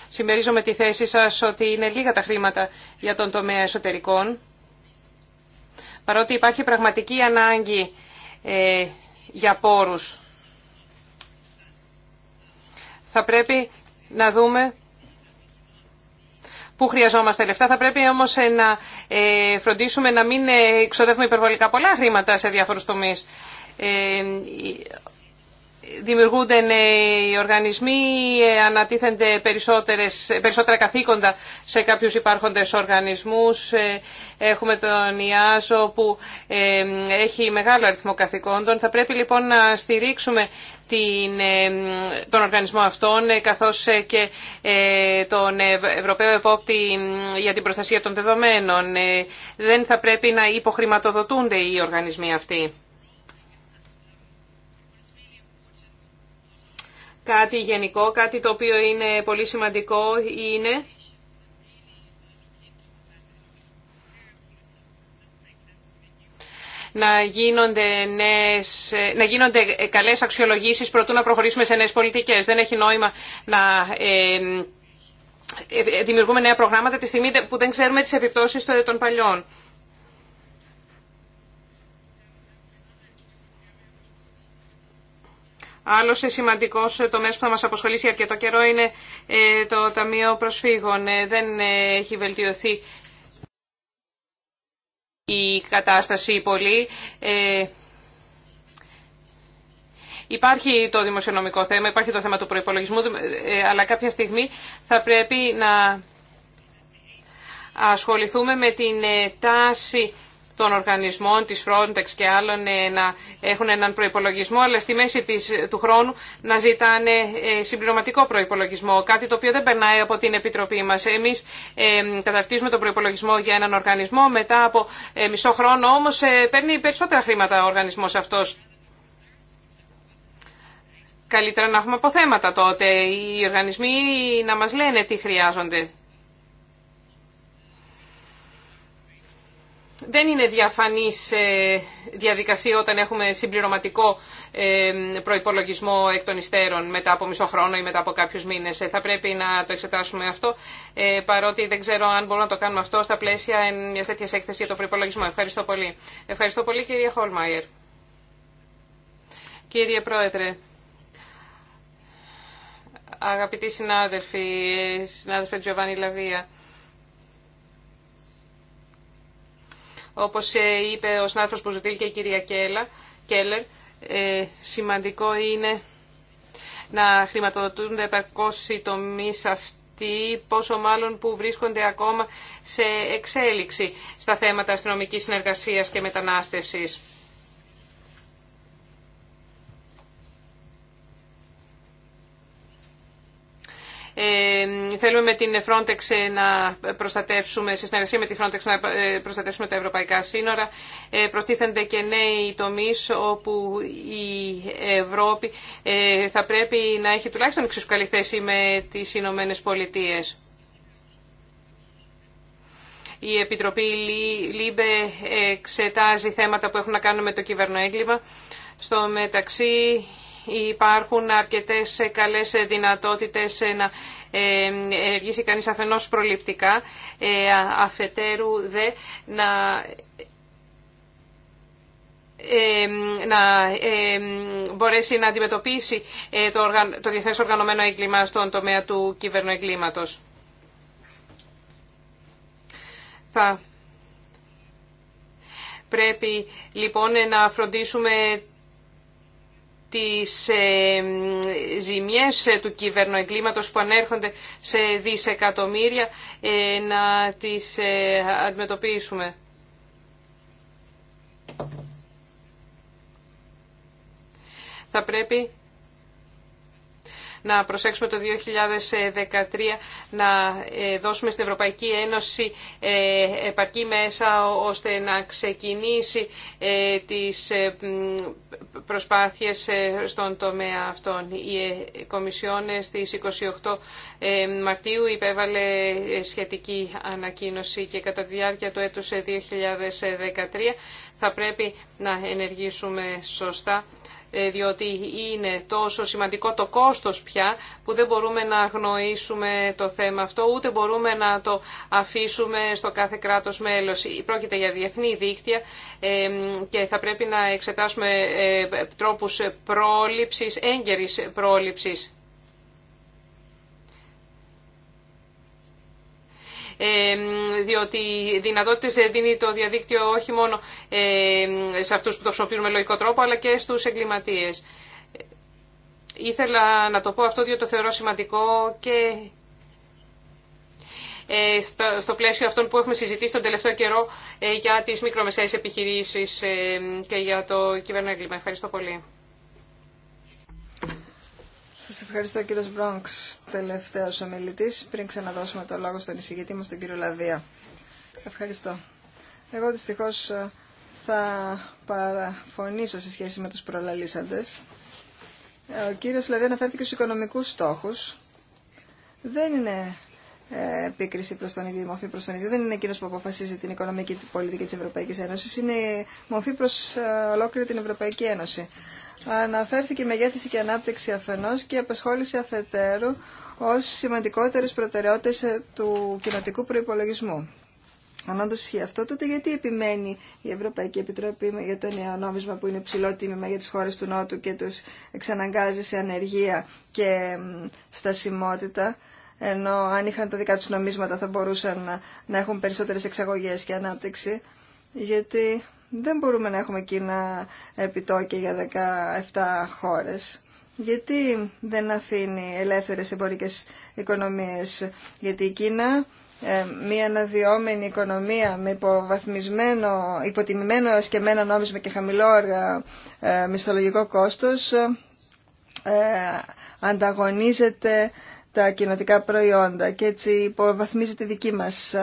συμμερίζομαι τη θέση σας ότι είναι λίγα τα χρήματα για τον τομέα εσωτερικών. Παρότι υπάρχει πραγματική ανάγκη ε, για πόρους. Θα πρέπει να δούμε που χρειαζόμαστε λεφτά. Θα πρέπει όμως ε, να ε, φροντίσουμε να μην ε, ξοδεύουμε υπερβολικά πολλά χρήματα σε διάφορου τομείς δημιουργούνται οι οργανισμοί, ε, ανατίθενται περισσότερες, περισσότερα καθήκοντα σε κάποιους υπάρχοντες οργανισμούς. Ε, έχουμε τον ΙΑΖΟ που ε, έχει μεγάλο αριθμό καθηκόντων. Θα πρέπει λοιπόν να στηρίξουμε τον οργανισμό αυτόν, καθώς και τον Ευρωπαίο Επόπτη για την προστασία των δεδομένων. Δεν θα πρέπει να υποχρηματοδοτούνται οι οργανισμοί αυτοί. Κάτι γενικό, κάτι το οποίο είναι πολύ σημαντικό είναι να γίνονται, νέες, να γίνονται καλές αξιολογήσεις προτού να προχωρήσουμε σε νέες πολιτικές. Δεν έχει νόημα να ε, δημιουργούμε νέα προγράμματα τη στιγμή που δεν ξέρουμε τις επιπτώσεις των παλιών. Άλλο σημαντικό τομέα που θα μα αποσχολήσει αρκετό καιρό είναι ε, το Ταμείο Προσφύγων. Ε, δεν ε, έχει βελτιωθεί η κατάσταση πολύ. Υπάρχει το δημοσιονομικό θέμα, υπάρχει το θέμα του προϋπολογισμού, αλλά κάποια στιγμή θα πρέπει να ασχοληθούμε με την τάση των οργανισμών, της Frontex και άλλων ε, να έχουν έναν προϋπολογισμό, αλλά στη μέση της, του χρόνου να ζητάνε ε, συμπληρωματικό προϋπολογισμό, κάτι το οποίο δεν περνάει από την Επιτροπή μας. Εμείς ε, καταρτίζουμε τον προϋπολογισμό για έναν οργανισμό, μετά από ε, μισό χρόνο όμως ε, παίρνει περισσότερα χρήματα ο οργανισμός αυτός. Καλύτερα να έχουμε αποθέματα τότε. Οι οργανισμοί να μας λένε τι χρειάζονται. δεν είναι διαφανής ε, διαδικασία όταν έχουμε συμπληρωματικό ε, προϋπολογισμό εκ των υστέρων μετά από μισό χρόνο ή μετά από κάποιους μήνες. Ε, θα πρέπει να το εξετάσουμε αυτό, παρότι δεν ξέρω αν μπορούμε να το κάνουμε αυτό στα πλαίσια μιας τέτοιας έκθεση για το προϋπολογισμό. Ευχαριστώ πολύ. Ευχαριστώ πολύ κύριε Χολμάιερ. Κύριε Πρόεδρε, αγαπητοί συνάδελφοι, συνάδελφε Τζοβάνι Λαβία, Όπως ε, είπε ο συνάδελφος Ποζουτήλ και η κυρία Κέλλα, Κέλλερ, ε, σημαντικό είναι να χρηματοδοτούνται επαρκώ οι τομεί αυτοί, πόσο μάλλον που βρίσκονται ακόμα σε εξέλιξη στα θέματα αστυνομική συνεργασίας και μετανάστευση. Ε, θέλουμε με την Frontex ε, να προστατεύσουμε, σε συνεργασία με τη Frontex να ε, προστατεύσουμε τα ευρωπαϊκά σύνορα. προστίθενται και νέοι τομεί όπου η Ευρώπη θα πρέπει να έχει τουλάχιστον εξίσου καλή θέση με τις Ηνωμένε Πολιτείε. Η Επιτροπή ΛΥΜΠΕ εξετάζει θέματα που έχουν να κάνουν με το κυβερνοέγκλημα. Στο μεταξύ, υπάρχουν αρκετές καλές δυνατότητες να ενεργήσει κανείς αφενός προληπτικά, ε, αφετέρου δε να ε, να ε, μπορέσει να αντιμετωπίσει το, οργαν... το διεθνές οργανωμένο έγκλημα στον τομέα του κυβερνοεγκλήματος. Θα πρέπει λοιπόν να φροντίσουμε τις ζημιές ε, του κυβερνοεγκλήματος που ανέρχονται σε δισεκατομμύρια ε, να τις ε, αντιμετωπίσουμε. Θα πρέπει να προσέξουμε το 2013 να ε, δώσουμε στην Ευρωπαϊκή Ένωση ε, επαρκή μέσα ώστε να ξεκινήσει ε, τις προσπάθειες στον τομέα αυτών. Η Κομισιόν στις 28 Μαρτίου υπέβαλε σχετική ανακοίνωση και κατά τη διάρκεια του έτους 2013 θα πρέπει να ενεργήσουμε σωστά ε, διότι είναι τόσο σημαντικό το κόστος πια που δεν μπορούμε να αγνοήσουμε το θέμα αυτό, ούτε μπορούμε να το αφήσουμε στο κάθε κράτος μέλος. Πρόκειται για διεθνή δίκτυα και θα πρέπει να εξετάσουμε ε, τρόπους πρόληψης, έγκαιρης πρόληψης. διότι δυνατότητε δίνει το διαδίκτυο όχι μόνο σε αυτούς που το χρησιμοποιούν με λογικό τρόπο, αλλά και στους εγκληματίες. Ήθελα να το πω αυτό, διότι το θεωρώ σημαντικό και ε, στο πλαίσιο αυτών που έχουμε συζητήσει τον τελευταίο καιρό ε, για τις μικρομεσαίες επιχειρήσεις ε, και για το εγκλήμα. Ευχαριστώ πολύ. Σας ευχαριστώ κύριος Μπρόγκς, τελευταίος ομιλητής, πριν ξαναδώσουμε το λόγο στον εισηγητή μας, τον κύριο Λαβία. Ευχαριστώ. Εγώ δυστυχώς θα παραφωνήσω σε σχέση με τους προλαλήσαντες. Ο κύριος Λαβία αναφέρθηκε στους οικονομικούς στόχους. Δεν είναι ε, επίκριση προς τον ίδιο, μορφή προς τον ίδιο. Δεν είναι εκείνος που αποφασίζει την οικονομική πολιτική της Ευρωπαϊκής Ένωσης. Είναι μορφή προς ε, ολόκληρη την Ευρωπαϊκή Ένωση αναφέρθηκε η μεγέθυνση και ανάπτυξη αφενός και η απασχόληση αφετέρου ως σημαντικότερες προτεραιότητες ε, του κοινοτικού προϋπολογισμού. Αν όντω ισχύει αυτό, τότε γιατί επιμένει η Ευρωπαϊκή Επιτροπή για το νέο νόμισμα που είναι υψηλό τίμημα για τι χώρε του Νότου και του εξαναγκάζει σε ανεργία και στασιμότητα, ενώ αν είχαν τα δικά του νομίσματα θα μπορούσαν να, να έχουν περισσότερε εξαγωγέ και ανάπτυξη. Γιατί δεν μπορούμε να έχουμε κοινά επιτόκια για 17 χώρες. Γιατί δεν αφήνει ελεύθερες εμπορικές οικονομίες. Γιατί η Κίνα, ε, μια αναδυόμενη οικονομία με υποβαθμισμένο, υποτιμημένο ασκεμένα νόμισμα και χαμηλό ε, μισθολογικό κόστος, ε, ανταγωνίζεται τα κοινοτικά προϊόντα και έτσι υποβαθμίζεται η δική μας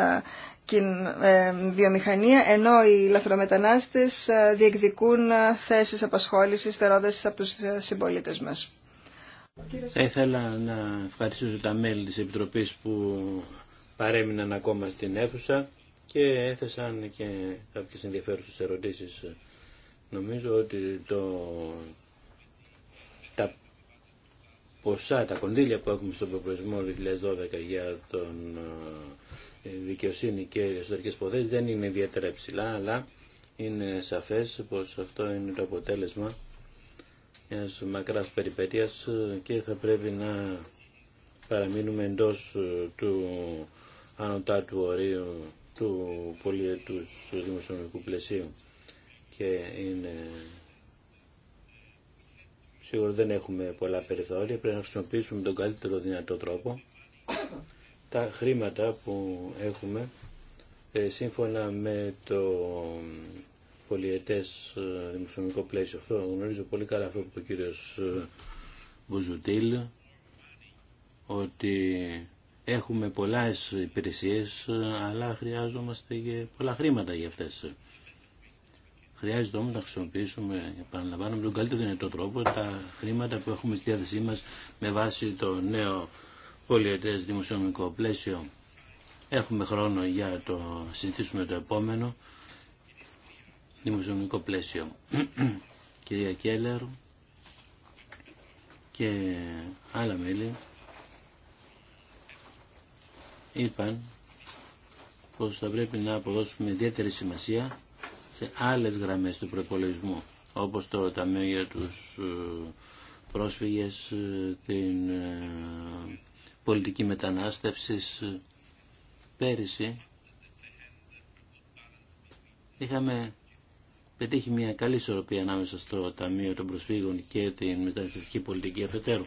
ε, βιομηχανία, ενώ οι λαθρομετανάστες ε, διεκδικούν ε, θέσεις απασχόλησης θερώντας από τους συμπολίτε μας. Θα ήθελα να ευχαριστήσω τα μέλη της Επιτροπής που παρέμειναν ακόμα στην αίθουσα και έθεσαν και κάποιες ενδιαφέρουσες ερωτήσεις. Νομίζω ότι το... τα ποσά, τα κονδύλια που έχουμε στον προπολογισμό 2012 για τον δικαιοσύνη και εσωτερικές ποδές δεν είναι ιδιαίτερα υψηλά, αλλά είναι σαφές πως αυτό είναι το αποτέλεσμα μιας μακράς περιπέτεια και θα πρέπει να παραμείνουμε εντός του του ορίου του πολιετούς δημοσιονομικού πλαισίου και είναι σίγουρα δεν έχουμε πολλά περιθώρια πρέπει να χρησιμοποιήσουμε τον καλύτερο δυνατό τρόπο [coughs] τα χρήματα που έχουμε ε, σύμφωνα με το πολιετές ε, δημοσιονομικό πλαίσιο αυτό γνωρίζω πολύ καλά αυτό που ο κύριος ε, Μπουζουτήλ ότι έχουμε πολλές υπηρεσίες αλλά χρειάζομαστε και πολλά χρήματα για αυτές. Χρειάζεται όμως να χρησιμοποιήσουμε, επαναλαμβάνω, με τον καλύτερο δυνατό τρόπο τα χρήματα που έχουμε στη διάθεσή μας με βάση το νέο πολιετές δημοσιονομικό πλαίσιο. Έχουμε χρόνο για το συνθήσουμε το επόμενο δημοσιονομικό πλαίσιο. [clears throat] Κυρία Κέλλερ και άλλα μέλη είπαν πως θα πρέπει να αποδώσουμε ιδιαίτερη σημασία σε άλλες γραμμές του προπολογισμού όπως το Ταμείο για τους ε, πρόσφυγες, ε, την ε, πολιτική μετανάστευσης πέρυσι είχαμε πετύχει μια καλή ισορροπία ανάμεσα στο Ταμείο των Προσφύγων και την μεταναστευτική πολιτική αφετέρου.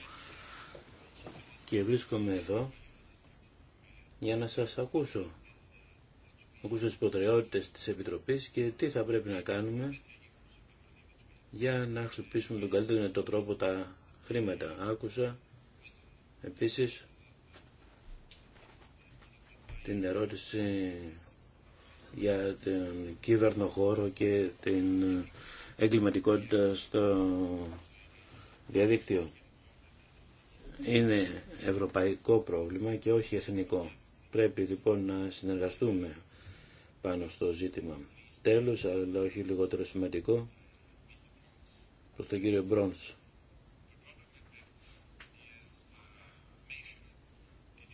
Και βρίσκομαι εδώ για να σας ακούσω. Ακούσω τις προτεραιότητες της Επιτροπής και τι θα πρέπει να κάνουμε για να χρησιμοποιήσουμε τον καλύτερο τον τρόπο τα χρήματα. Άκουσα επίσης την ερώτηση για τον κύβερνο χώρο και την εγκληματικότητα στο διαδίκτυο. Είναι ευρωπαϊκό πρόβλημα και όχι εθνικό. Πρέπει λοιπόν να συνεργαστούμε πάνω στο ζήτημα. Τέλος, αλλά όχι λιγότερο σημαντικό, προς τον κύριο Μπρόνς.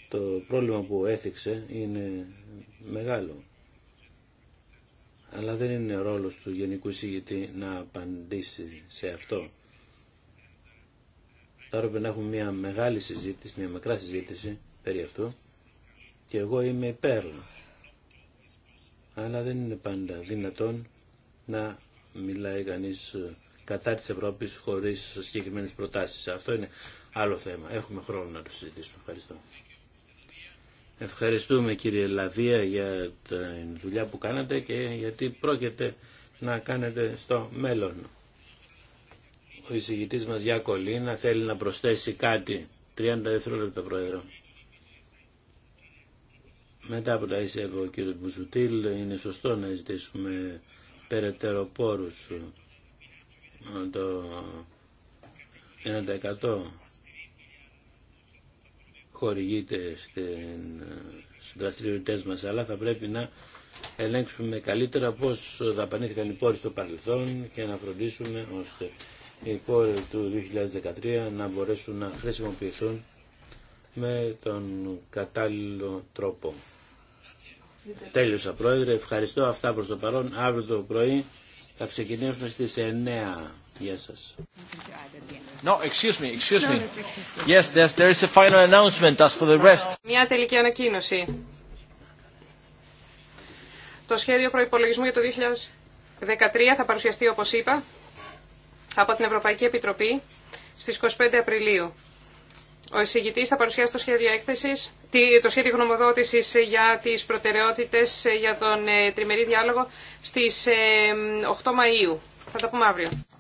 Το πρόβλημα που έθιξε είναι μεγάλο. Αλλά δεν είναι ρόλος του Γενικού Εισηγητή να απαντήσει σε αυτό. Θα έπρεπε να έχουμε μια μεγάλη συζήτηση, μια μακρά συζήτηση περί αυτού και εγώ είμαι υπέρ. Αλλά δεν είναι πάντα δυνατόν να μιλάει κανείς κατά της Ευρώπης χωρίς συγκεκριμένες προτάσεις. Αυτό είναι άλλο θέμα. Έχουμε χρόνο να το συζητήσουμε. Ευχαριστώ. Ευχαριστούμε κύριε Λαβία για τη δουλειά που κάνατε και γιατί πρόκειται να κάνετε στο μέλλον. Ο εισηγητής μας για Κολίνα θέλει να προσθέσει κάτι. 30 δευτερόλεπτα πρόεδρο. Μετά από τα ίσια εγώ, κύριο Μπουζουτήλ είναι σωστό να ζητήσουμε περαιτέρω πόρους. Το 1% χορηγείται στους δραστηριότητες μας, αλλά θα πρέπει να ελέγξουμε καλύτερα πώς δαπανήθηκαν οι πόροι στο παρελθόν και να φροντίσουμε ώστε οι πόροι του 2013 να μπορέσουν να χρησιμοποιηθούν με τον κατάλληλο τρόπο. Τέλειωσα πρόεδρε, ευχαριστώ αυτά προς το παρόν. Αύριο το πρωί θα ξεκινήσουμε στις 9 μια τελική ανακοίνωση. Το σχέδιο προϋπολογισμού για το 2013 θα παρουσιαστεί, όπως είπα, από την Ευρωπαϊκή Επιτροπή στις 25 Απριλίου. Ο εισηγητή θα παρουσιάσει το σχέδιο έκθεση, το σχέδιο γνωμοδότηση για τι προτεραιότητε για τον ε, τριμερή διάλογο στι 8 ε, Μαου. Θα τα πούμε αύριο.